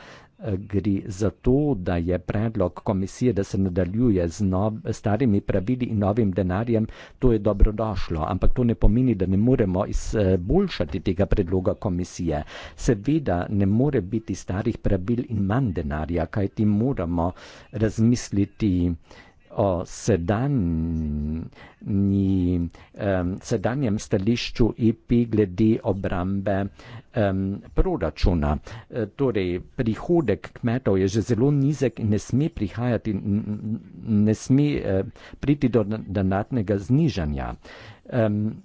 gre za to, da je predlog komisije, da se nadaljuje z nov, starimi pravili in novim denarjem, to je dobrodošlo, ampak to ne pomeni, da ne moremo izboljšati tega predloga komisije. Seveda ne more biti starih pravil in manj denarja, kajti moramo razmisliti, o sedanji, um, sedanjem stališču IP e glede obrambe um, proračuna. E, torej, prihodek kmetov je že zelo nizek in ne sme prihajati, ne sme eh, priti do danatnega znižanja. Um,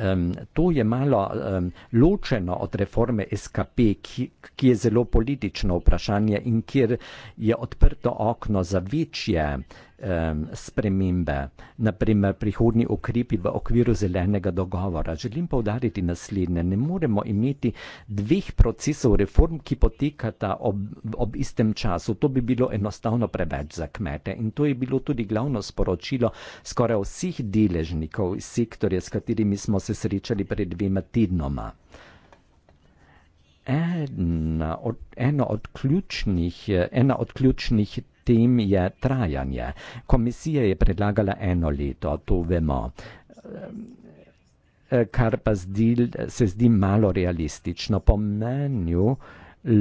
um, to je malo um, ločeno od reforme SKP, ki, ki je zelo politično vprašanje in kjer je odprto okno za večje uh, um, spremembe, naprimer prihodni okrepi v okviru zelenega dogovora. Želim povdariti naslednje. Ne moremo imeti dveh procesov reform, ki potekata ob, ob istem času. To bi bilo enostavno preveč za kmete in to je bilo tudi glavno sporočilo skoraj vseh deležnikov iz sektorja, s katerimi smo se srečali pred dvema tednoma. Ena od, ena od ključnih, ena od ključnih tem je trajanje. Komisija je predlagala eno leto, to vemo. Eh, kar pa zdi, se zdi malo realistično. Po menju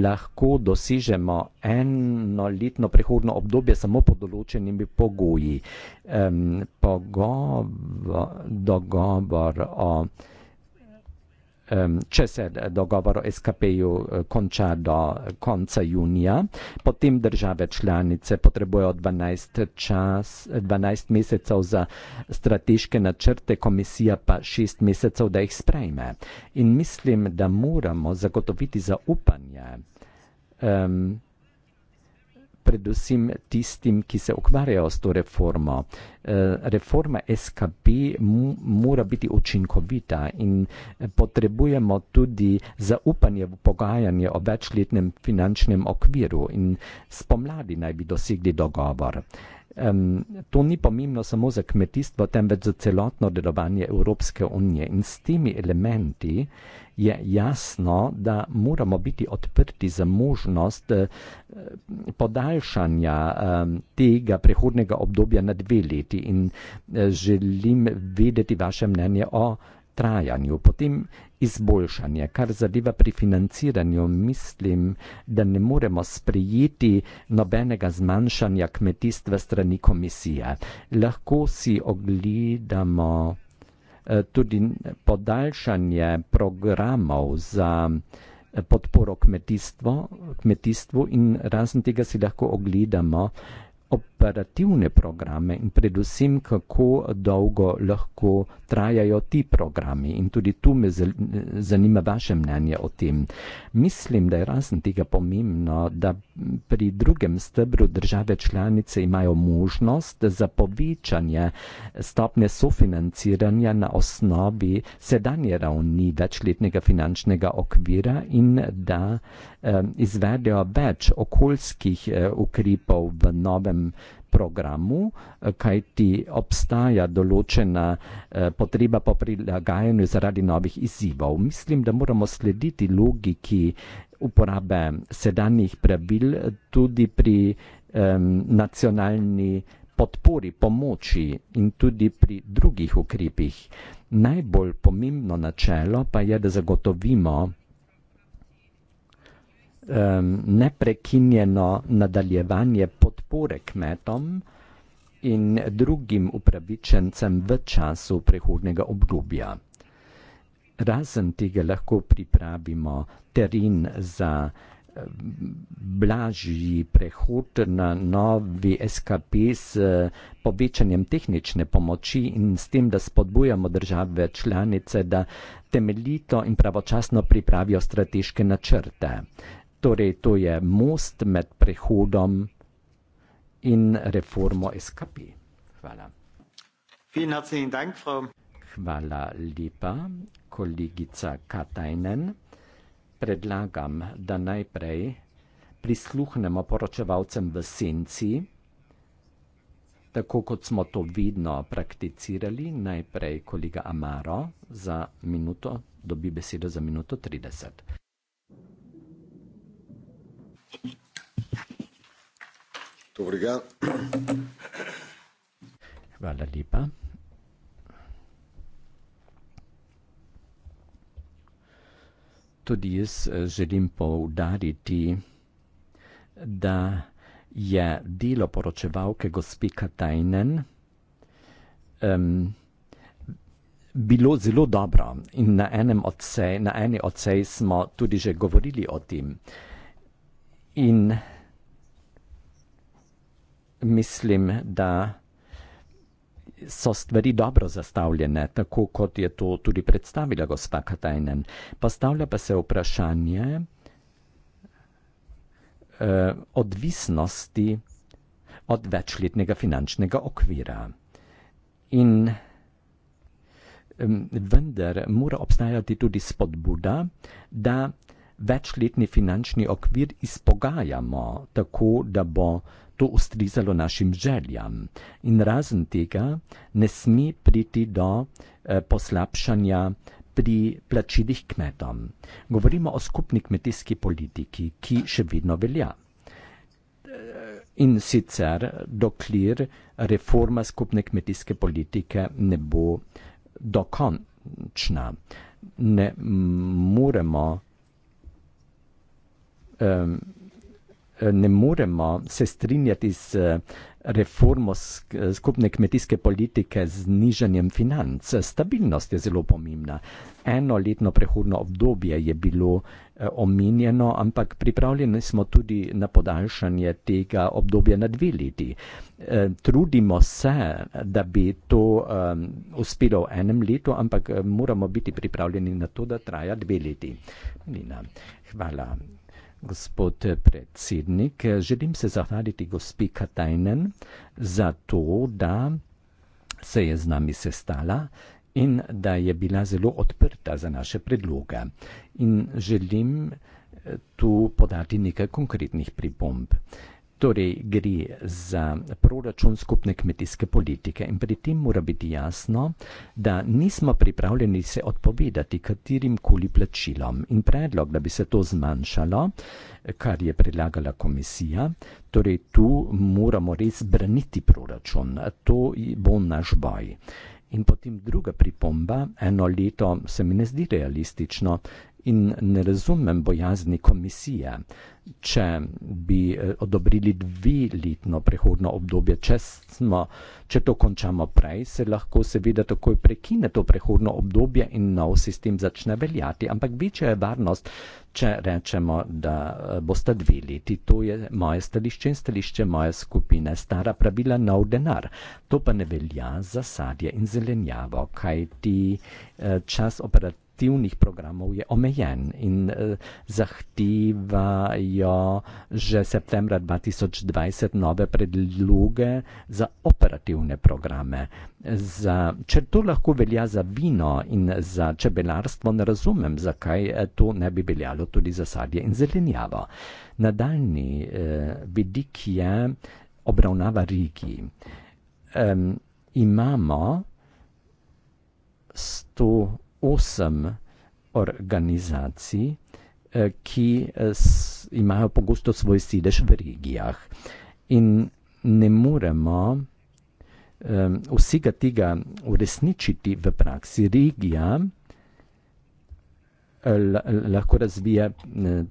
lahko dosežemo enoletno prehodno obdobje samo pod določenimi pogoji. Um, pogovo, dogovor o če se eh, dogovor o SKP-ju eh, konča do konca junija, potem države članice potrebujejo 12, čas, 12 mesecev za strateške načrte, komisija pa 6 mesecev, da jih sprejme. In mislim, da moramo zagotoviti zaupanje. Um, predvsem tistim, ki se ukvarjajo s to reformo. Eh, reforma SKP mora biti učinkovita in potrebujemo tudi zaupanje v pogajanje o večletnem finančnem okviru in spomladi naj bi dosegli dogovor. Um, to ni pomembno samo za kmetijstvo, temveč za celotno delovanje Evropske unije. In s temi elementi je jasno, da moramo biti odprti za možnost eh, podaljšanja um, tega prehodnega obdobja na dve leti. In eh, želim vedeti vaše mnenje o trajanju, potem izboljšanje. Kar zadeva pri financiranju, mislim, da ne moremo sprejeti nobenega zmanjšanja kmetijstva strani komisije. Lahko si ogledamo eh, tudi podaljšanje programov za eh, podporo kmetijstvu in razen tega si lahko ogledamo ob operativne programe in predvsem, kako dolgo lahko trajajo ti programi. In tudi tu me zanima vaše mnenje o tem. Mislim, da je razen tega pomembno, da pri drugem stebru države članice imajo možnost za povečanje stopne sofinanciranja na osnovi sedanje ravni večletnega finančnega okvira in da eh, izvedejo več okoljskih eh, ukrepov v novem programu, eh, kajti obstaja določena eh, potreba po prilagajanju zaradi novih izzivov. Mislim, da moramo slediti logiki uporabe sedanjih pravil tudi pri um, nacionalni podpori, pomoči in tudi pri drugih ukrepih. Najbolj pomembno načelo pa je, da zagotovimo um, neprekinjeno nadaljevanje podpore kmetom in drugim upravičencem v času prehodnega obdobja. Razen tega lahko pripravimo teren za blažji prehod na novi SKP s eh, povečanjem tehnične pomoči in s tem, da spodbujamo države članice, da temeljito in pravočasno pripravijo strateške načrte. Torej, to je most med prehodom in reformo SKP. Hvala. Hvala lepa, kolegica Katajnen. Predlagam, da najprej prisluhnemo poročevalcem v senci, tako kot smo to vedno prakticirali. Najprej kolega Amaro za minuto, dobi besedo za minuto 30. Dobrega. Hvala lepa. Tudi jaz eh, želim poudariti, da je delo poročevalke gospe Katajnen um, bilo zelo dobro in na, enem odsej, na eni od sej smo tudi že govorili o tem. Uh, in mislim, da so stvari dobro zastavljene, tako kot je to tudi predstavila gospa Katajnen. Postavlja pa se vprašanje eh, odvisnosti od večletnega finančnega okvira. In eh, vendar mora obstajati tudi spodbuda, da večletni finančni okvir izpogajamo tako, da bo to ustrizalo našim željam. In razen tega ne sme priti do eh, poslabšanja pri plačilih kmetom. Govorimo o skupni kmetijski politiki, ki še vedno velja. In sicer, dokler reforma skupne kmetijske politike ne bo dokončna, ne moremo um, ne moremo se strinjati z eh, reformo eh, skupne kmetijske politike z nižanjem financ. Stabilnost je zelo pomembna. Eno letno prehodno obdobje je bilo eh, omenjeno, ampak pripravljeni smo tudi na podaljšanje tega obdobja na dve leti. Trudimo se, da bi to uspelo v enem letu, ampak moramo biti pripravljeni na to, da traja dve leti. Nina, hvala. Gospod predsednik, želim se zahvaliti gospi Katajnen za to, da se je z nami sestala in da je bila zelo odprta za naše predloge. In želim tu podati nekaj konkretnih pripomb. Torej gre za proračun skupne kmetijske politike in pri tem mora biti jasno, da nismo pripravljeni se odpovedati katerim koli plačilom in predlog, da bi se to zmanjšalo, kar je predlagala komisija, torej tu moramo res braniti proračun, to bo naš boj. In potem druga pripomba, eno leto se mi ne zdi realistično, in ne razumem bojazni komisije, če bi eh, odobrili dviletno prehodno obdobje, če, smo, če to končamo prej, se lahko seveda takoj prekine to prehodno obdobje in nov sistem začne veljati, ampak večja je varnost, če rečemo, da eh, boste dve leti. To je moje stališče in stališče moje skupine. Stara pravila, nov denar. To pa ne velja za sadje in zelenjavo, kaj ti eh, čas operativnosti atraktivnih programov je omejen in eh, zahtevajo že septembra 2020 nove predloge za operativne programe. Za, če to lahko velja za vino in za čebelarstvo, ne razumem, zakaj eh, to ne bi veljalo tudi za sadje in zelenjavo. Nadaljni eh, vidik je obravnava rigi. Eh, imamo 100 osem organizacij, eh, ki eh, imajo pogosto svoj sedež v regijah. In ne moremo ehm, vsega tega uresničiti v praksi. Regija eh, lahko razvija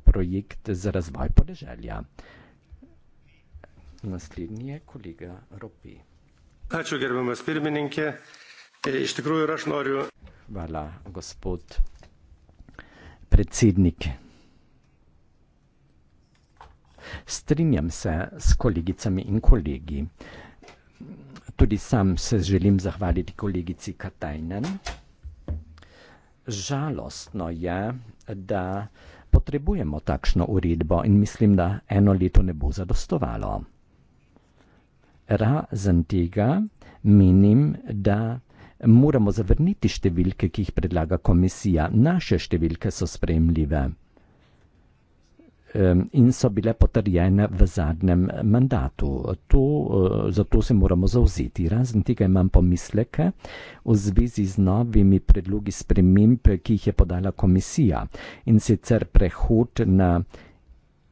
projekt za razvoj podeželja. Naslednji je kolega Ropi. Ačiū gerbiamas pirmininkė. E, iš tikrųjų, aš noriu Hvala, gospod predsednik. Strinjam se s kolegicami in kolegi. Tudi sam se želim zahvaliti kolegici Katajnen. Žalostno je, da potrebujemo takšno uredbo in mislim, da eno leto ne bo zadostovalo. Razen tega menim, da moramo zavrniti številke, ki jih predlaga komisija. Naše številke so spremljive in so bile potrjene v zadnjem mandatu. To, e, zato se moramo zauzeti. Razen tega imam pomisleke v zvezi z novimi predlogi sprememb, ki jih je podala komisija in sicer prehod na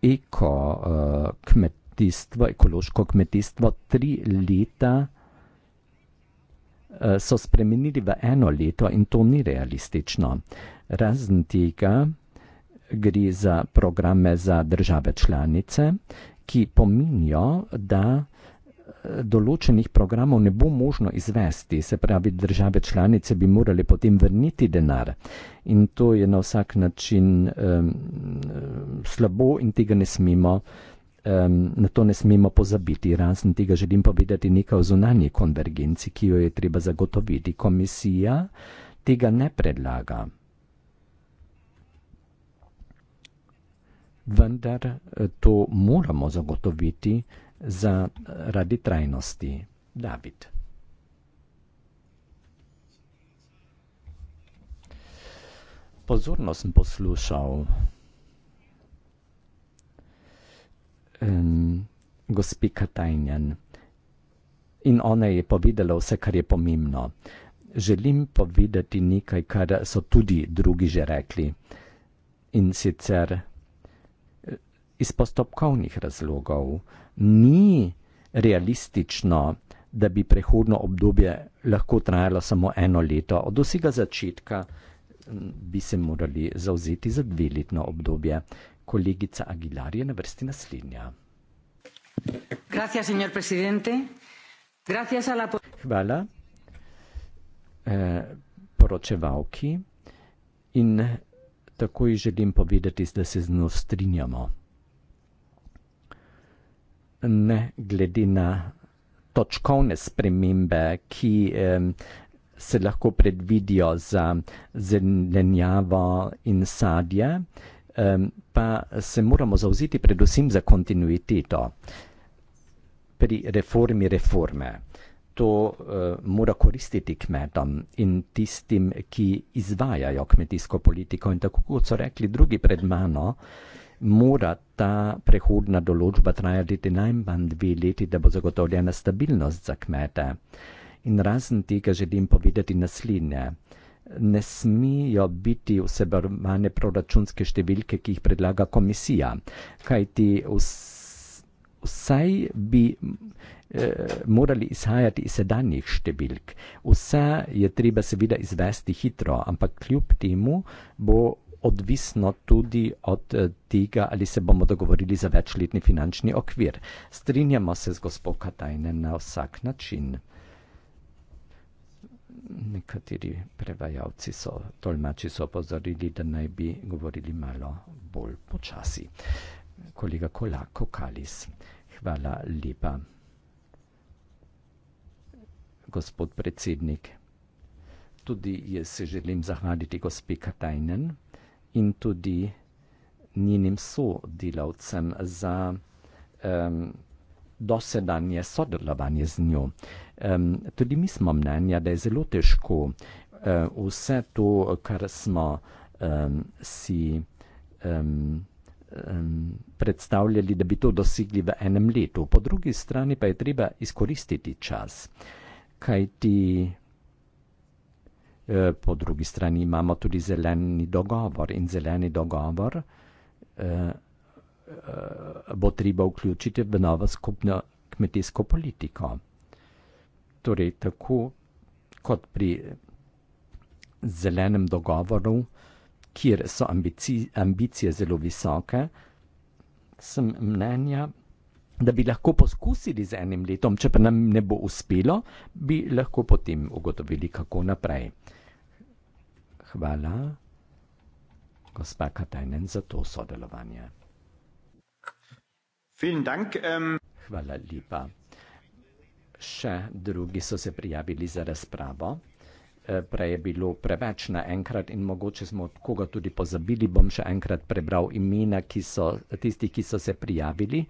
eko e, kmetijstvo, ekološko kmetijstvo tri leta. Eh, so spremenili v eno leto in to ni realistično. Razen tega gre za programe za države članice, ki pominjo, da eh, določenih programov ne bo možno izvesti, se pravi, države članice bi morali potem vrniti denar in to je na vsak način um, slabo in tega ne smemo uh, um, na to ne smemo pozabiti. Razen tega želim povedati nekaj o zunanji konvergenci, ki jo je treba zagotoviti. Komisija tega ne predlaga. Vendar eh, to moramo zagotoviti zaradi trajnosti. David. Pozorno sem poslušal um, gospi Katajnjan. In ona je povedala vse, kar je pomembno. Želim povedati nekaj, kar so tudi drugi že rekli. In sicer eh, iz postopkovnih razlogov ni realistično, da bi prehodno obdobje lahko trajalo samo eno leto. Od vsega začetka bi se morali zauzeti za dveletno obdobje. Kolegica Aguilar je na vrsti naslednja. Hvala, eh, poročevalki. In tako ji želim povedati, da se z njo strinjamo. Ne glede na točkovne spremembe, ki eh, se lahko predvidijo za zelenjavo in sadje, eh, pa se moramo zauzeti predvsem za kontinuiteto pri reformi reforme. To uh, mora koristiti kmetom in tistim, ki izvajajo kmetijsko politiko. In tako kot so rekli drugi pred mano, mora ta prehodna določba trajati najmanj dve leti, da bo zagotovljena stabilnost za kmete. In razen tega želim povedati naslednje. Uh, ne smijo biti vsebrvane proračunske številke, ki jih predlaga komisija. Kaj ti vsaj bi eh, morali izhajati iz sedanjih številk. Vse je treba seveda izvesti hitro, ampak kljub temu bo odvisno tudi od eh, tega, ali se bomo dogovorili za večletni finančni okvir. Strinjamo se z gospod Katajnen na vsak način nekateri prevajalci so, tolmači so opozorili, da naj bi govorili malo bolj počasi. Kolega Kolako Kalis, hvala lepa. Gospod predsednik, tudi jaz se želim zahvaliti gospe Katajnen in tudi njenim sodelavcem za um, dosedanje sodelovanje z njo. Um, tudi mi smo mnenja, da je zelo težko um, vse to, kar smo um, si um, um, predstavljali, da bi to dosegli v enem letu. Po drugi strani pa je treba izkoristiti čas, kajti um, po drugi strani imamo tudi zeleni dogovor in zeleni dogovor um, bo treba vključiti v novo skupno kmetijsko politiko torej tako kot pri zelenem dogovoru, kjer so ambici, ambicije zelo visoke, sem mnenja, da bi lahko poskusili z enim letom, če pa nam ne bo uspelo, bi lahko potem ugotovili, kako naprej. Hvala, gospa Katajnen, za to sodelovanje. Dank, um... Hvala lepa še drugi so se prijavili za razpravo. E, prej je bilo preveč naenkrat in mogoče smo od koga tudi pozabili. Bom še enkrat prebral imena tistih, ki so se prijavili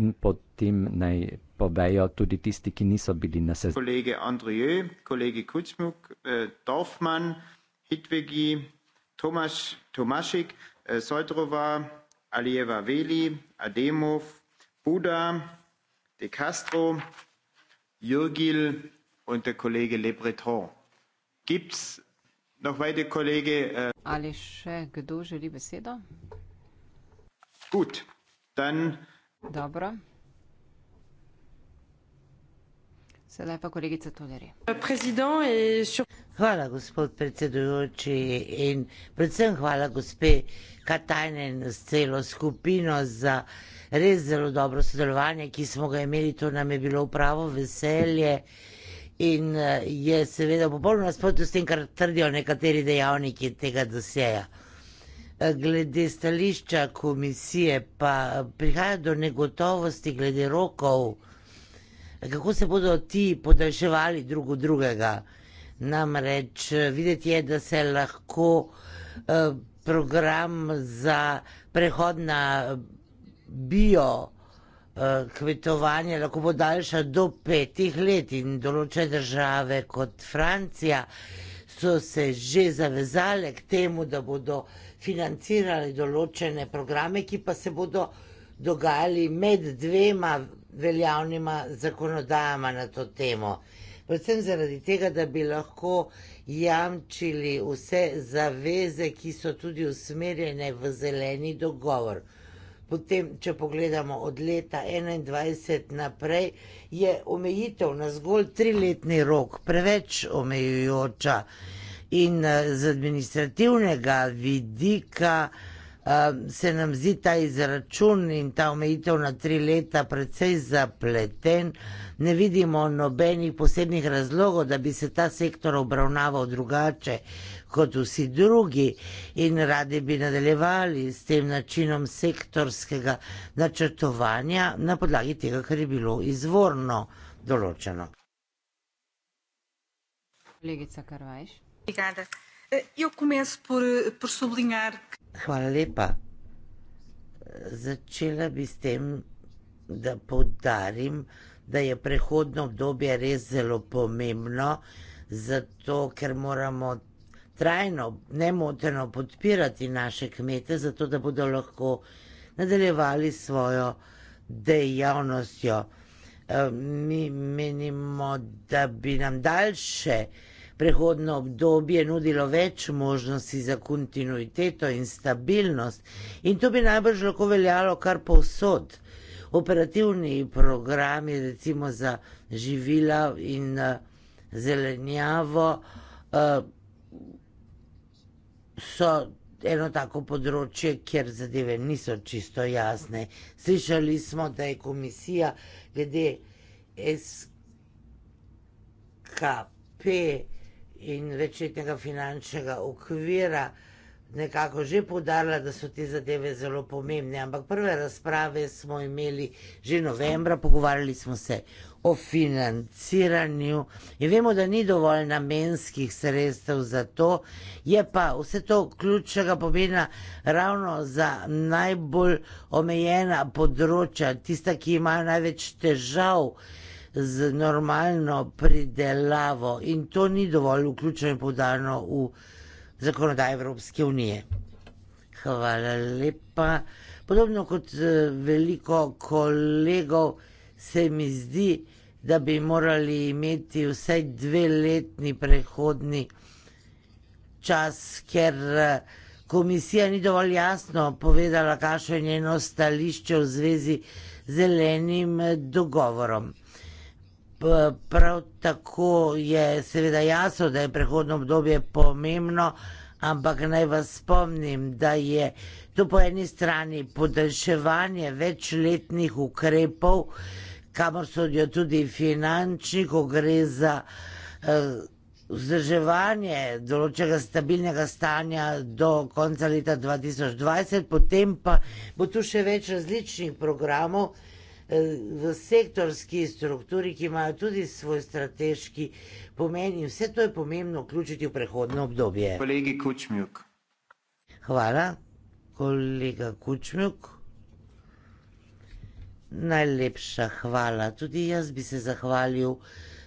in potem naj povejo tudi tisti, ki niso bili na seznamu. Kolege Andrije, kolege Kucmuk, e, Dorfman, Hitvegi, Tomaš, Tomašik, e, Sojtrova, Alijeva Veli, Ademov, Buda, De Castro, jrgil und der kollege le breton gibt's noch weitere kollege äh, ali še kdo želi besedo gut dann dobro Sedaj pa kolegica Toleri. Hvala, gospod predsedujoči in predvsem hvala, gospe Katajnen, s celo skupino za res zelo dobro sodelovanje, ki smo ga imeli, to nam je bilo pravo veselje. In eh, je seveda popolnoma nasprotno s tem, kar trdijo nekateri dejavniki tega doseja. Eh, glede stališča komisije, pa eh, prihaja do negotovosti glede rokov, kako se bodo ti podaljševali drug drugega. Namreč videti je, da se lahko program za prehod na bio eh, kvetovanje lahko podaljša do petih let in določene države kot Francija so se že zavezale k temu, da bodo financirali določene programe, ki pa se bodo dogajali med dvema veljavnima zakonodajama na to temo. Predvsem zaradi tega, da bi lahko jamčili vse zaveze, ki so tudi usmerjene v zeleni dogovor potem, če pogledamo od leta 21 naprej, je omejitev na zgolj triletni rok preveč omejujoča in eh, z administrativnega vidika eh, se nam zdi ta izračun in ta omejitev na tri leta precej zapleten. Ne vidimo nobenih posebnih razlogov, da bi se ta sektor obravnaval drugače kot vsi drugi in radi bi nadaljevali s tem načinom sektorskega načrtovanja na podlagi tega, kar je bilo izvorno določeno. Hvala lepa. Začela bi s tem, da poudarim, da je prehodno obdobje res zelo pomembno, zato ker moramo trajno, nemoteno podpirati naše kmete, zato da bodo lahko nadaljevali svojo dejavnostjo. Eh, mi menimo, da bi nam daljše prehodno obdobje nudilo več možnosti za kontinuiteto in stabilnost. In to bi najbrž lahko veljalo kar povsod. Operativni programi, recimo za živila in eh, zelenjavo, eh, so eno tako področje, kjer zadeve niso čisto jasne. Slišali smo, da je komisija glede SKP in večletnega finančnega okvira nekako že podarila, da so te zadeve zelo pomembne, ampak prve razprave smo imeli že novembra, pogovarjali smo se o financiranju. In vemo, da ni dovolj namenskih sredstev za to, je pa vse to ključnega pomena ravno za najbolj omejena področja, tista, ki imajo največ težav z normalno pridelavo. In to ni dovolj vključeno in podano v zakonodaj Evropske unije. Hvala lepa. Podobno kot eh, veliko kolegov, se mi zdi, da bi morali imeti vsaj dve letni prehodni čas, ker eh, komisija ni dovolj jasno povedala, kakšno je njeno stališče v zvezi z zelenim eh, dogovorom. Prav tako je seveda jasno, da je prehodno obdobje pomembno, ampak naj vas spomnim, da je to po eni strani podaljševanje večletnih ukrepov, kamor sodijo tudi finančni, ko gre za uh, vzdrževanje določenega stabilnega stanja do konca leta 2020, potem pa bo tu še več različnih programov uh, v sektorski strukturi, ki imajo tudi svoj strateški pomen in vse to je pomembno vključiti v prehodno obdobje. Kolegi Kučmjuk. Hvala, kolega Kučmjuk. Najlepša hvala. Tudi jaz bi se zahvalil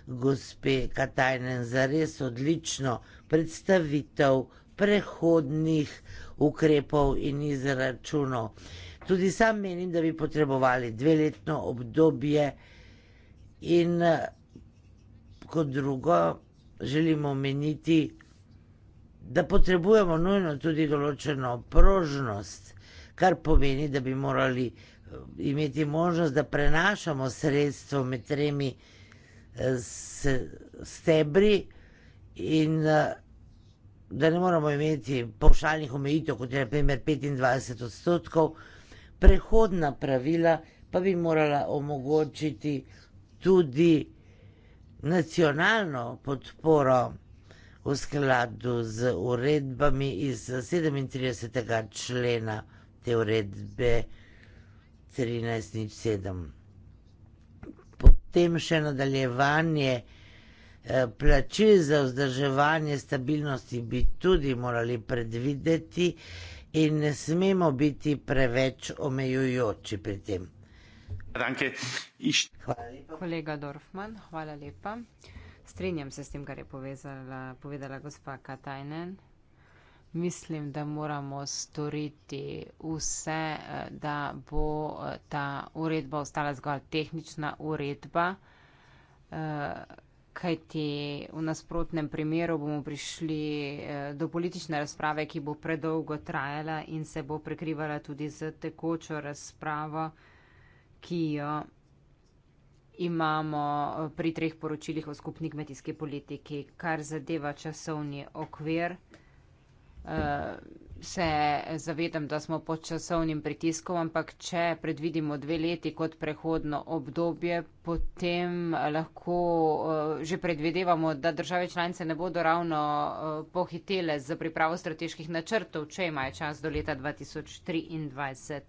gospe Katajnen za res odlično predstavitev prehodnih ukrepov in izračunov. Tudi sam menim, da bi potrebovali dveletno obdobje in kot drugo želimo meniti, da potrebujemo nujno tudi določeno prožnost, kar pomeni, da bi morali imeti možnost, da prenašamo sredstvo med tremi eh, stebri in eh, da ne moramo imeti povšaljnih omejitev, kot je naprimer 25 odstotkov, prehodna pravila pa bi morala omogočiti tudi nacionalno podporo v skladu z uredbami iz 37. člena te uredbe. 13.07. Potem še nadaljevanje eh, plačil za vzdrževanje stabilnosti bi tudi morali predvideti in ne smemo biti preveč omejujoči pri tem. Kolega Dorfman, hvala lepa. Strenjam se s tem, kar je povezala, povedala gospa Katajnen mislim, da moramo storiti vse, eh, da bo eh, ta uredba ostala zgolj tehnična uredba, eh, kajti v nasprotnem primeru bomo prišli do politične razprave, ki bo predolgo trajala in se bo prekrivala tudi z tekočo razpravo, ki jo imamo pri treh poročilih o skupni kmetijski politiki, kar zadeva časovni okvir uh, se zavedam, da smo pod časovnim pritiskom, ampak če predvidimo dve leti kot prehodno obdobje, potem lahko uh, že predvidevamo, da države članice ne bodo ravno uh, pohitele za pripravo strateških načrtov, če imajo čas do leta 2023.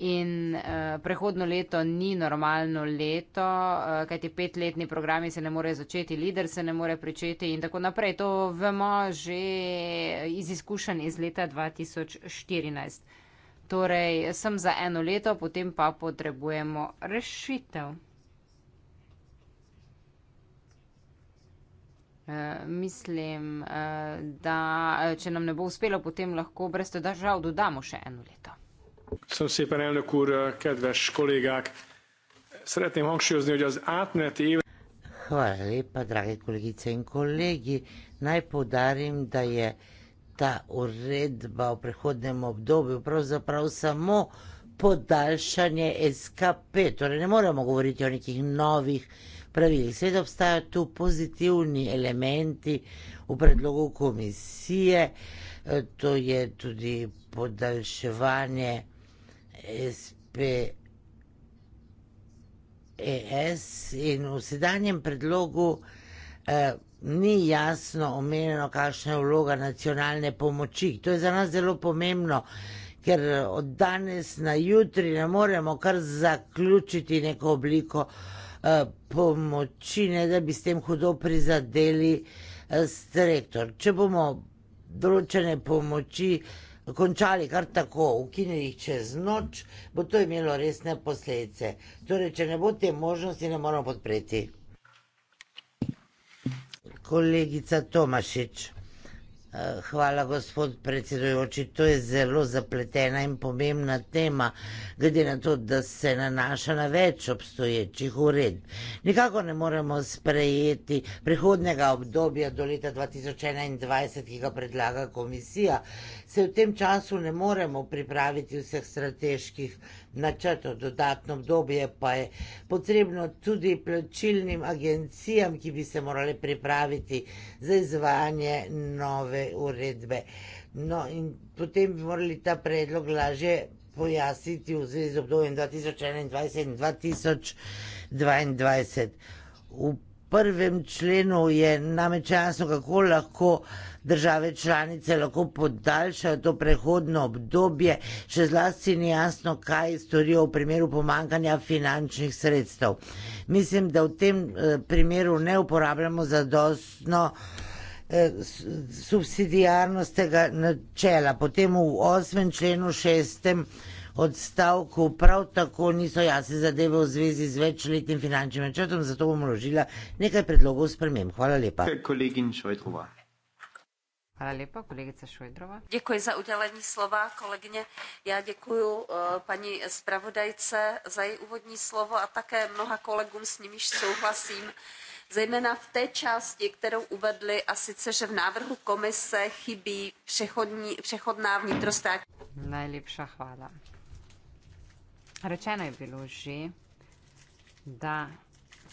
In uh, prehodno leto ni normalno leto, uh, kajti petletni programi se ne more začeti, lider se ne more pričeti in tako naprej. To vemo že iz izkušenj iz leta 2014. Torej, sem za eno leto, potem pa potrebujemo rešitev. Uh, mislim, uh, da če nam ne bo uspelo, potem lahko brez težav dodamo še eno leto. Köszönöm szépen, elnök úr, kedves kollégák! Szeretném hangsúlyozni, hogy az átmeneti év... Hvala lepa, dragi kolegice in kolegi. Naj povdarim, da je ta uredba v prihodnem obdobju pravzaprav samo podaljšanje SKP, torej ne moremo govoriti o nekih novih pravilih. Seveda obstajajo tu pozitivni elementi v predlogu komisije, to je tudi podaljševanje. S, P, E, S in v sedanjem predlogu eh, ni jasno omenjeno, kakšna je vloga nacionalne pomoči. To je za nas zelo pomembno, ker od danes na jutri ne moremo kar zaključiti neko obliko eh, pomoči, ne da bi s tem hudo prizadeli eh, strektor. Če bomo določene pomoči, končali kar tako, ukinili čez noč, bo to imelo resne posledice. Torej, če ne bo te možnosti, ne moramo podpreti. Kolegica Tomašič. Eh, hvala, gospod predsedujoči. To je zelo zapletena in pomembna tema, glede na to, da se nanaša na več obstoječih uredb. Nikako ne moremo sprejeti prihodnega obdobja do leta 2021, ki ga predlaga komisija. Se v tem času ne moremo pripraviti vseh strateških uh, načrtov dodatno obdobje, pa je potrebno tudi plačilnim agencijam, ki bi se morale pripraviti za izvajanje nove uredbe. No, in potem bi morali ta predlog lažje pojasniti v zvezi z obdobjem 2021 in 2022. V prvem členu je namreč jasno, kako lahko države članice lahko podaljšajo to prehodno obdobje, še zlasti ni jasno, kaj storijo v primeru pomankanja finančnih sredstev. Mislim, da v tem eh, primeru ne uporabljamo zadostno eh, subsidijarnost tega načela. Potem v 8. členu 6. odstavku prav tako niso jasne zadeve v zvezi z večletnim finančnim načrtom, zato bom vložila nekaj predlogov sprememb. Hvala lepa. Kolegin Švetrova. Hvala lepa, kolegica Švedrova. Děkuji za udělení slova, kolegyně. Já děkuji eh, paní zpravodajce za její úvodní slovo a také mnoha kolegům, s nimiž souhlasím. Zejména v té části, kterou uvedli, a sice, že v návrhu komise chybí přechodní, přechodná vnitrostátní. Najlepša chvála. Rečeno je bilo že, da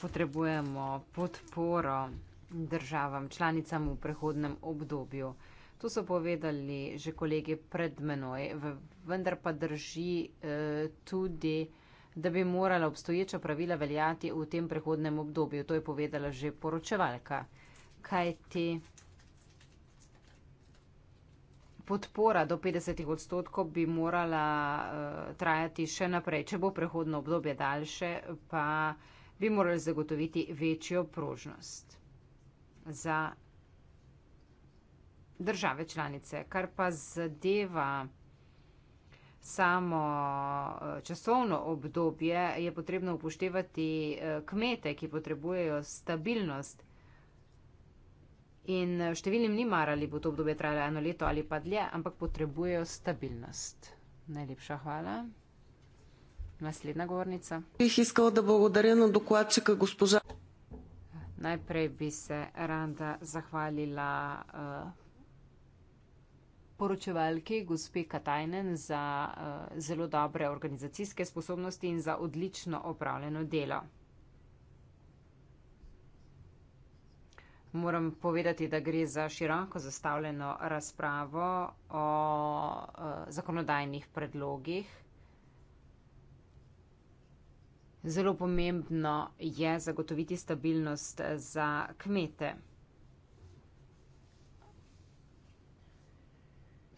potrebujemo podporo državam, članicam v prehodnem obdobju. To so povedali že kolegi pred menoj, vendar pa drži eh, tudi, da bi morala obstoječa pravila veljati v tem prehodnem obdobju. To je povedala že poročevalka. Kaj ti podpora do 50 odstotkov bi morala eh, trajati še naprej, če bo prehodno obdobje daljše, pa bi morali zagotoviti večjo prožnost za države članice. Kar pa zadeva samo eh, časovno obdobje, je potrebno upoštevati eh, kmete, ki potrebujejo stabilnost. In eh, številnim ni mar, ali bo to obdobje trajalo eno leto ali pa dlje, ampak potrebujejo stabilnost. Najlepša hvala. Naslednja govornica. Bih iskal, da bo odarjeno dokladček, gospoža. Najprej bi se rada zahvalila uh, poročevalki gospe Katajnen za uh, zelo dobre organizacijske sposobnosti in za odlično opravljeno delo. Moram povedati, da gre za široko zastavljeno razpravo o uh, zakonodajnih predlogih. Zelo pomembno je zagotoviti stabilnost za kmete.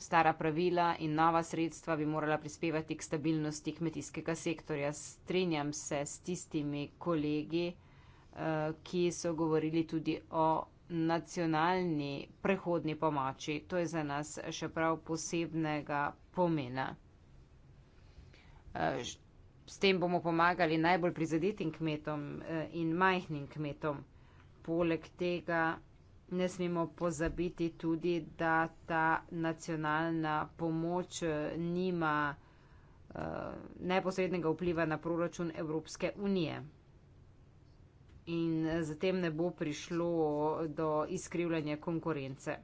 Stara pravila in nova sredstva bi morala prispevati k stabilnosti kmetijskega sektorja. Strenjam se s tistimi kolegi, eh, ki so govorili tudi o nacionalni prehodni pomoči. To je za nas še prav posebnega pomena. Eh, s tem bomo pomagali najbolj prizadetim kmetom eh, in majhnim kmetom. Poleg tega ne smemo pozabiti tudi, da ta nacionalna pomoč eh, nima eh, neposrednega vpliva na proračun Evropske unije. In zatem ne bo prišlo do izkrivljanja konkurence.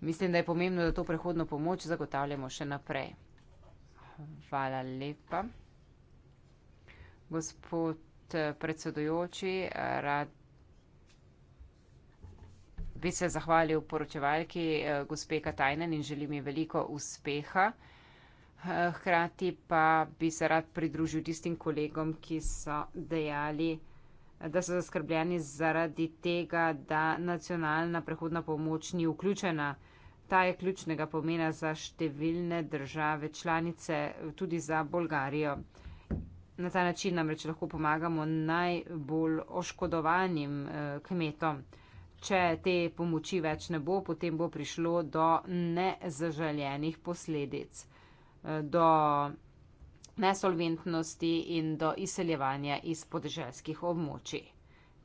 Mislim, da je pomembno, da to prehodno pomoč zagotavljamo še naprej. Hvala lepa. Gospod eh, predsedujoči, eh, rad bi se zahvalil poročevalki eh, gospe Katajnen in želim ji veliko uspeha. Hkrati pa bi se rad pridružil tistim kolegom, ki so dejali, da so zaskrbljeni zaradi tega, da nacionalna prehodna pomoč ni vključena. Ta je ključnega pomena za številne države članice, tudi za Bolgarijo. Na ta način namreč lahko pomagamo najbolj oškodovanim eh, kmetom. Če te pomoči več ne bo, potem bo prišlo do nezaželjenih posledic, eh, do nesolventnosti in do izseljevanja iz podeželskih območij,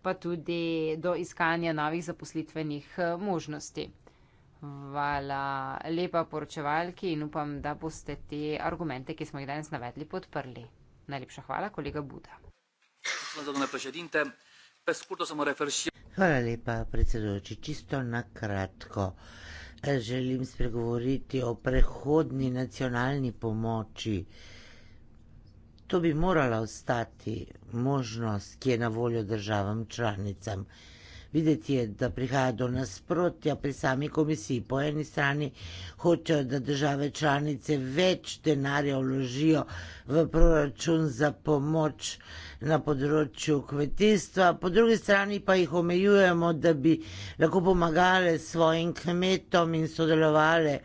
pa tudi do iskanja novih zaposlitvenih eh, možnosti. Hvala lepa poročevalki in upam, da boste te argumente, ki smo jih danes navedli, podprli. Najlepša hvala, kolega Buda. Hvala lepa, predsedujoči. Čisto na kratko. Želim spregovoriti o prehodni nacionalni pomoči. To bi morala ostati možnost, ki je na voljo državam članicam videti je, da prihaja do nasprotja pri sami komisiji. Po eni strani hočejo, da države članice več denarja vložijo v proračun za pomoč na področju kmetijstva, po drugi strani pa jih omejujemo, da bi lahko pomagale svojim kmetom in sodelovale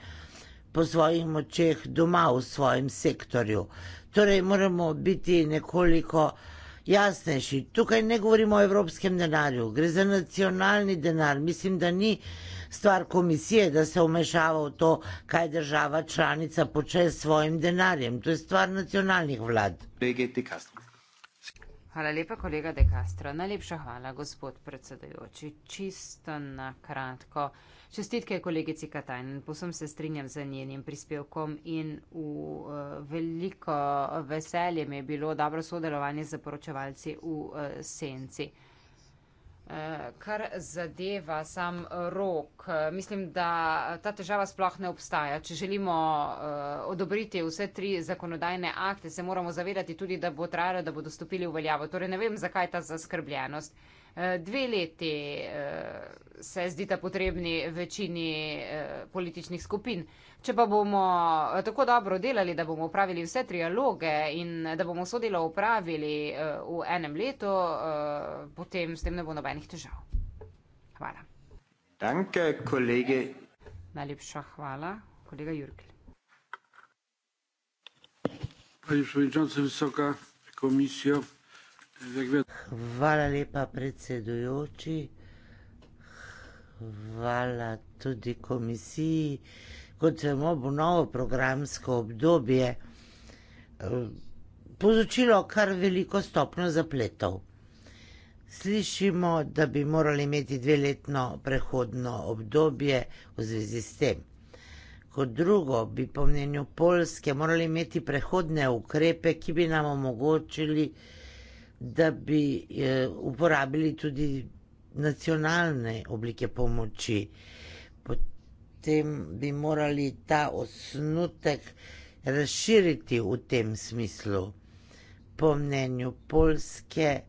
po svojih močeh doma v svojem sektorju. Torej moramo biti nekoliko Jasne, še tukaj ne govorimo o evropskem denarju, gre za nacionalni denar. Mislim, da ni stvar komisije, da se vmešava v to, kaj država članica počne s svojim denarjem. To je stvar nacionalnih vlad. Regeti Kastrov. Hvala lepa, kolega De Castro. Najlepša hvala, gospod predsedujoči. Čisto na kratko. Čestitke kolegici Katajn. Posem se strinjam z njenim prispevkom in v eh, veliko veselje mi je bilo dobro sodelovanje z poročevalci v eh, senci. Eh, kar zadeva sam rok, eh, mislim, da ta težava sploh ne obstaja. Če želimo eh, odobriti vse tri zakonodajne akte, se moramo zavedati tudi, da bo trajalo, da bodo stopili v veljavo. Torej ne vem, zakaj ta zaskrbljenost dve leti eh, se zdita potrebni večini eh, političnih skupin. Če pa bomo eh, tako dobro delali, da bomo upravili vse trialoge in da bomo vso delo upravili v enem letu, potem s tem ne bo nobenih težav. Hvala. Danke, kolege. Najlepša hvala, kolega Jurkl. Pani przewodnicząca, wysoka komisjo. Hvala lepa, predsedujoči. Hvala tudi komisiji. Kot vemo, bo novo programsko obdobje eh, povzročilo kar veliko stopnjo zapletov. Slišimo, da bi morali imeti dveletno prehodno obdobje v zvezi s tem. Kot drugo, bi po mnenju Polske morali imeti prehodne ukrepe, ki bi nam omogočili, da bi da bi eh, uporabili tudi nacionalne oblike pomoči. Potem bi morali ta osnutek razširiti v tem smislu. Po mnenju Polske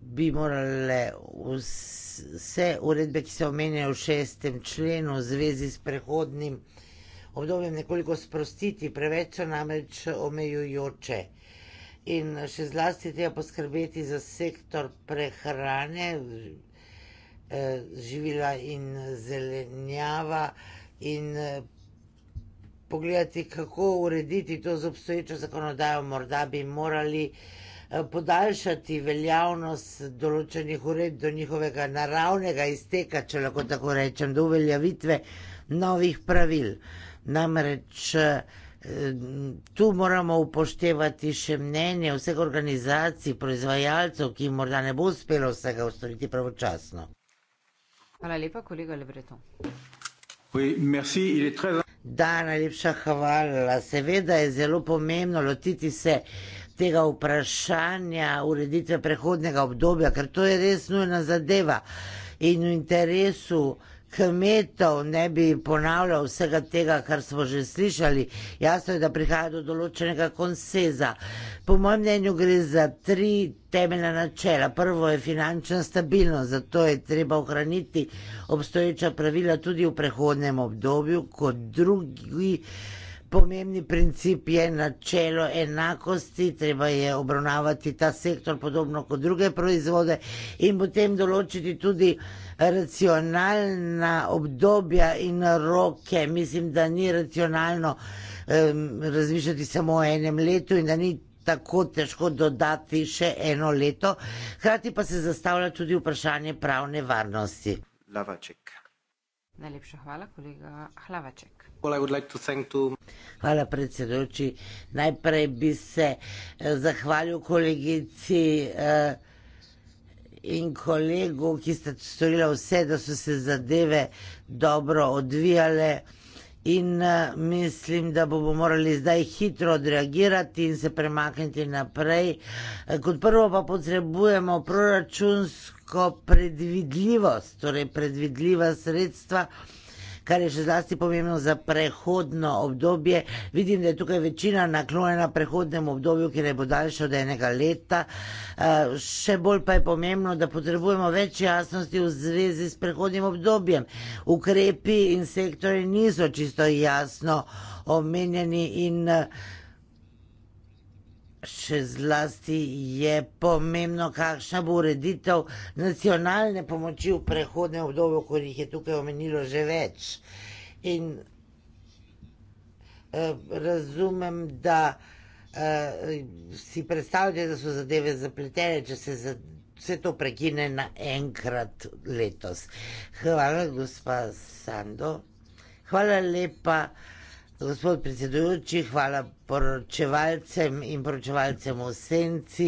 bi morale vse uredbe, ki se omenjajo v šestem členu, v zvezi s prehodnim obdobjem, nekoliko sprostiti, preveč so namreč omejujoče in še zlasti treba poskrbeti za sektor prehrane, eh, živila in zelenjava in eh, pogledati, kako urediti to z obstoječo zakonodajo, morda bi morali eh, podaljšati veljavnost določenih ured do njihovega naravnega izteka, če lahko tako rečem, do uveljavitve novih pravil. Namreč, Tu moramo upoštevati še mnenje vseh organizacij, proizvajalcev, ki morda ne bo uspelo vsega ustvariti pravočasno. Hvala lepa, kolega Lebreto. Da, najlepša hvala. Seveda je zelo pomembno lotiti se tega vprašanja ureditve prehodnega obdobja, ker to je res nujna zadeva in v interesu kmetov, ne bi ponavljal vsega tega, kar smo že slišali. Jasno je, da prihaja do določenega konseza. Po mojem mnenju gre za tri temeljna načela. Prvo je finančna stabilnost, zato je treba ohraniti obstoječa pravila tudi v prehodnem obdobju, kot drugi. Pomembni princip je načelo enakosti, treba je obravnavati ta sektor podobno kot druge proizvode in potem določiti tudi racionalna obdobja in roke. Mislim, da ni racionalno um, razmišljati samo o enem letu in da ni tako težko dodati še eno leto. Hrati pa se zastavlja tudi vprašanje pravne varnosti. Hlavaček. Najlepša hvala, kolega Hlavaček. Hvala predsedoči. Najprej bi se eh, zahvalil kolegici eh, in kolegu, ki sta storila vse, da so se zadeve dobro odvijale. In eh, mislim, da bomo morali zdaj hitro odreagirati in se premakniti naprej. Kot prvo pa potrebujemo proračunsko predvidljivost, torej predvidljiva sredstva kar je še zlasti pomembno za prehodno obdobje. Vidim, da je tukaj večina naklonjena prehodnemu obdobju, ki naj bo daljše od enega leta. Eh, še bolj pa je pomembno, da potrebujemo več jasnosti v zvezi s prehodnim obdobjem. Ukrepi in sektori niso čisto jasno omenjeni in uh, še zlasti je pomembno, kakšna bo ureditev nacionalne pomoči v prehodnem obdobju, kot jih je tukaj omenilo že več. In eh, razumem, da eh, si predstavljate, da so zadeve zapletene, če se vse to prekine naenkrat letos. Hvala, gospa Sando. Hvala lepa. Gospod predsedujoči, hvala poročevalcem in poročevalcem v senci.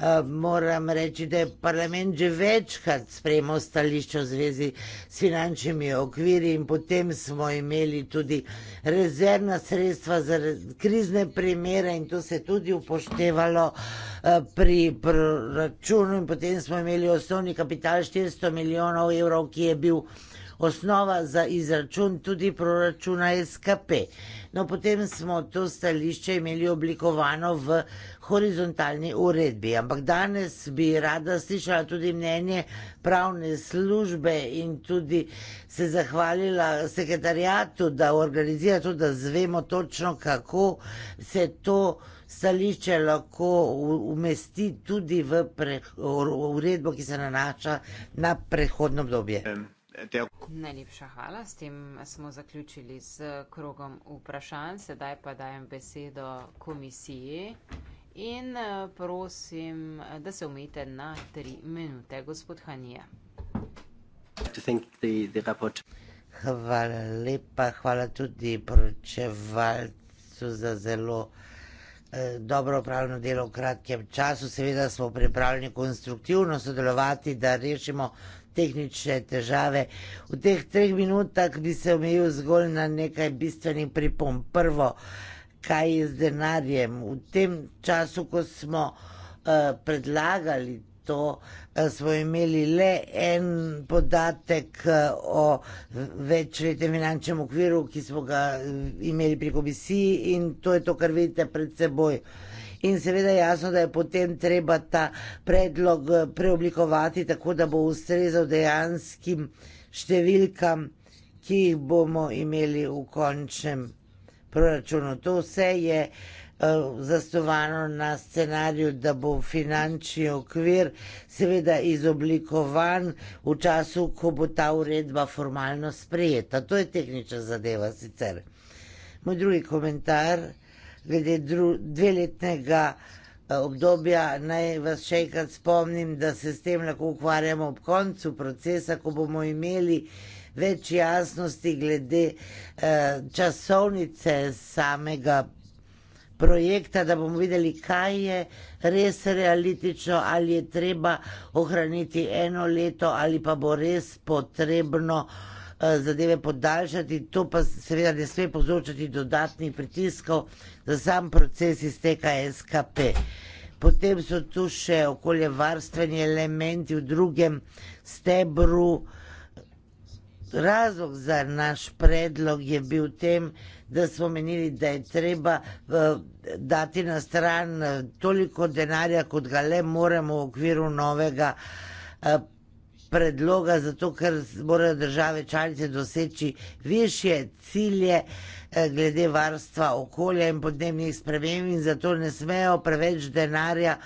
Eh, moram reči, da je parlament že večkrat sprejemal stališče v zvezi s finančnimi okviri in potem smo imeli tudi rezervna sredstva za krizne primere in to se je tudi upoštevalo eh, pri proračunu in potem smo imeli osnovni kapital 400 milijonov evrov, ki je bil osnova za izračun tudi proračuna SKP. No, potem smo to stališče imeli oblikovano v horizontalni uredbi, ampak danes bi rada slišala tudi mnenje pravne službe in tudi se zahvalila sekretarijatu, da organizira to, da zvemo točno, kako se to stališče lahko umesti tudi v uredbo, ki se nanaša na prehodno obdobje. Um del. Najlepša hvala. S tem smo zaključili z krogom vprašanj. Sedaj pa dajem besedo komisiji in eh, prosim, da se umete na tri minute, gospod Hanija. Hvala lepa, hvala tudi poročevalcu za zelo eh, dobro upravljeno delo v kratkem času. Seveda smo pripravljeni konstruktivno sodelovati, da rešimo tehnične težave. V teh treh minutah bi se omejil zgolj na nekaj bistvenih pripomb. Prvo, kaj je z denarjem? V tem času, ko smo uh, predlagali. To eh, smo imeli le en podatek eh, o večletnem finančnem okviru, ki smo ga imeli pri komisiji, in to je to, kar vidite pred seboj. Uh, In seveda jasno, da je potem treba ta predlog eh, preoblikovati tako, da bo ustrezal dejanskim številkam, ki jih bomo imeli v končnem proračunu. To vse je eh, zasnovano na scenariju, da bo finančni okvir seveda izoblikovan v času, ko bo ta uredba formalno sprejeta. To je tehnična zadeva sicer. Moj drugi komentar glede dveletnega eh, obdobja, naj vas še enkrat spomnim, da se s tem lahko ukvarjamo ob koncu procesa, ko bomo imeli več jasnosti glede eh, časovnice samega projekta, da bomo videli, kaj je res realitično, ali je treba ohraniti eno leto ali pa bo res potrebno ohraniti. Eh, zadeve podaljšati, to pa seveda ne sme povzročati dodatnih pritiskov za sam proces iz tega SKP. Potem so tu še okoljevarstveni elementi v drugem stebru. Razlog za naš predlog je bil tem, da smo menili, da je treba eh, dati na stran eh, toliko denarja, kot ga le moremo v okviru novega predloga, zato ker morajo države članice doseči više cilje eh, glede varstva okolja in podnebnih sprememb in zato ne smejo preveč denarja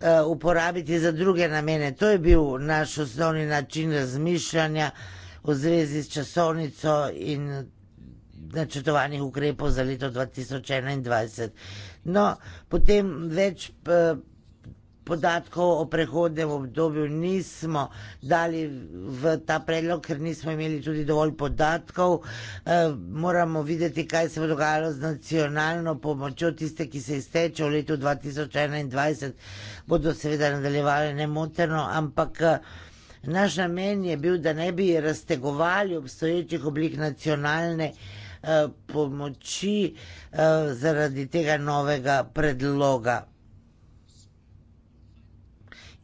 eh, uporabiti za druge namene. To je bil naš osnovni način razmišljanja v zvezi s časovnico in načrtovanih ukrepov za leto 2021. No, potem več eh, podatkov o prehodnem obdobju nismo dali v ta predlog, ker nismo imeli tudi dovolj podatkov. E, moramo videti, kaj se bo dogajalo z nacionalno pomočjo. Tiste, ki se izteče v letu 2021, bodo seveda nadaljevali nemoteno, ampak. Eh, naš namen je bil, da ne bi raztegovali obstoječih oblik nacionalne eh, pomoči eh, zaradi tega novega predloga.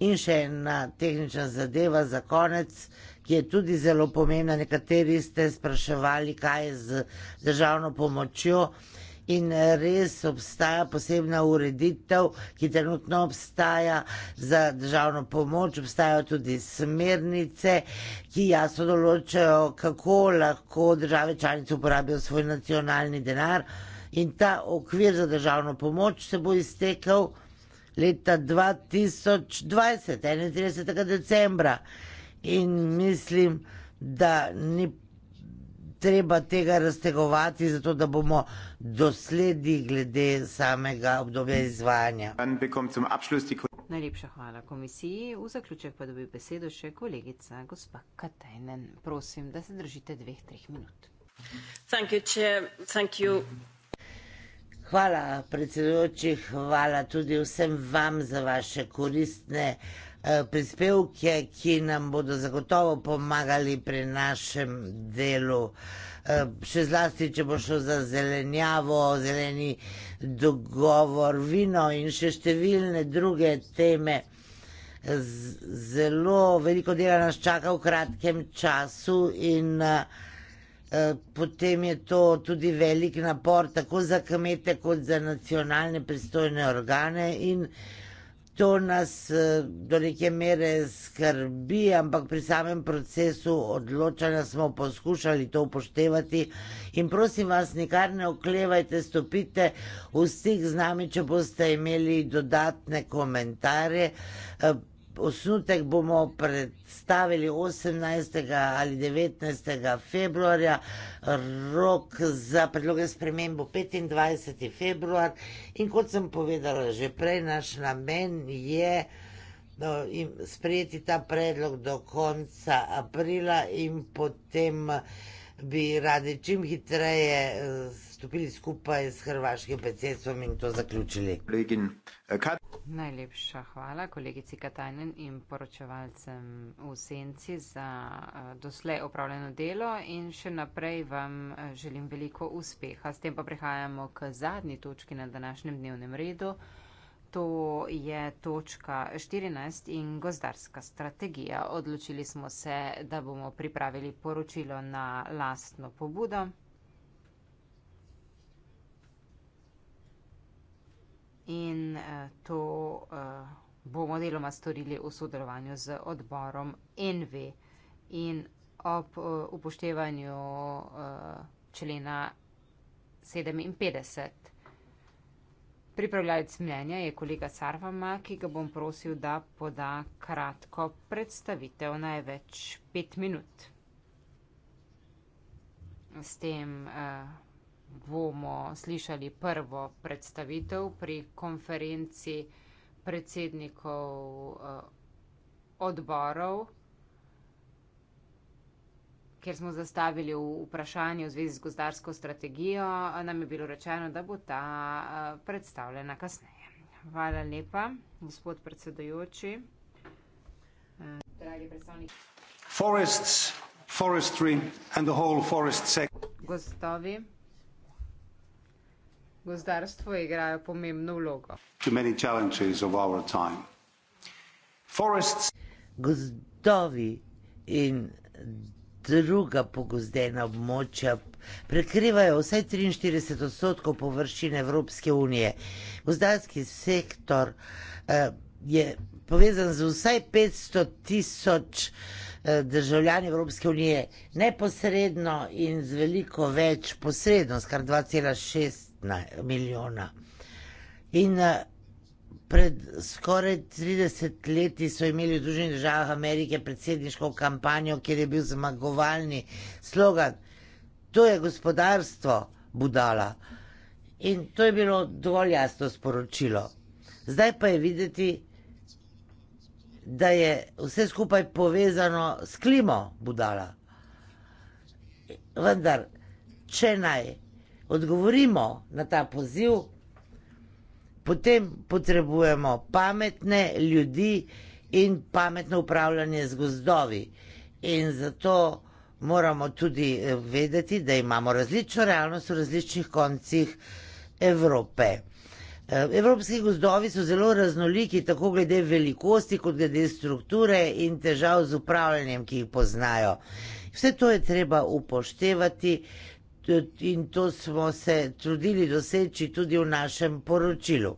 In še ena tehnična zadeva za konec, ki je tudi zelo pomembna. Nekateri ste spraševali, kaj je z državno pomočjo. In res obstaja posebna ureditev, ki trenutno obstaja za državno pomoč, obstajajo tudi smernice, ki jasno določajo, kako lahko države članice uporabijo svoj nacionalni denar. In ta okvir za državno pomoč se bo iztekel leta 2020, 31. decembra. In mislim, da ni treba tega raztegovati, zato da bomo dosledni glede samega obdobja izvajanja. Najlepša hvala komisiji. V zaključek pa dobi besedo še kolegica gospa Katajnen. Prosim, da se držite dveh, treh minut. Thank you, Chair. Thank you. Hvala, predsedujoči, hvala tudi vsem vam za vaše koristne eh, prispevke, ki nam bodo zagotovo pomagali pri našem delu. Eh, še zlasti, če bo šlo za zelenjavo, zeleni dogovor, vino in še številne druge teme. Zelo veliko dela nas čaka v kratkem času in uh, Eh, potem je to tudi velik napor, tako za kmete, kot za nacionalne pristojne organe. To nas eh, do neke mere skrbi, ampak pri samem procesu odločanja smo poskušali to upoštevati. In prosim vas, nikar ne oklevajte, stopite v stik z nami, če boste imeli dodatne komentarje. Eh, Osnutek bomo predstavili 18. ali 19. februarja, rok za predloge spremembo 25. februar. In kot sem povedala že prej, naš namen je no, sprejeti ta predlog do konca aprila in potem bi radi čim hitreje. Z eh, stopili skupaj s hrvaškim predsedstvom in to zaključili. Kolegin, eh, kaj... Najlepša hvala kolegici Katajnen in poročevalcem v Senci za eh, doslej opravljeno delo in še naprej vam eh, želim veliko uspeha. S tem pa prehajamo k zadnji točki na današnjem dnevnem redu. To je točka 14 in gozdarska strategija. Odločili smo se, da bomo pripravili poročilo na lastno pobudo. in eh, to eh, bomo deloma storili v sodelovanju z odborom NV in ob eh, upoštevanju člena 57. Pripravljalec mnenja je kolega Sarvama, ki ga bom prosil, da poda kratko predstavitev, največ pet minut. S tem bomo slišali prvo predstavitev pri konferenci predsednikov eh, odborov, kjer smo zastavili vprašanje v zvezi z gozdarsko strategijo, nam je bilo rečeno, da bo ta eh, predstavljena kasneje. Hvala lepa, gospod predsedujoči. Eh, dragi predstavniki. Forests, forestry and the whole forest sector. Gostovi gozdarstvo igrajo pomembno vlogo. Forests... Gozdovi in druga pogozdena območja prekrivajo vsaj 43 odstotkov površine Evropske unije. Gozdarski sektor eh, je povezan z vsaj 500 tisoč eh, državljani Evropske unije neposredno in z veliko več posrednost, kar 2,6 15 milijona. In eh, pred skoraj 30 leti so imeli v Združenih državah Amerike predsedniško kampanjo, kjer je bil zmagovalni slogan: To je gospodarstvo budala. In to je bilo dovolj jasno sporočilo. Zdaj pa je videti, da je vse skupaj povezano s klimo budala. Vendar, če naj odgovorimo na ta poziv, potem potrebujemo pametne ljudi in pametno upravljanje z gozdovi. In zato moramo tudi eh, vedeti, da imamo različno realnost v različnih koncih Evrope. Eh, evropski gozdovi so zelo raznoliki, tako glede velikosti, kot glede strukture in težav z upravljanjem, ki jih poznajo. Vse to je treba upoštevati, in to smo se trudili doseči tudi v našem poročilu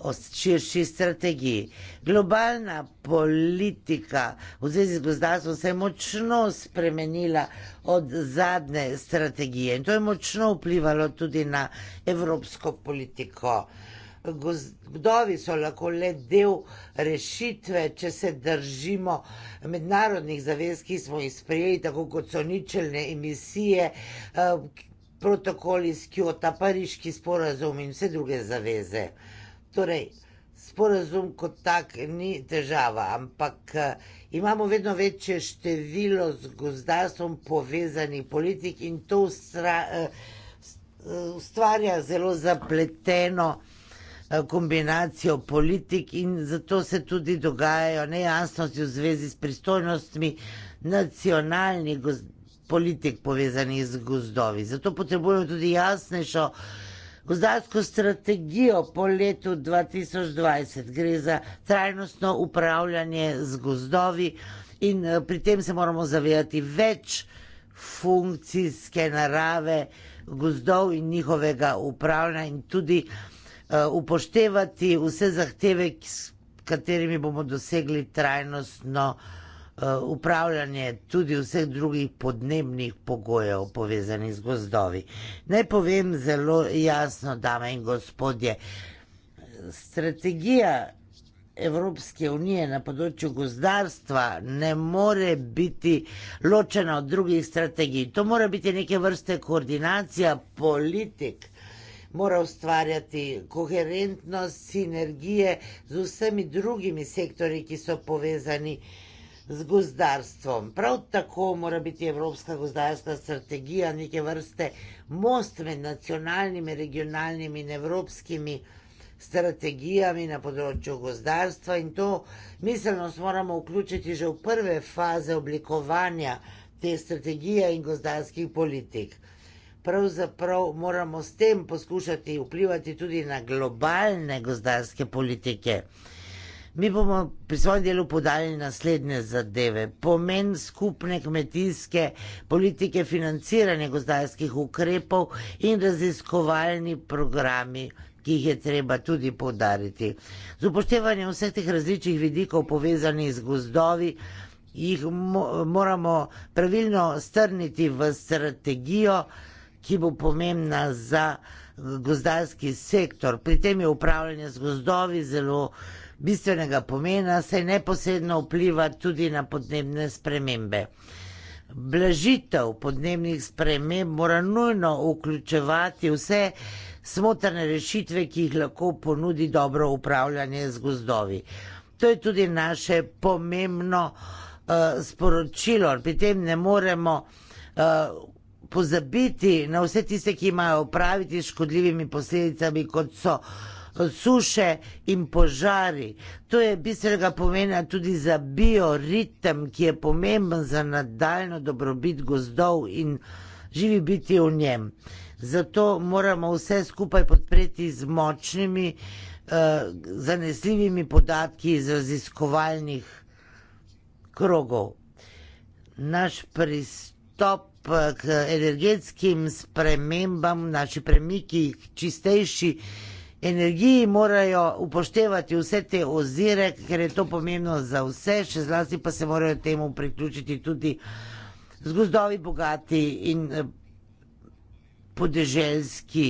o širši strategiji. Globalna politika v zvezi z gozdarstvom se je močno spremenila od zadnje strategije in to je močno vplivalo tudi na evropsko politiko gozdovi so lahko le del rešitve, če se držimo mednarodnih zavez, ki smo jih sprejeli, tako kot so ničelne emisije, eh, protokoli iz Kyoto, pariški sporazum in vse druge zaveze. Torej, sporazum kot tak ni težava, ampak eh, imamo vedno večje število z gozdarstvom povezanih politik in to eh, ustvarja zelo zapleteno kombinacijo politik in zato se tudi dogajajo nejasnosti v zvezi s pristojnostmi nacionalnih politik povezanih z gozdovi. Zato potrebujemo tudi jasnejšo gozdarsko strategijo po letu 2020. Gre za trajnostno upravljanje z gozdovi in pri tem se moramo zavedati več funkcijske narave gozdov in njihovega upravljanja in tudi Eh, upoštevati vse zahteve, s katerimi bomo dosegli trajnostno eh, upravljanje tudi vseh drugih podnebnih pogojev povezanih z gozdovi. Naj povem zelo jasno, dame in gospodje, strategija Evropske unije na področju gozdarstva ne more biti ločena od drugih strategij. To mora biti neke vrste koordinacija politik mora ustvarjati koherentnost, sinergije z vsemi drugimi sektori, ki so povezani z gozdarstvom. Prav tako mora biti Evropska gozdarska strategija neke vrste most med nacionalnimi, regionalnimi in evropskimi strategijami na področju gozdarstva in to miselnost moramo vključiti že v prve faze oblikovanja te strategije in gozdarskih politik pravzaprav moramo s tem poskušati vplivati tudi na globalne gozdarske politike. Mi bomo pri svojem delu podali naslednje zadeve. Pomen skupne kmetijske politike, financiranje gozdarskih ukrepov in raziskovalni programi, ki jih je treba tudi podariti. Z upoštevanjem vseh teh različnih vidikov povezanih z gozdovi, jih mo moramo pravilno strniti v strategijo, ki bo pomembna za eh, gozdarski sektor. Pri tem je upravljanje z gozdovi zelo bistvenega pomena, saj neposredno vpliva tudi na podnebne spremembe. Blažitev podnebnih sprememb mora nujno vključevati vse smotrne rešitve, ki jih lahko ponudi dobro upravljanje z gozdovi. To je tudi naše pomembno uh, sporočilo. Pri tem ne moremo uh, pozabiti na vse tiste, ki imajo opraviti s škodljivimi posledicami, kot so eh, suše in požari. To je bistvenega pomena tudi za bioritem, ki je pomemben za nadaljno dobrobit gozdov in živi biti v njem. Zato moramo vse skupaj podpreti z močnimi, eh, zanesljivimi podatki iz raziskovalnih krogov. Naš pristop k energetskim spremembam, naši premiki k čistejši energiji morajo upoštevati vse te ozire, ker je to pomembno za vse, še zlasti pa se morajo temu priključiti tudi zgozdovi bogati in eh, podeželski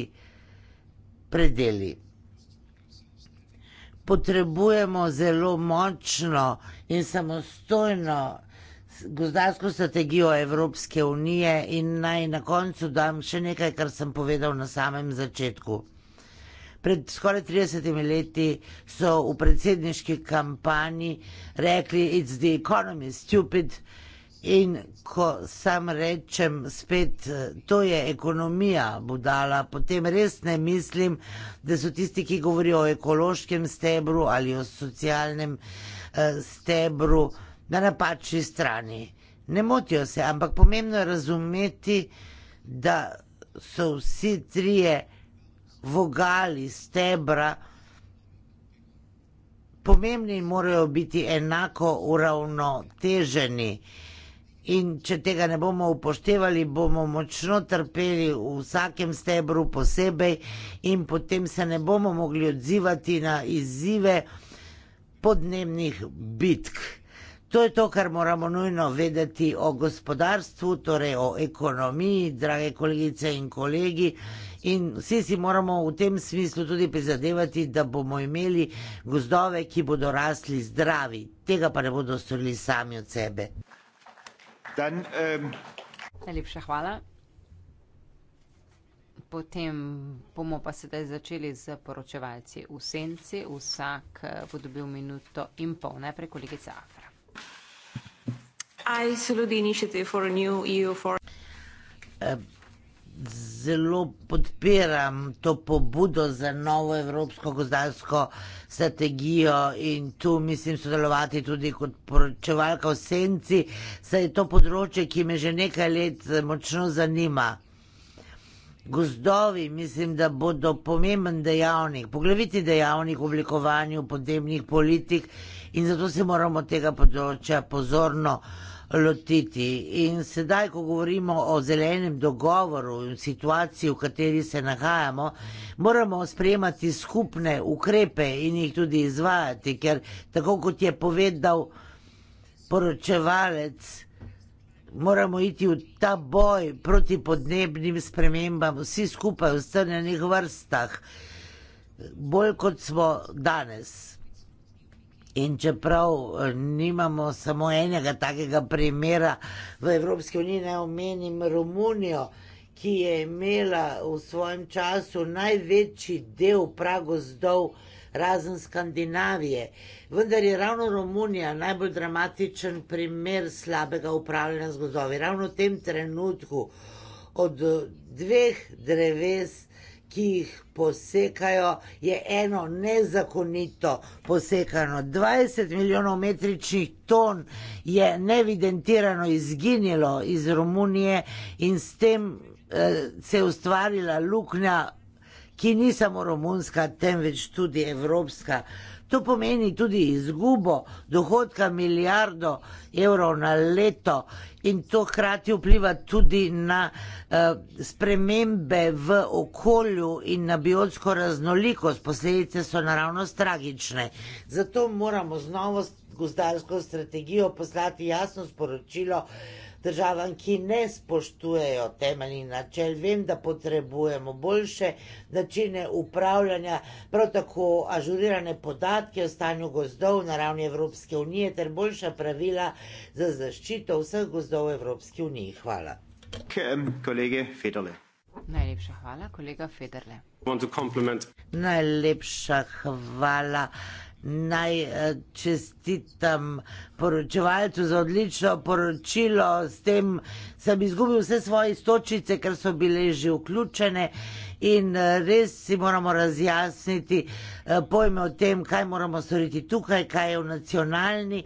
predeli. Potrebujemo zelo močno in samostojno gozdarsko strategijo Evropske unije in naj na koncu dam še nekaj, kar sem povedal na samem začetku. Pred skoraj 30 leti so v predsedniški kampanji rekli: It's the economy, stupid. In ko sam rečem spet, eh, to je ekonomija budala, potem res ne mislim, da so tisti, ki govorijo o ekološkem stebru ali o socialnem eh, stebru, eh, na napačni strani. Ne motijo se, ampak pomembno je razumeti, da so vsi trije vogali stebra pomembni in morajo biti enako uravnoteženi. In če tega ne bomo upoštevali, bomo močno trpeli v vsakem stebru posebej, in potem se ne bomo mogli odzivati na izzive podnebnih bitk. To je to, kar moramo nujno vedeti o gospodarstvu, torej o ekonomiji, drage kolegice in kolegi. In vsi si moramo v tem smislu tudi prizadevati, da bomo imeli gozdove, ki bodo rasli zdravi. Tega pa ne bodo storili sami od sebe. Dan, um... Najlepša hvala. Potem bomo pa sedaj začeli z poročevalci v senci. Vsak eh, bo dobil minuto in pol. Najprej kolegica. E zelo podpiram to pobudo za novo evropsko gozdarsko strategijo in tu mislim sodelovati tudi kot poročevalka v senci, saj je to področje, ki me že nekaj let eh, močno zanima. Gozdovi mislim, da bodo pomemben dejavnik, poglaviti dejavnik v oblikovanju podnebnih politik in zato se moramo tega področja pozorno lotiti. In sedaj, ko govorimo o zelenem dogovoru in situaciji, v kateri se nahajamo, moramo sprejemati skupne ukrepe in jih tudi izvajati, ker tako kot je povedal poročevalec, moramo iti v ta boj proti podnebnim spremembam, vsi skupaj v strnjenih vrstah, bolj kot smo danes. In čeprav eh, nimamo samo enega takega primera v Evropski uniji, ne omenim Romunijo, ki je imela v svojem času največji del pragozdov, razen Skandinavije. Vendar je ravno Romunija najbolj dramatičen primer slabega upravljanja z gozdovi. Ravno v tem trenutku od dveh dreves ki jih posekajo, je eno nezakonito posekano. 20 milijonov metričnih ton je nevidentirano izginilo iz Romunije in s tem eh, se je ustvarila luknja, ki ni samo romunska, temveč tudi evropska. To pomeni tudi izgubo dohodka milijardo evrov na leto in to hkrati vpliva tudi na uh, spremembe v okolju in na biotsko raznolikost. Posledice so naravno tragične. Zato moramo z novo gozdarsko strategijo poslati jasno sporočilo, uh, državam, ki ne spoštujejo temeljnih načel. Vem, da potrebujemo boljše načine upravljanja, prav tako ažurirane podatke o stanju gozdov na ravni Evropske unije ter boljša pravila za zaščito vseh gozdov v Evropski uniji. Hvala. Kolege Federle. Najlepša hvala, kolega Federle. Najlepša hvala. Naj eh, čestitam poročevalcu za odlično poročilo, s tem sem izgubil vse svoje istočice, ker so bile že vključene. In eh, res si moramo razjasniti eh, pojme o tem, kaj moramo storiti tukaj, kaj je v nacionalni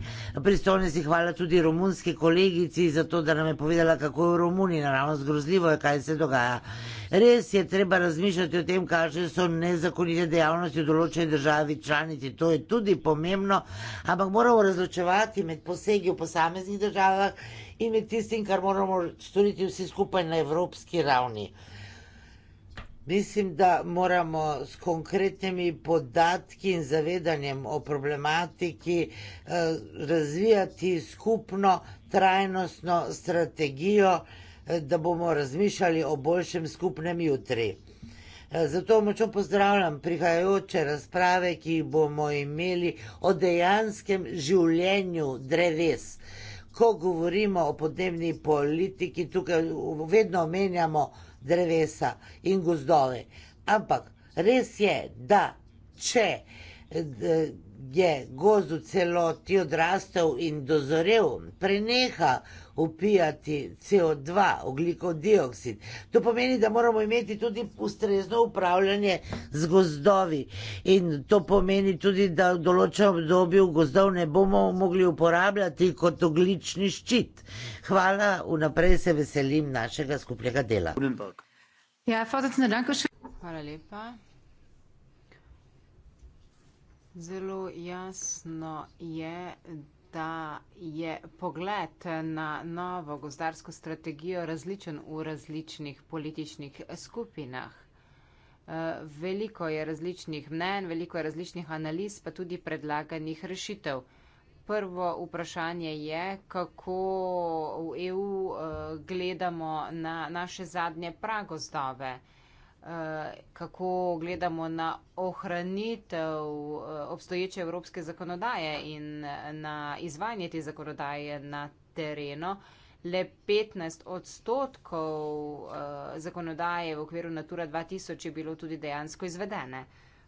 pristojnosti. Hvala tudi romunski kolegici za to, da nam je povedala, kako je v Romuniji, naravno zgrozljivo je, kaj se dogaja. Res je treba razmišljati o tem, kakšne so nezakonite dejavnosti v določeni državi članici. To je tudi pomembno, ampak moramo razločevati med posegi v posameznih državah in med tistim, kar moramo storiti vsi skupaj na evropski ravni. Mislim, da moramo s konkretnimi podatki in zavedanjem o problematiki eh, razvijati skupno trajnostno strategijo, eh, da bomo razmišljali o boljšem skupnem jutri. Eh, zato močno pozdravljam prihajajoče razprave, ki jih bomo imeli o dejanskem življenju dreves. Ko govorimo o podnebni politiki, tukaj vedno omenjamo drevesa in gozdove. Ampak res je, da če eh, je gozd v celoti odrastel in dozorel, preneha upijati CO2, ogljikov dioksid. To pomeni, da moramo imeti tudi ustrezno upravljanje z gozdovi. In to pomeni tudi, da v določenem obdobju gozdov ne bomo mogli uporabljati kot oglični ščit. Hvala, vnaprej se veselim našega skupnega dela. Ja, Hvala lepa. Zelo jasno je, da je pogled na novo gozdarsko strategijo različen v različnih političnih skupinah. Eh, veliko je različnih mnen, veliko je različnih analiz, pa tudi predlaganih rešitev. Prvo vprašanje je, kako v EU eh, gledamo na naše zadnje pragozdove kako gledamo na ohranitev eh, obstoječe evropske zakonodaje in eh, na izvajanje te zakonodaje na terenu. Le 15 odstotkov eh, zakonodaje v okviru Natura 2000 je bilo tudi dejansko izvedene.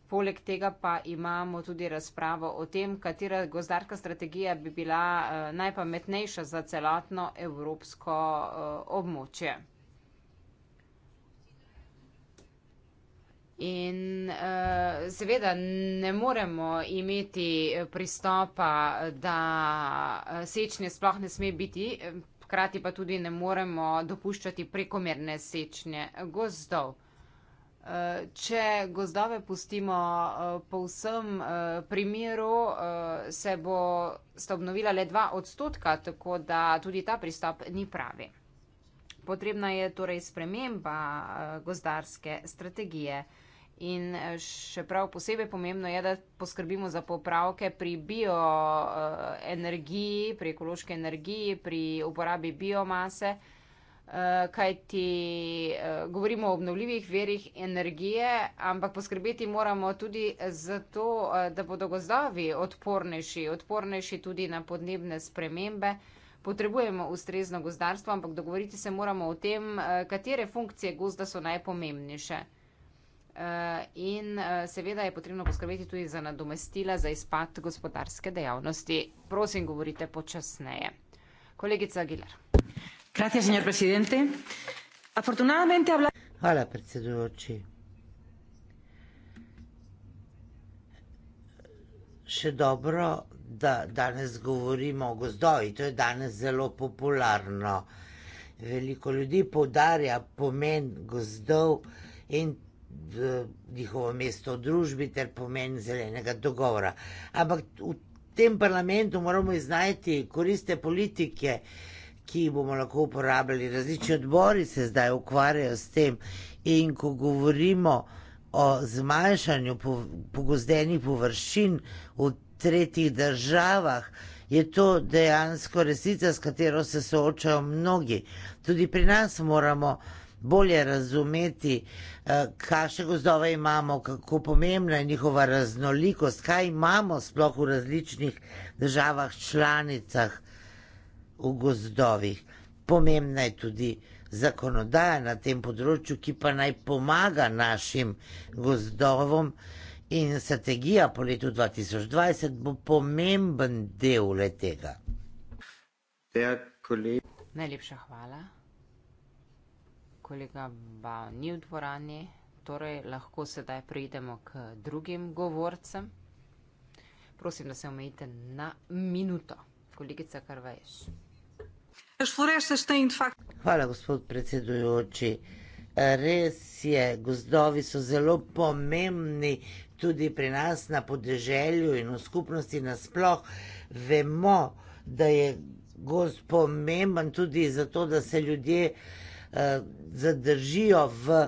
Poleg tega pa imamo tudi razpravo o tem, katera gozdarska strategija bi bila najpametnejša za celotno evropsko območje. In uh, seveda ne moremo imeti eh, pristopa, da eh, sečnje sploh ne sme biti, hkrati pa tudi ne moremo dopuščati prekomerne sečnje gozdov. Če gozdove pustimo po vsem primeru, se bo sta obnovila le dva odstotka, tako da tudi ta pristop ni pravi. Potrebna je torej sprememba gozdarske strategije. In eh, še prav posebej pomembno je, da poskrbimo za popravke pri bioenergiji, eh, pri ekološki energiji, pri uporabi biomase, eh, kajti govorimo o obnovljivih verjih energije, ampak poskrbeti moramo tudi za to, da bodo gozdavi odpornejši, odpornejši tudi na podnebne spremembe. Potrebujemo ustrezno gozdarstvo, ampak dogovoriti se moramo o tem, katere funkcije gozda so najpomembnejše. Eh, in eh, seveda je potrebno poskrbeti tudi za nadomestila za izpad gospodarske dejavnosti. Prosim, govorite počasneje. Kolegica Aguilar. Gracias, señor presidente. Afortunadamente habla... Hvala, predsedujoči. Še dobro, da danes govorimo o gozdovi. To je danes zelo popularno. Veliko ljudi poudarja pomen gozdov in njihovo mesto v družbi ter pomen zelenega dogovora. Ampak v tem parlamentu moramo iznajti koriste politike, ki jih bomo lahko uporabljali. Različni odbori se zdaj ukvarjajo s tem in ko govorimo o zmanjšanju pogozdenih površin v tretjih državah, je to dejansko resnica, s katero se soočajo mnogi. Tudi pri nas moramo bolje razumeti, eh, kakšne gozdove imamo, kako pomembna je njihova raznolikost, kaj imamo sploh v različnih državah, članicah, v gozdovih. Pomembna je tudi zakonodaja na tem področju, ki pa naj pomaga našim gozdovom. In strategija po letu 2020 bo pomemben del le tega. Najlepša hvala kolega Ba ni v dvorani, torej lahko sedaj prejdemo k drugim govorcem. Prosim, da se omejite na minuto. Kolegica Karvajš. Hvala, gospod predsedujoči. Res je, gozdovi so zelo pomembni tudi pri nas na podeželju in v skupnosti nasploh. Vemo, da je gozd pomemben tudi zato, da se ljudje Eh, zadržijo v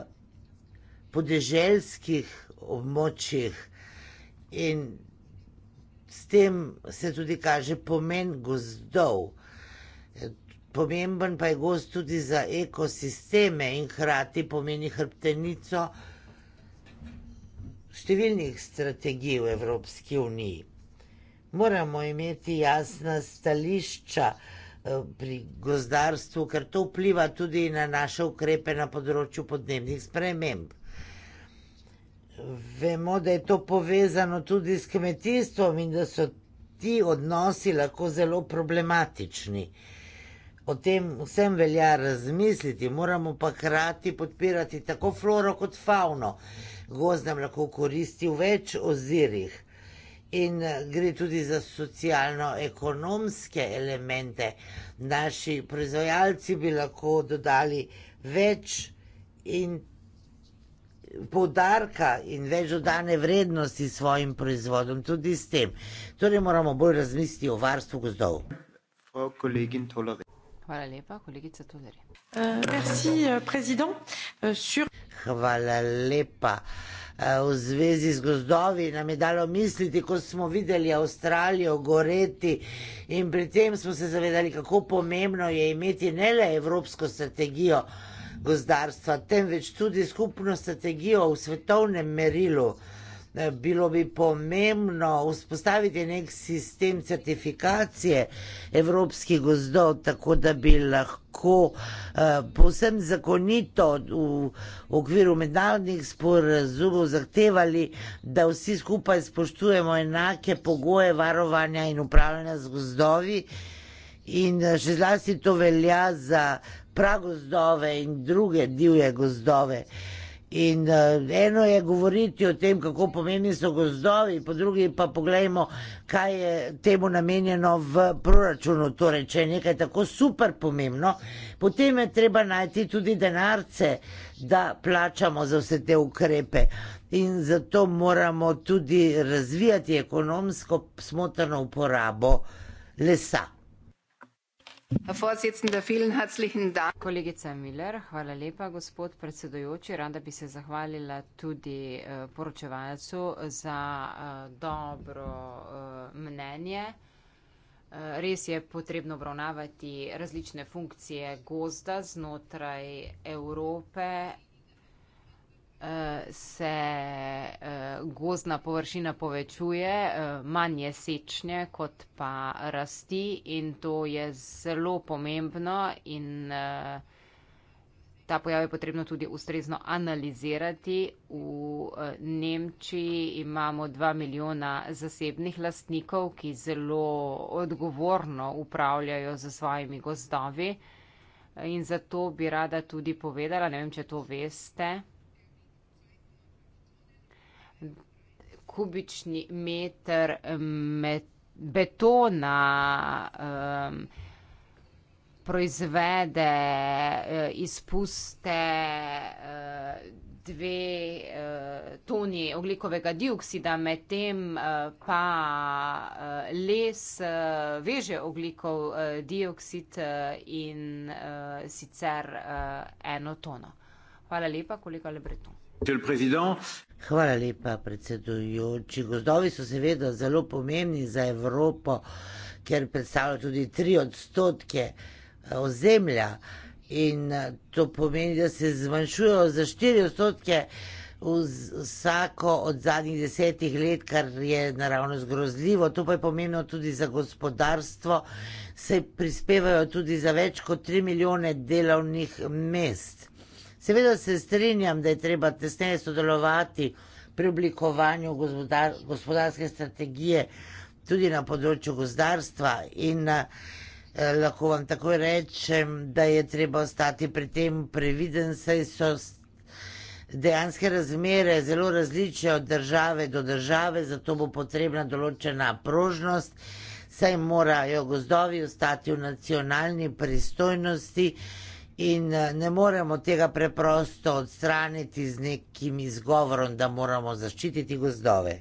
podeželskih območjih in s tem se tudi kaže pomen gozdov. Pomemben pa je gost tudi za ekosisteme in hrati pomeni hrbtenico številnih strategij v Evropski uniji. Moramo imeti jasna stališča, Eh, pri gozdarstvu, ker to vpliva tudi na naše ukrepe na področju podnebnih sprememb. Vemo, da je to povezano tudi s kmetijstvom in da so ti odnosi lahko zelo problematični. O tem vsem velja razmisliti, moramo pa hkrati podpirati tako floro kot fauno. Gozd nam lahko koristi v več ozirih. In eh, gre tudi za socialno-ekonomske elemente. Naši proizvajalci bi lahko dodali več in Poudarka in več dodane vrednosti svojim proizvodom, tudi s tem. Torej, moramo bolj razmisliti o varstvu gozdov. Hvala lepa, kolegica Tudori. Euh, euh, euh, Hvala lepa. Eh, v zvezi z gozdovi nam je dalo misliti, ko smo videli Avstralijo goreti in pri tem smo se zavedali, kako pomembno je imeti ne le evropsko strategijo gozdarstva, temveč tudi skupno strategijo v svetovnem merilu bilo bi pomembno vzpostaviti nek sistem certifikacije evropskih gozdov, tako da bi lahko eh, povsem zakonito v okviru mednarodnih sporazumov zahtevali, da vsi skupaj spoštujemo enake pogoje varovanja in upravljanja z gozdovi. In eh, še zlasti to velja za pragozdove in druge divje gozdove. In uh, eno je govoriti o tem, kako pomembni so gozdovi, po drugi pa pogledajmo, kaj je temu namenjeno v proračunu. Torej, če je nekaj tako super pomembno, potem je treba najti tudi denarce, da plačamo za vse te ukrepe. In zato moramo tudi razvijati ekonomsko smotrno uporabo lesa. Kolegica Miller, hvala lepa, gospod predsedujoči. Rada bi se zahvalila tudi eh, poročevalcu za eh, dobro eh, mnenje. Res je potrebno obravnavati različne funkcije gozda znotraj Evrope se eh, gozdna površina povečuje, eh, manj je sečnje, kot pa rasti in to je zelo pomembno in eh, ta pojav je potrebno tudi ustrezno analizirati. V Nemčiji imamo dva milijona zasebnih lastnikov, ki zelo odgovorno upravljajo z svojimi gozdovi in zato bi rada tudi povedala, ne vem, če to veste, kubični meter eh, met, betona um, proizvede uh, izpuste uh, dve uh, toni oglikovega dioksida, medtem uh, pa uh, les uh, veže oglikov uh, dioksid uh, in uh, sicer uh, eno tono. Hvala lepa, kolega Lebreton. Hvala lepa, predsedujoči. Gozdovi so seveda zelo pomembni za Evropo, ker predstavljajo tudi tri odstotke eh, ozemlja in eh, to pomeni, da se zmanjšujejo za štiri odstotke vsako od zadnjih desetih let, kar je naravno zgrozljivo. To pa je pomembno tudi za gospodarstvo, saj prispevajo tudi za več kot tri milijone delovnih mest. Seveda se strinjam, da je treba tesneje sodelovati pri oblikovanju gozdar, gospodarske strategije, tudi na področju gozdarstva. In eh, lahko vam takoj rečem, da je treba ostati pri tem previden, saj so dejanske razmere zelo različne od države do države, zato bo potrebna določena prožnost. Saj morajo gozdovi ostati v nacionalni pristojnosti, eh, In eh, ne moremo tega preprosto odstraniti z nekim izgovorom, da moramo zaščititi gozdove.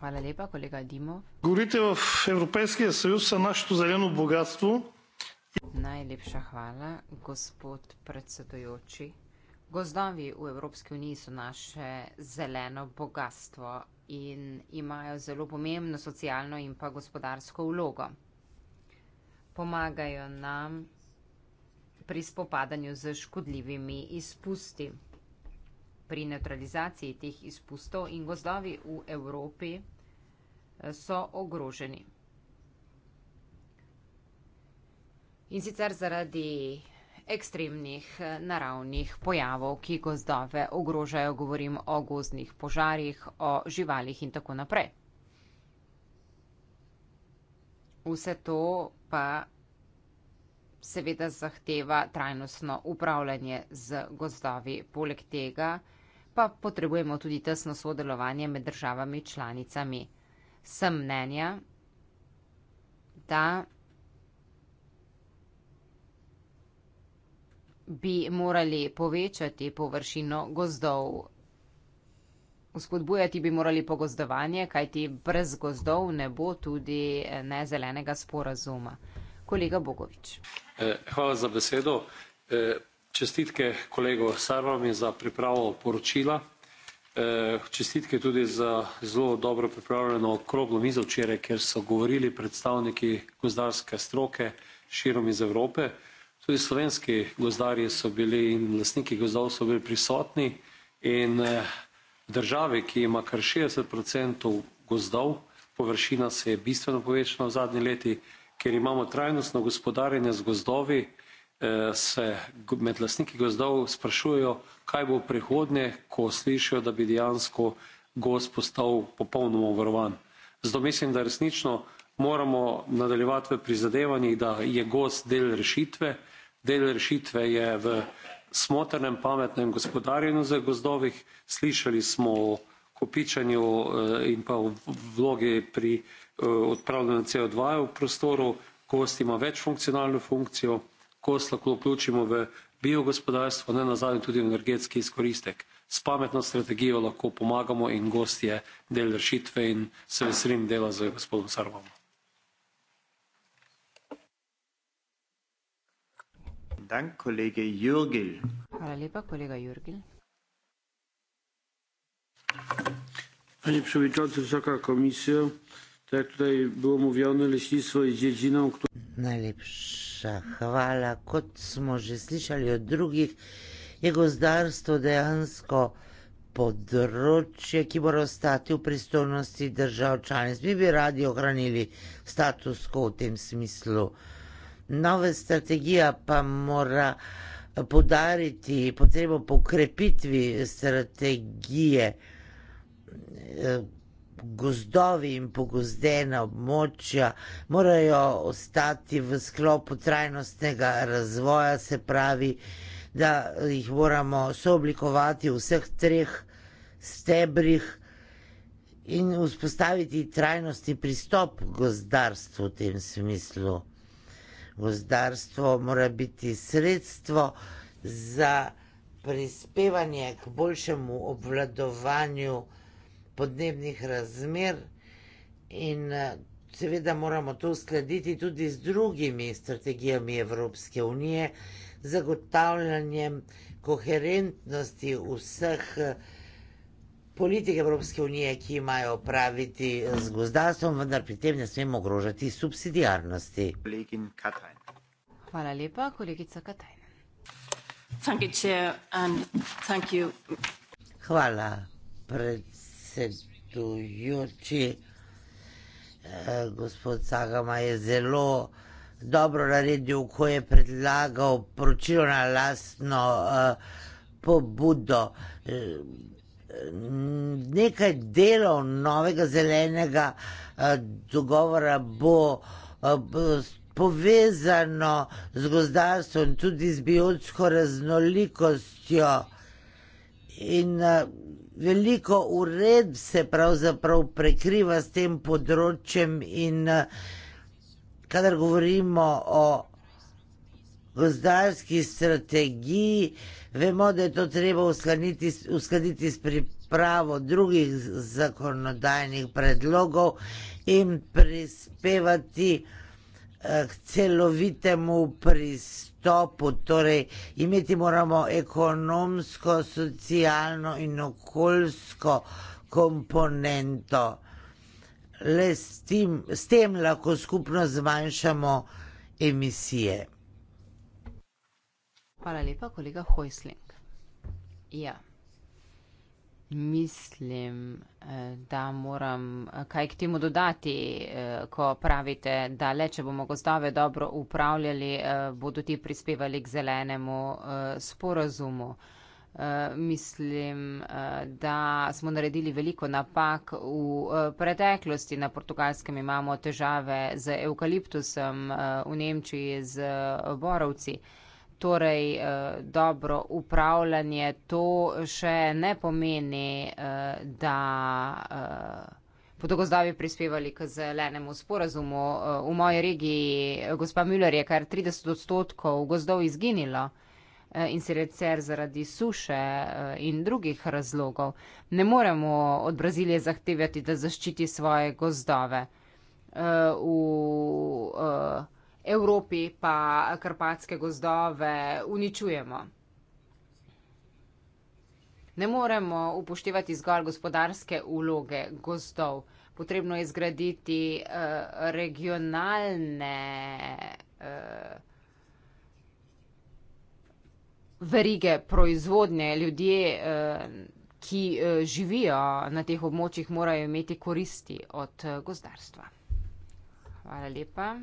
Hvala lepa, kolega Dimo. Govorite o Evropski zvezi za našo zeleno bogatstvo. Najlepša hvala, gospod predsedujoči. Gozdovi v Evropski uniji so naše zeleno bogatstvo in imajo zelo pomembno socialno in pa gospodarsko vlogo. Pomagajo nam pri spopadanju z škodljivimi izpusti. Pri neutralizaciji teh izpustov in gozdovi v Evropi eh, so ogroženi. In sicer zaradi ekstremnih eh, naravnih pojavov, ki gozdove ogrožajo, govorim o gozdnih požarih, o živalih in tako naprej. Vse to pa seveda zahteva trajnostno upravljanje z gozdovi. Poleg tega pa potrebujemo tudi tesno sodelovanje med državami članicami. Sem mnenja, da bi morali povečati površino gozdov. Vzpodbujati bi morali pogozdovanje, kajti brez gozdov ne bo tudi nezelenega sporazuma kolega Bogovič. Eh, hvala za besedo. Eh, čestitke kolegu Sarvamu za pripravo poročila. Eh, čestitke tudi za zelo dobro pripravljeno okroglo mizo včeraj, kjer so govorili predstavniki gozdarske stroke širom iz Evrope. Tudi slovenski gozdarji so bili in lastniki gozdov so bili prisotni in države, ki ima kar šestdeset procentov gozdov, površina se je bistveno povečala v zadnjih letih, ker imamo trajnostno gospodarjenje z gozdovi, eh, se med lastniki gozdov sprašujejo, kaj bo prihodnje, ko slišijo, da bi dejansko gost postal popolnoma varovan. Zato mislim, da resnično moramo nadaljevati v prizadevanjih, da je gost del rešitve. Del rešitve je v smotrnem, pametnem gospodarjenju za gozdovih. Slišali smo o kopičanju eh, in pa o vlogi pri eh, Eh, odpravljanja CO2 v prostoru, kost ima večfunkcionalno funkcijo, kost lahko vključimo v biogospodarstvo, ne nazadnje tudi v energetski izkoristek. S pametno strategijo lahko pomagamo in gost je del rešitve in se veselim dela z gospodom Sarvom. Dank, kolege Jurgil. Hvala lepa, kolega Jurgil. Panie przewodniczący, wysoka komisja tak tutaj było mówione, leśnictwo jest dziedziną, która... Najlepsza chwala, kot może słyszeli od drugich, jego zdarstwo deansko področje, ki bo ostati v pristojnosti držav članic. Mi bi radi ohranili status quo v tem smislu. Nova strategija pa mora podariti potrebo po krepitvi strategije. Eh, gozdovi in pogozdena območja morajo ostati v sklopu trajnostnega razvoja, se pravi, da jih moramo sooblikovati v vseh treh stebrih in vzpostaviti trajnostni pristop gozdarstvu v tem smislu. Gozdarstvo mora biti sredstvo za prispevanje k boljšemu obvladovanju podnebnih razmer in eh, seveda moramo to uskladiti tudi z drugimi strategijami Evropske unije, zagotavljanjem koherentnosti vseh eh, politik Evropske unije, ki imajo opraviti eh, z gozdarstvom, vendar pri tem ne smemo ogrožati subsidijarnosti. Hvala lepa, kolegica Katajn. Hvala, predsednik predsedujoči. Eh, gospod Sagama je zelo dobro naredil, ko je predlagal poročilo na lastno eh, pobudo. Eh, nekaj delov novega zelenega dogovora bo povezano z gozdarstvom, tudi z biotsko raznolikostjo. In veliko uredb se pravzaprav prekriva s tem področjem in eh, kadar govorimo o gozdarski strategiji, vemo, da je to treba uskladiti, uskladiti s pripravo drugih zakonodajnih predlogov in prispevati eh, k celovitemu pristopu dostopu, torej imeti moramo ekonomsko, socijalno in okoljsko komponento. Le s tem, s tem lahko skupno zmanjšamo emisije. Hvala lepa, kolega Hojsling. Ja. Mislim, eh, da moram eh, kaj k temu dodati, eh, ko pravite, da le, če bomo gozdove dobro upravljali, bodo ti prispevali k zelenemu sporazumu. Mislim, da smo naredili veliko napak v preteklosti. Na portugalskem imamo težave z eukaliptusom, v Nemčiji z borovci. Torej, eh, dobro upravljanje to še ne pomeni, eh, da eh, bodo gozdovi prispevali k zelenemu sporazumu. V moji regiji, gospa Müller, je kar 30 odstotkov gozdov izginilo in se recer zaradi suše in drugih razlogov. Ne moremo od Brazilije zahtevati, da zaščiti svoje gozdove. V, Evropi pa karpatske gozdove uničujemo. Ne moremo upoštevati zgolj gospodarske uloge gozdov. Potrebno je zgraditi uh, regionalne uh, verige proizvodnje. Ljudje, uh, ki uh, živijo na teh območjih, morajo imeti koristi od uh, gozdarstva. Hvala lepa.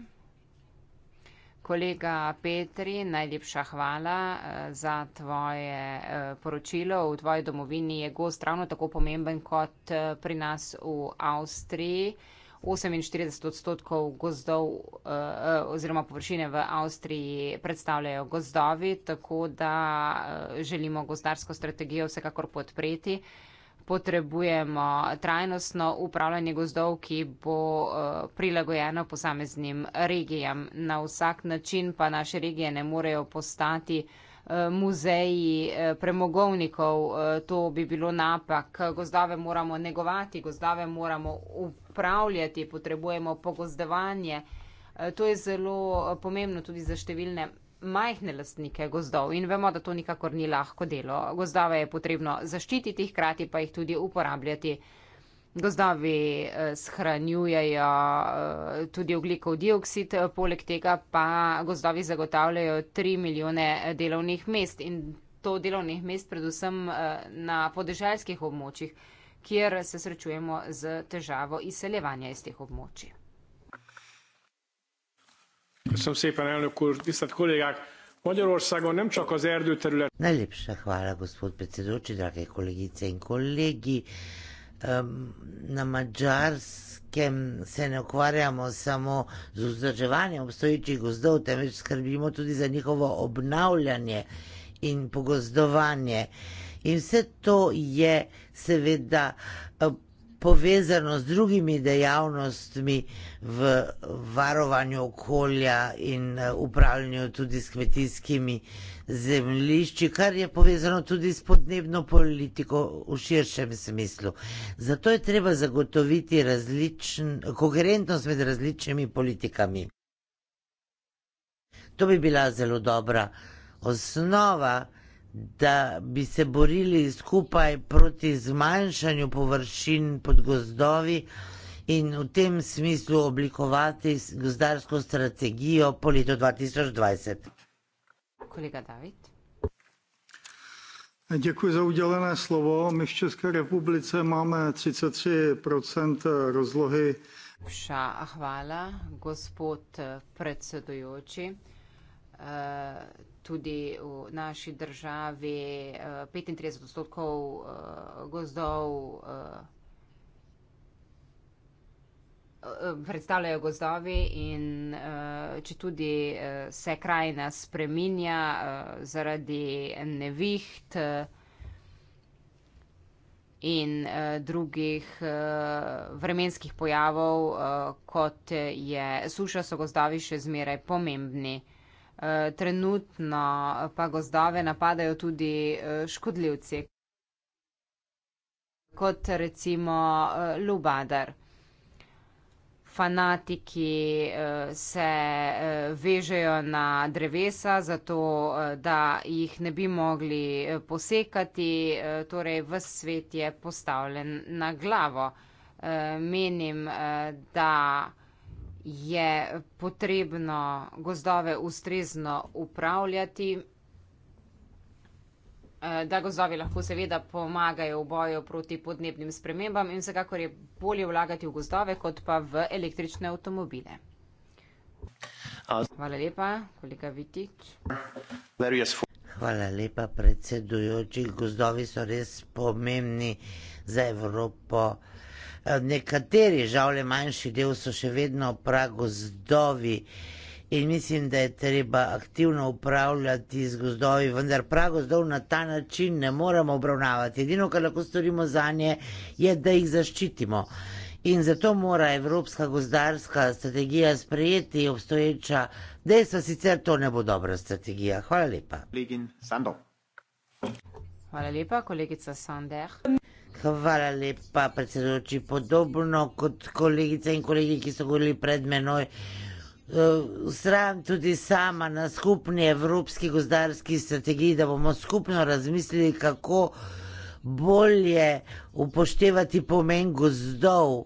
Kolega Petri, najlepša hvala eh, za tvoje eh, poročilo. V tvoji domovini je gost ravno tako pomemben kot eh, pri nas v Avstriji. 48 odstotkov gozdov oziroma površine v Avstriji predstavljajo gozdovi, tako da želimo gozdarsko strategijo vsekakor podpreti potrebujemo trajnostno upravljanje gozdov, ki bo eh, prilagojeno posameznim regijam. Na vsak način pa naše regije ne morejo postati eh, muzeji eh, premogovnikov, to bi bilo napak. Gozdove moramo negovati, gozdove moramo upravljati, potrebujemo pogozdevanje. To je zelo pomembno tudi za številne majhne lastnike gozdov in vemo, da to nikakor ni lahko delo. Gozdove je potrebno zaščititi, hkrati pa jih tudi uporabljati. Gozdovi eh, shranjujejo eh, tudi oglikov dioksid, poleg tega pa gozdovi zagotavljajo 3 milijone delovnih mest in to delovnih mest predvsem eh, na podeželskih območjih, kjer se srečujemo z težavo izseljevanja iz teh območij. Köszönöm szépen, elnök úr, tisztelt kollégák! Magyarországon nem csak az erdőterület... Najlepša hvala, gospod predsedoči, drage kolegice in kolegi. Um, na Mačarskem se ne ukvarjamo samo z vzdrževanjem obstoječih gozdov, temveč skrbimo tudi za njihovo obnavljanje in pogozdovanje. In vse to je seveda povezano z drugimi dejavnostmi v varovanju okolja in eh, upravljanju tudi s kmetijskimi zemljišči, kar je povezano tudi s podnebno politiko v širšem smislu. Zato je treba zagotoviti različn, koherentnost med različnimi politikami. To bi bila zelo dobra osnova da bi se borili skupaj proti zmanjšanju površin pod gozdovi in v tem smislu oblikovati gozdarsko strategijo po letu 2020. Kolega David. Děkuji za udělené slovo. My v České republice máme 33% rozlohy. Vša hvala, gospod predsedujoči. Eh, tudi v naši državi 35 eh, odstotkov eh, gozdov eh, predstavljajo gozdovi in če tudi se krajina spreminja zaradi neviht in drugih vremenskih pojavov, kot je suša, so gozdovi še zmeraj pomembni. Eh, trenutno pa gozdove napadajo tudi eh, škodljivci, kot recimo eh, lubadar. Fanatiki se vežejo na drevesa, zato da jih ne bi mogli posekati, torej v svet je postavljen na glavo. Menim, da je potrebno gozdove ustrezno upravljati, eh, da gozdovi lahko seveda pomagajo v boju proti podnebnim spremembam in vsekakor je bolje vlagati v gozdove, kot pa v električne avtomobile. Hvala lepa, kolega Vitič. Hvala lepa, predsedujoči. Gozdovi so res pomembni za Evropo. Eh, nekateri, žal le manjši del, so še vedno pragozdovi in mislim, da je treba aktivno upravljati z gozdovi, vendar pragozdov na ta način ne moremo obravnavati. Edino, kar lahko storimo za nje, je, da jih zaščitimo. In zato mora evropska gozdarska strategija sprejeti obstoječa dejstva, sicer to ne bo dobra strategija. Hvala lepa. Hvala lepa, kolegica Sander. Hvala lepa, predsedujoči. Podobno kot kolegice in kolegi, ki so govorili pred menoj, sram eh, tudi sama na skupni evropski gozdarski strategiji, da bomo skupno razmislili, kako bolje upoštevati pomen gozdov,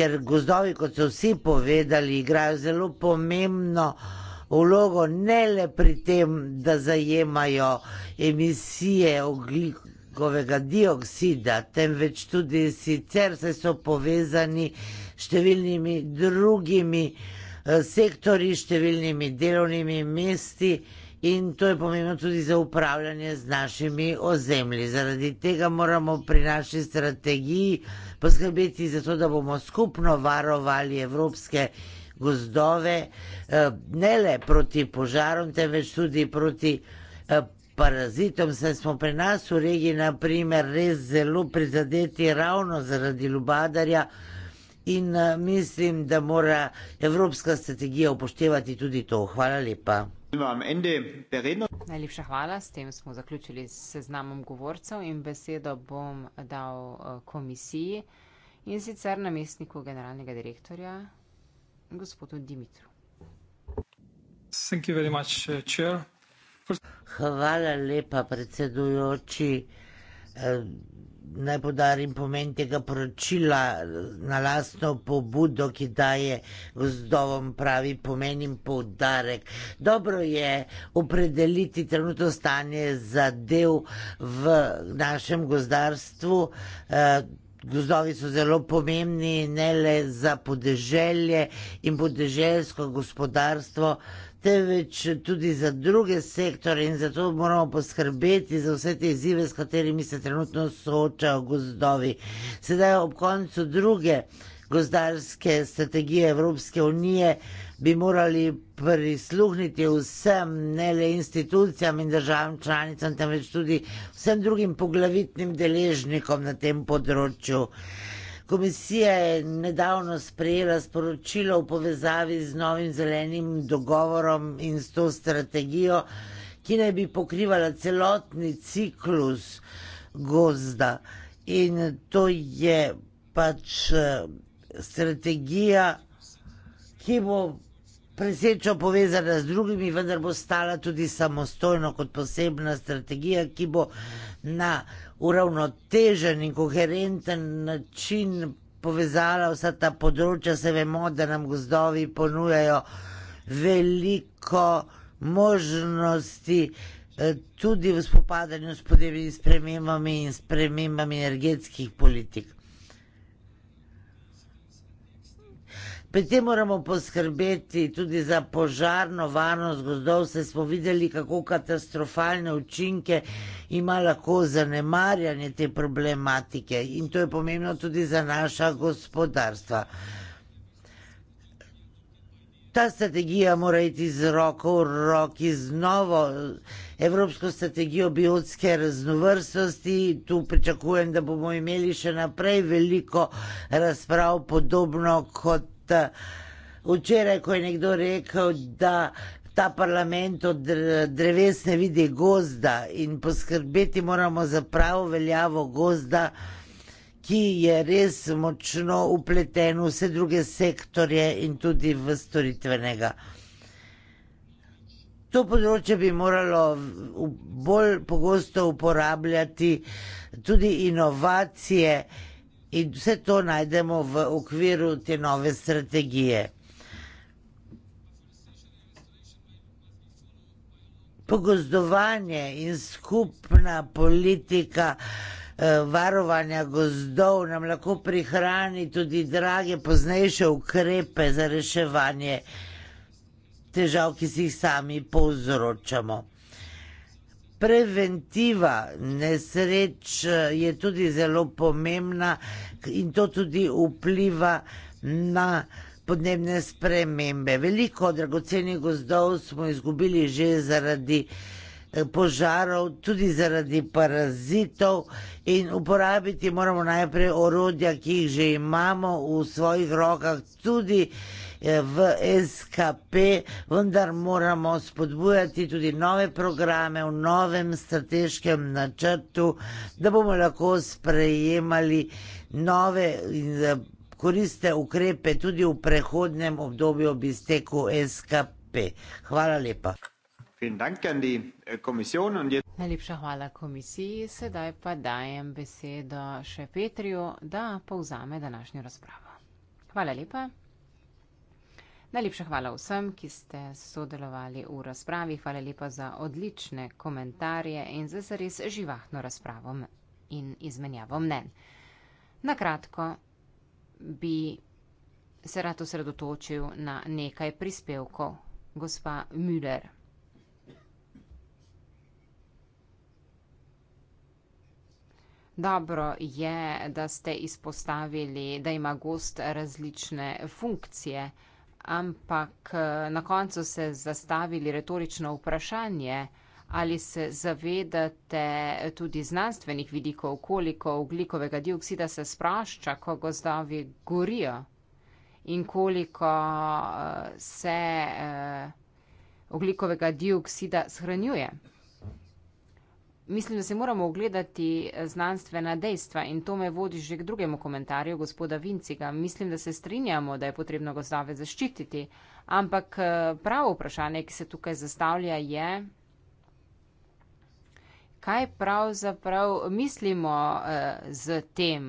ker gozdovi, kot so vsi povedali, igrajo zelo pomembno vlogo, ne le pri tem, da zajemajo emisije ogljikov ogljikovega dioksida, temveč tudi sicer se so povezani s številnimi drugimi eh, sektorji, številnimi delovnimi mesti. In to je pomembno tudi za upravljanje z našimi ozemlji. Zaradi tega moramo pri naši strategiji poskrbeti za to, da bomo skupno varovali evropske gozdove, eh, ne le proti požarom, temveč tudi proti eh, Parazitom saj smo pri nas v regiji naprimer res zelo prizadeti ravno zaradi lubadarja in eh, mislim, da mora evropska strategija upoštevati tudi to. Hvala lepa. Najlepša hvala, s tem smo zaključili seznamom govorcev in besedo bom dal eh, komisiji in sicer namestniku generalnega direktorja, gospodu Dimitru. Thank you very much, uh, Chair. Hvala lepa, predsedujoči. Eh, naj podarim pomen tega poročila na lastno pobudo, ki daje gozdovom pravi pomen in poudarek. Dobro je opredeliti trenutno stanje zadev v našem gozdarstvu. Eh, gozdovi so zelo pomembni ne le za podeželje in podeželsko gospodarstvo, temveč tudi za druge sektore in zato moramo poskrbeti za vse te izzive, s katerimi se trenutno soočajo gozdovi. Sedaj ob koncu druge gozdarske strategije Evropske unije bi morali prisluhniti vsem, ne le institucijam in državam članicam, temveč tudi vsem drugim poglavitnim deležnikom na tem področju. Komisija je nedavno sprejela sporočilo v povezavi z novim zelenim dogovorom in s to strategijo, ki naj bi pokrivala celotni ciklus gozda. In to je pač eh, strategija, ki bo presečo povezana z drugimi, vendar bo stala tudi samostojno kot posebna strategija, ki bo na uravnotežen in koherenten način povezala vsa ta področja. Se vemo, da nam gozdovi ponujajo veliko možnosti eh, tudi v spopadanju s podnebnimi spremembami in spremembami energetskih politik. Pri tem moramo poskrbeti tudi za požarno varnost gozdov, saj smo videli, kako katastrofalne učinke ima lahko zanemarjanje te problematike in to je pomembno tudi za naša gospodarstva. Ta strategija mora iti z roko v roki z novo evropsko strategijo biotske raznovrstnosti. Tu pričakujem, da bomo imeli še naprej veliko razprav podobno kot tudi včeraj, ko je nekdo rekel, da ta parlament od dreves ne vidi gozda in poskrbeti moramo za pravo veljavo gozda, ki je res močno upleten v vse druge sektorje in tudi v storitvenega. To področje bi moralo bolj pogosto uporabljati tudi inovacije, In vse to najdemo v okviru te nove strategije. Pogozdovanje in skupna politika eh, varovanja gozdov nam lahko prihrani tudi drage poznejše ukrepe za reševanje težav, ki si jih sami povzročamo preventiva nesreč eh, je tudi zelo pomembna in to tudi vpliva na podnebne spremembe. Veliko dragocenih gozdov smo izgubili že zaradi Eh, požarov, tudi zaradi parazitov in uporabiti moramo najprej orodja, ki jih že imamo v svojih rokah, tudi eh, v SKP, vendar moramo spodbujati tudi nove programe v novem strateškem načrtu, da bomo lahko sprejemali nove in eh, koriste ukrepe tudi v prehodnem obdobju ob izteku SKP. Hvala lepa. Äh, Najlepša hvala komisiji. Sedaj pa dajem besedo še Petriju, da povzame današnjo razpravo. Hvala lepa. Najlepša hvala vsem, ki ste sodelovali v razpravi. Hvala lepa za odlične komentarje in za zares živahno razpravo in izmenjavo mnen. Na kratko bi se rad osredotočil na nekaj prispevkov gospa Müller. Dobro je, da ste izpostavili, da ima gost različne funkcije, ampak eh, na koncu ste zastavili retorično vprašanje, ali se zavedate tudi znanstvenih vidikov, koliko oglikovega dioksida se sprašča, ko gozdovi gorijo in koliko eh, se eh, oglikovega dioksida shranjuje. Mislim, da se moramo ogledati eh, znanstvena dejstva in to me vodi že k drugemu komentarju gospoda Vinciga. Mislim, da se strinjamo, da je potrebno gozdave zaščititi, ampak eh, pravo vprašanje, ki se tukaj zastavlja, je, kaj pravzaprav mislimo z eh, tem,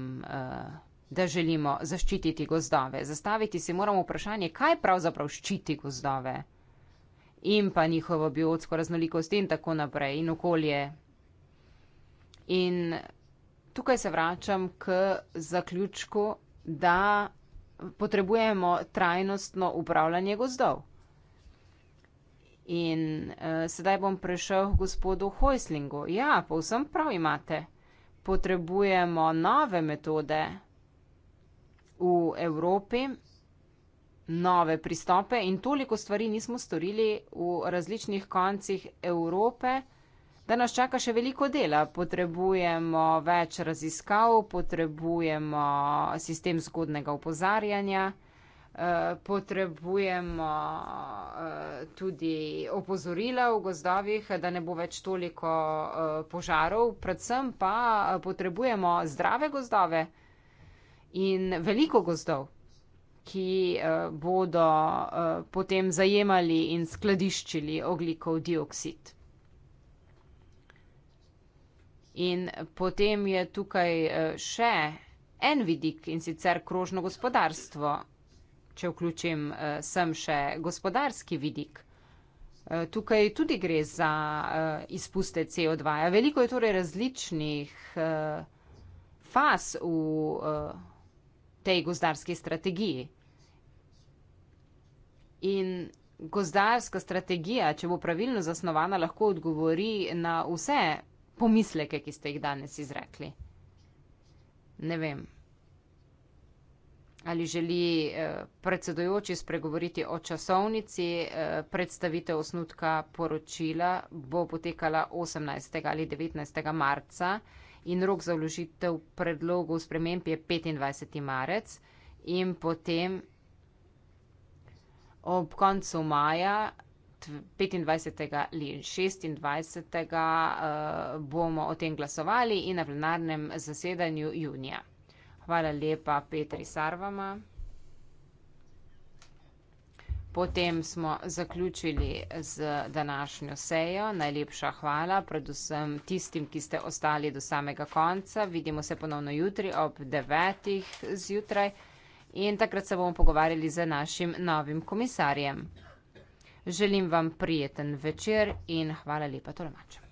da želimo zaščititi gozdave. Zastaviti se moramo vprašanje, kaj pravzaprav ščiti gozdave. In pa njihovo biotsko raznolikost in tako naprej, in okolje, In tukaj se vračam k zaključku, da potrebujemo trajnostno upravljanje gozdov. In uh, sedaj bom prešel k gospodu Hojslingu. Ja, pa vsem prav imate. Potrebujemo nove metode v Evropi, nove pristope in toliko stvari nismo storili v različnih koncih Evrope da nas čaka še veliko dela. Potrebujemo več raziskav, potrebujemo sistem zgodnega upozarjanja, eh, potrebujemo eh, tudi opozorila v gozdovih, da ne bo več toliko eh, požarov, predvsem pa potrebujemo zdrave gozdove in veliko gozdov ki bodo potem zajemali in skladiščili oglikov dioksid. In potem je tukaj eh, še en vidik in sicer krožno gospodarstvo, če vključim eh, sem še gospodarski vidik. Eh, tukaj tudi gre za izpuste CO2. Ja, veliko je torej različnih faz v tej gozdarski strategiji. In gozdarska strategija, če bo pravilno zasnovana, lahko odgovori na vse pomisleke, ki ste jih danes izrekli? Ne vem. Ali želi eh, predsedojoči spregovoriti o časovnici, eh, predstavitev osnutka poročila bo potekala 18. ali 19. marca in rok za vložitev predlogov sprememb je 25. marec in potem ob koncu maja 25. in 26. bomo o tem glasovali in na plenarnem zasedanju junija. Hvala lepa Petri Sarvama. Potem smo zaključili z današnjo sejo. Najlepša hvala predvsem tistim, ki ste ostali do samega konca. Vidimo se ponovno jutri ob 9. zjutraj in takrat se bomo pogovarjali z našim novim komisarjem. Želim vam prijeten večer in hvala lepa, Tolmač.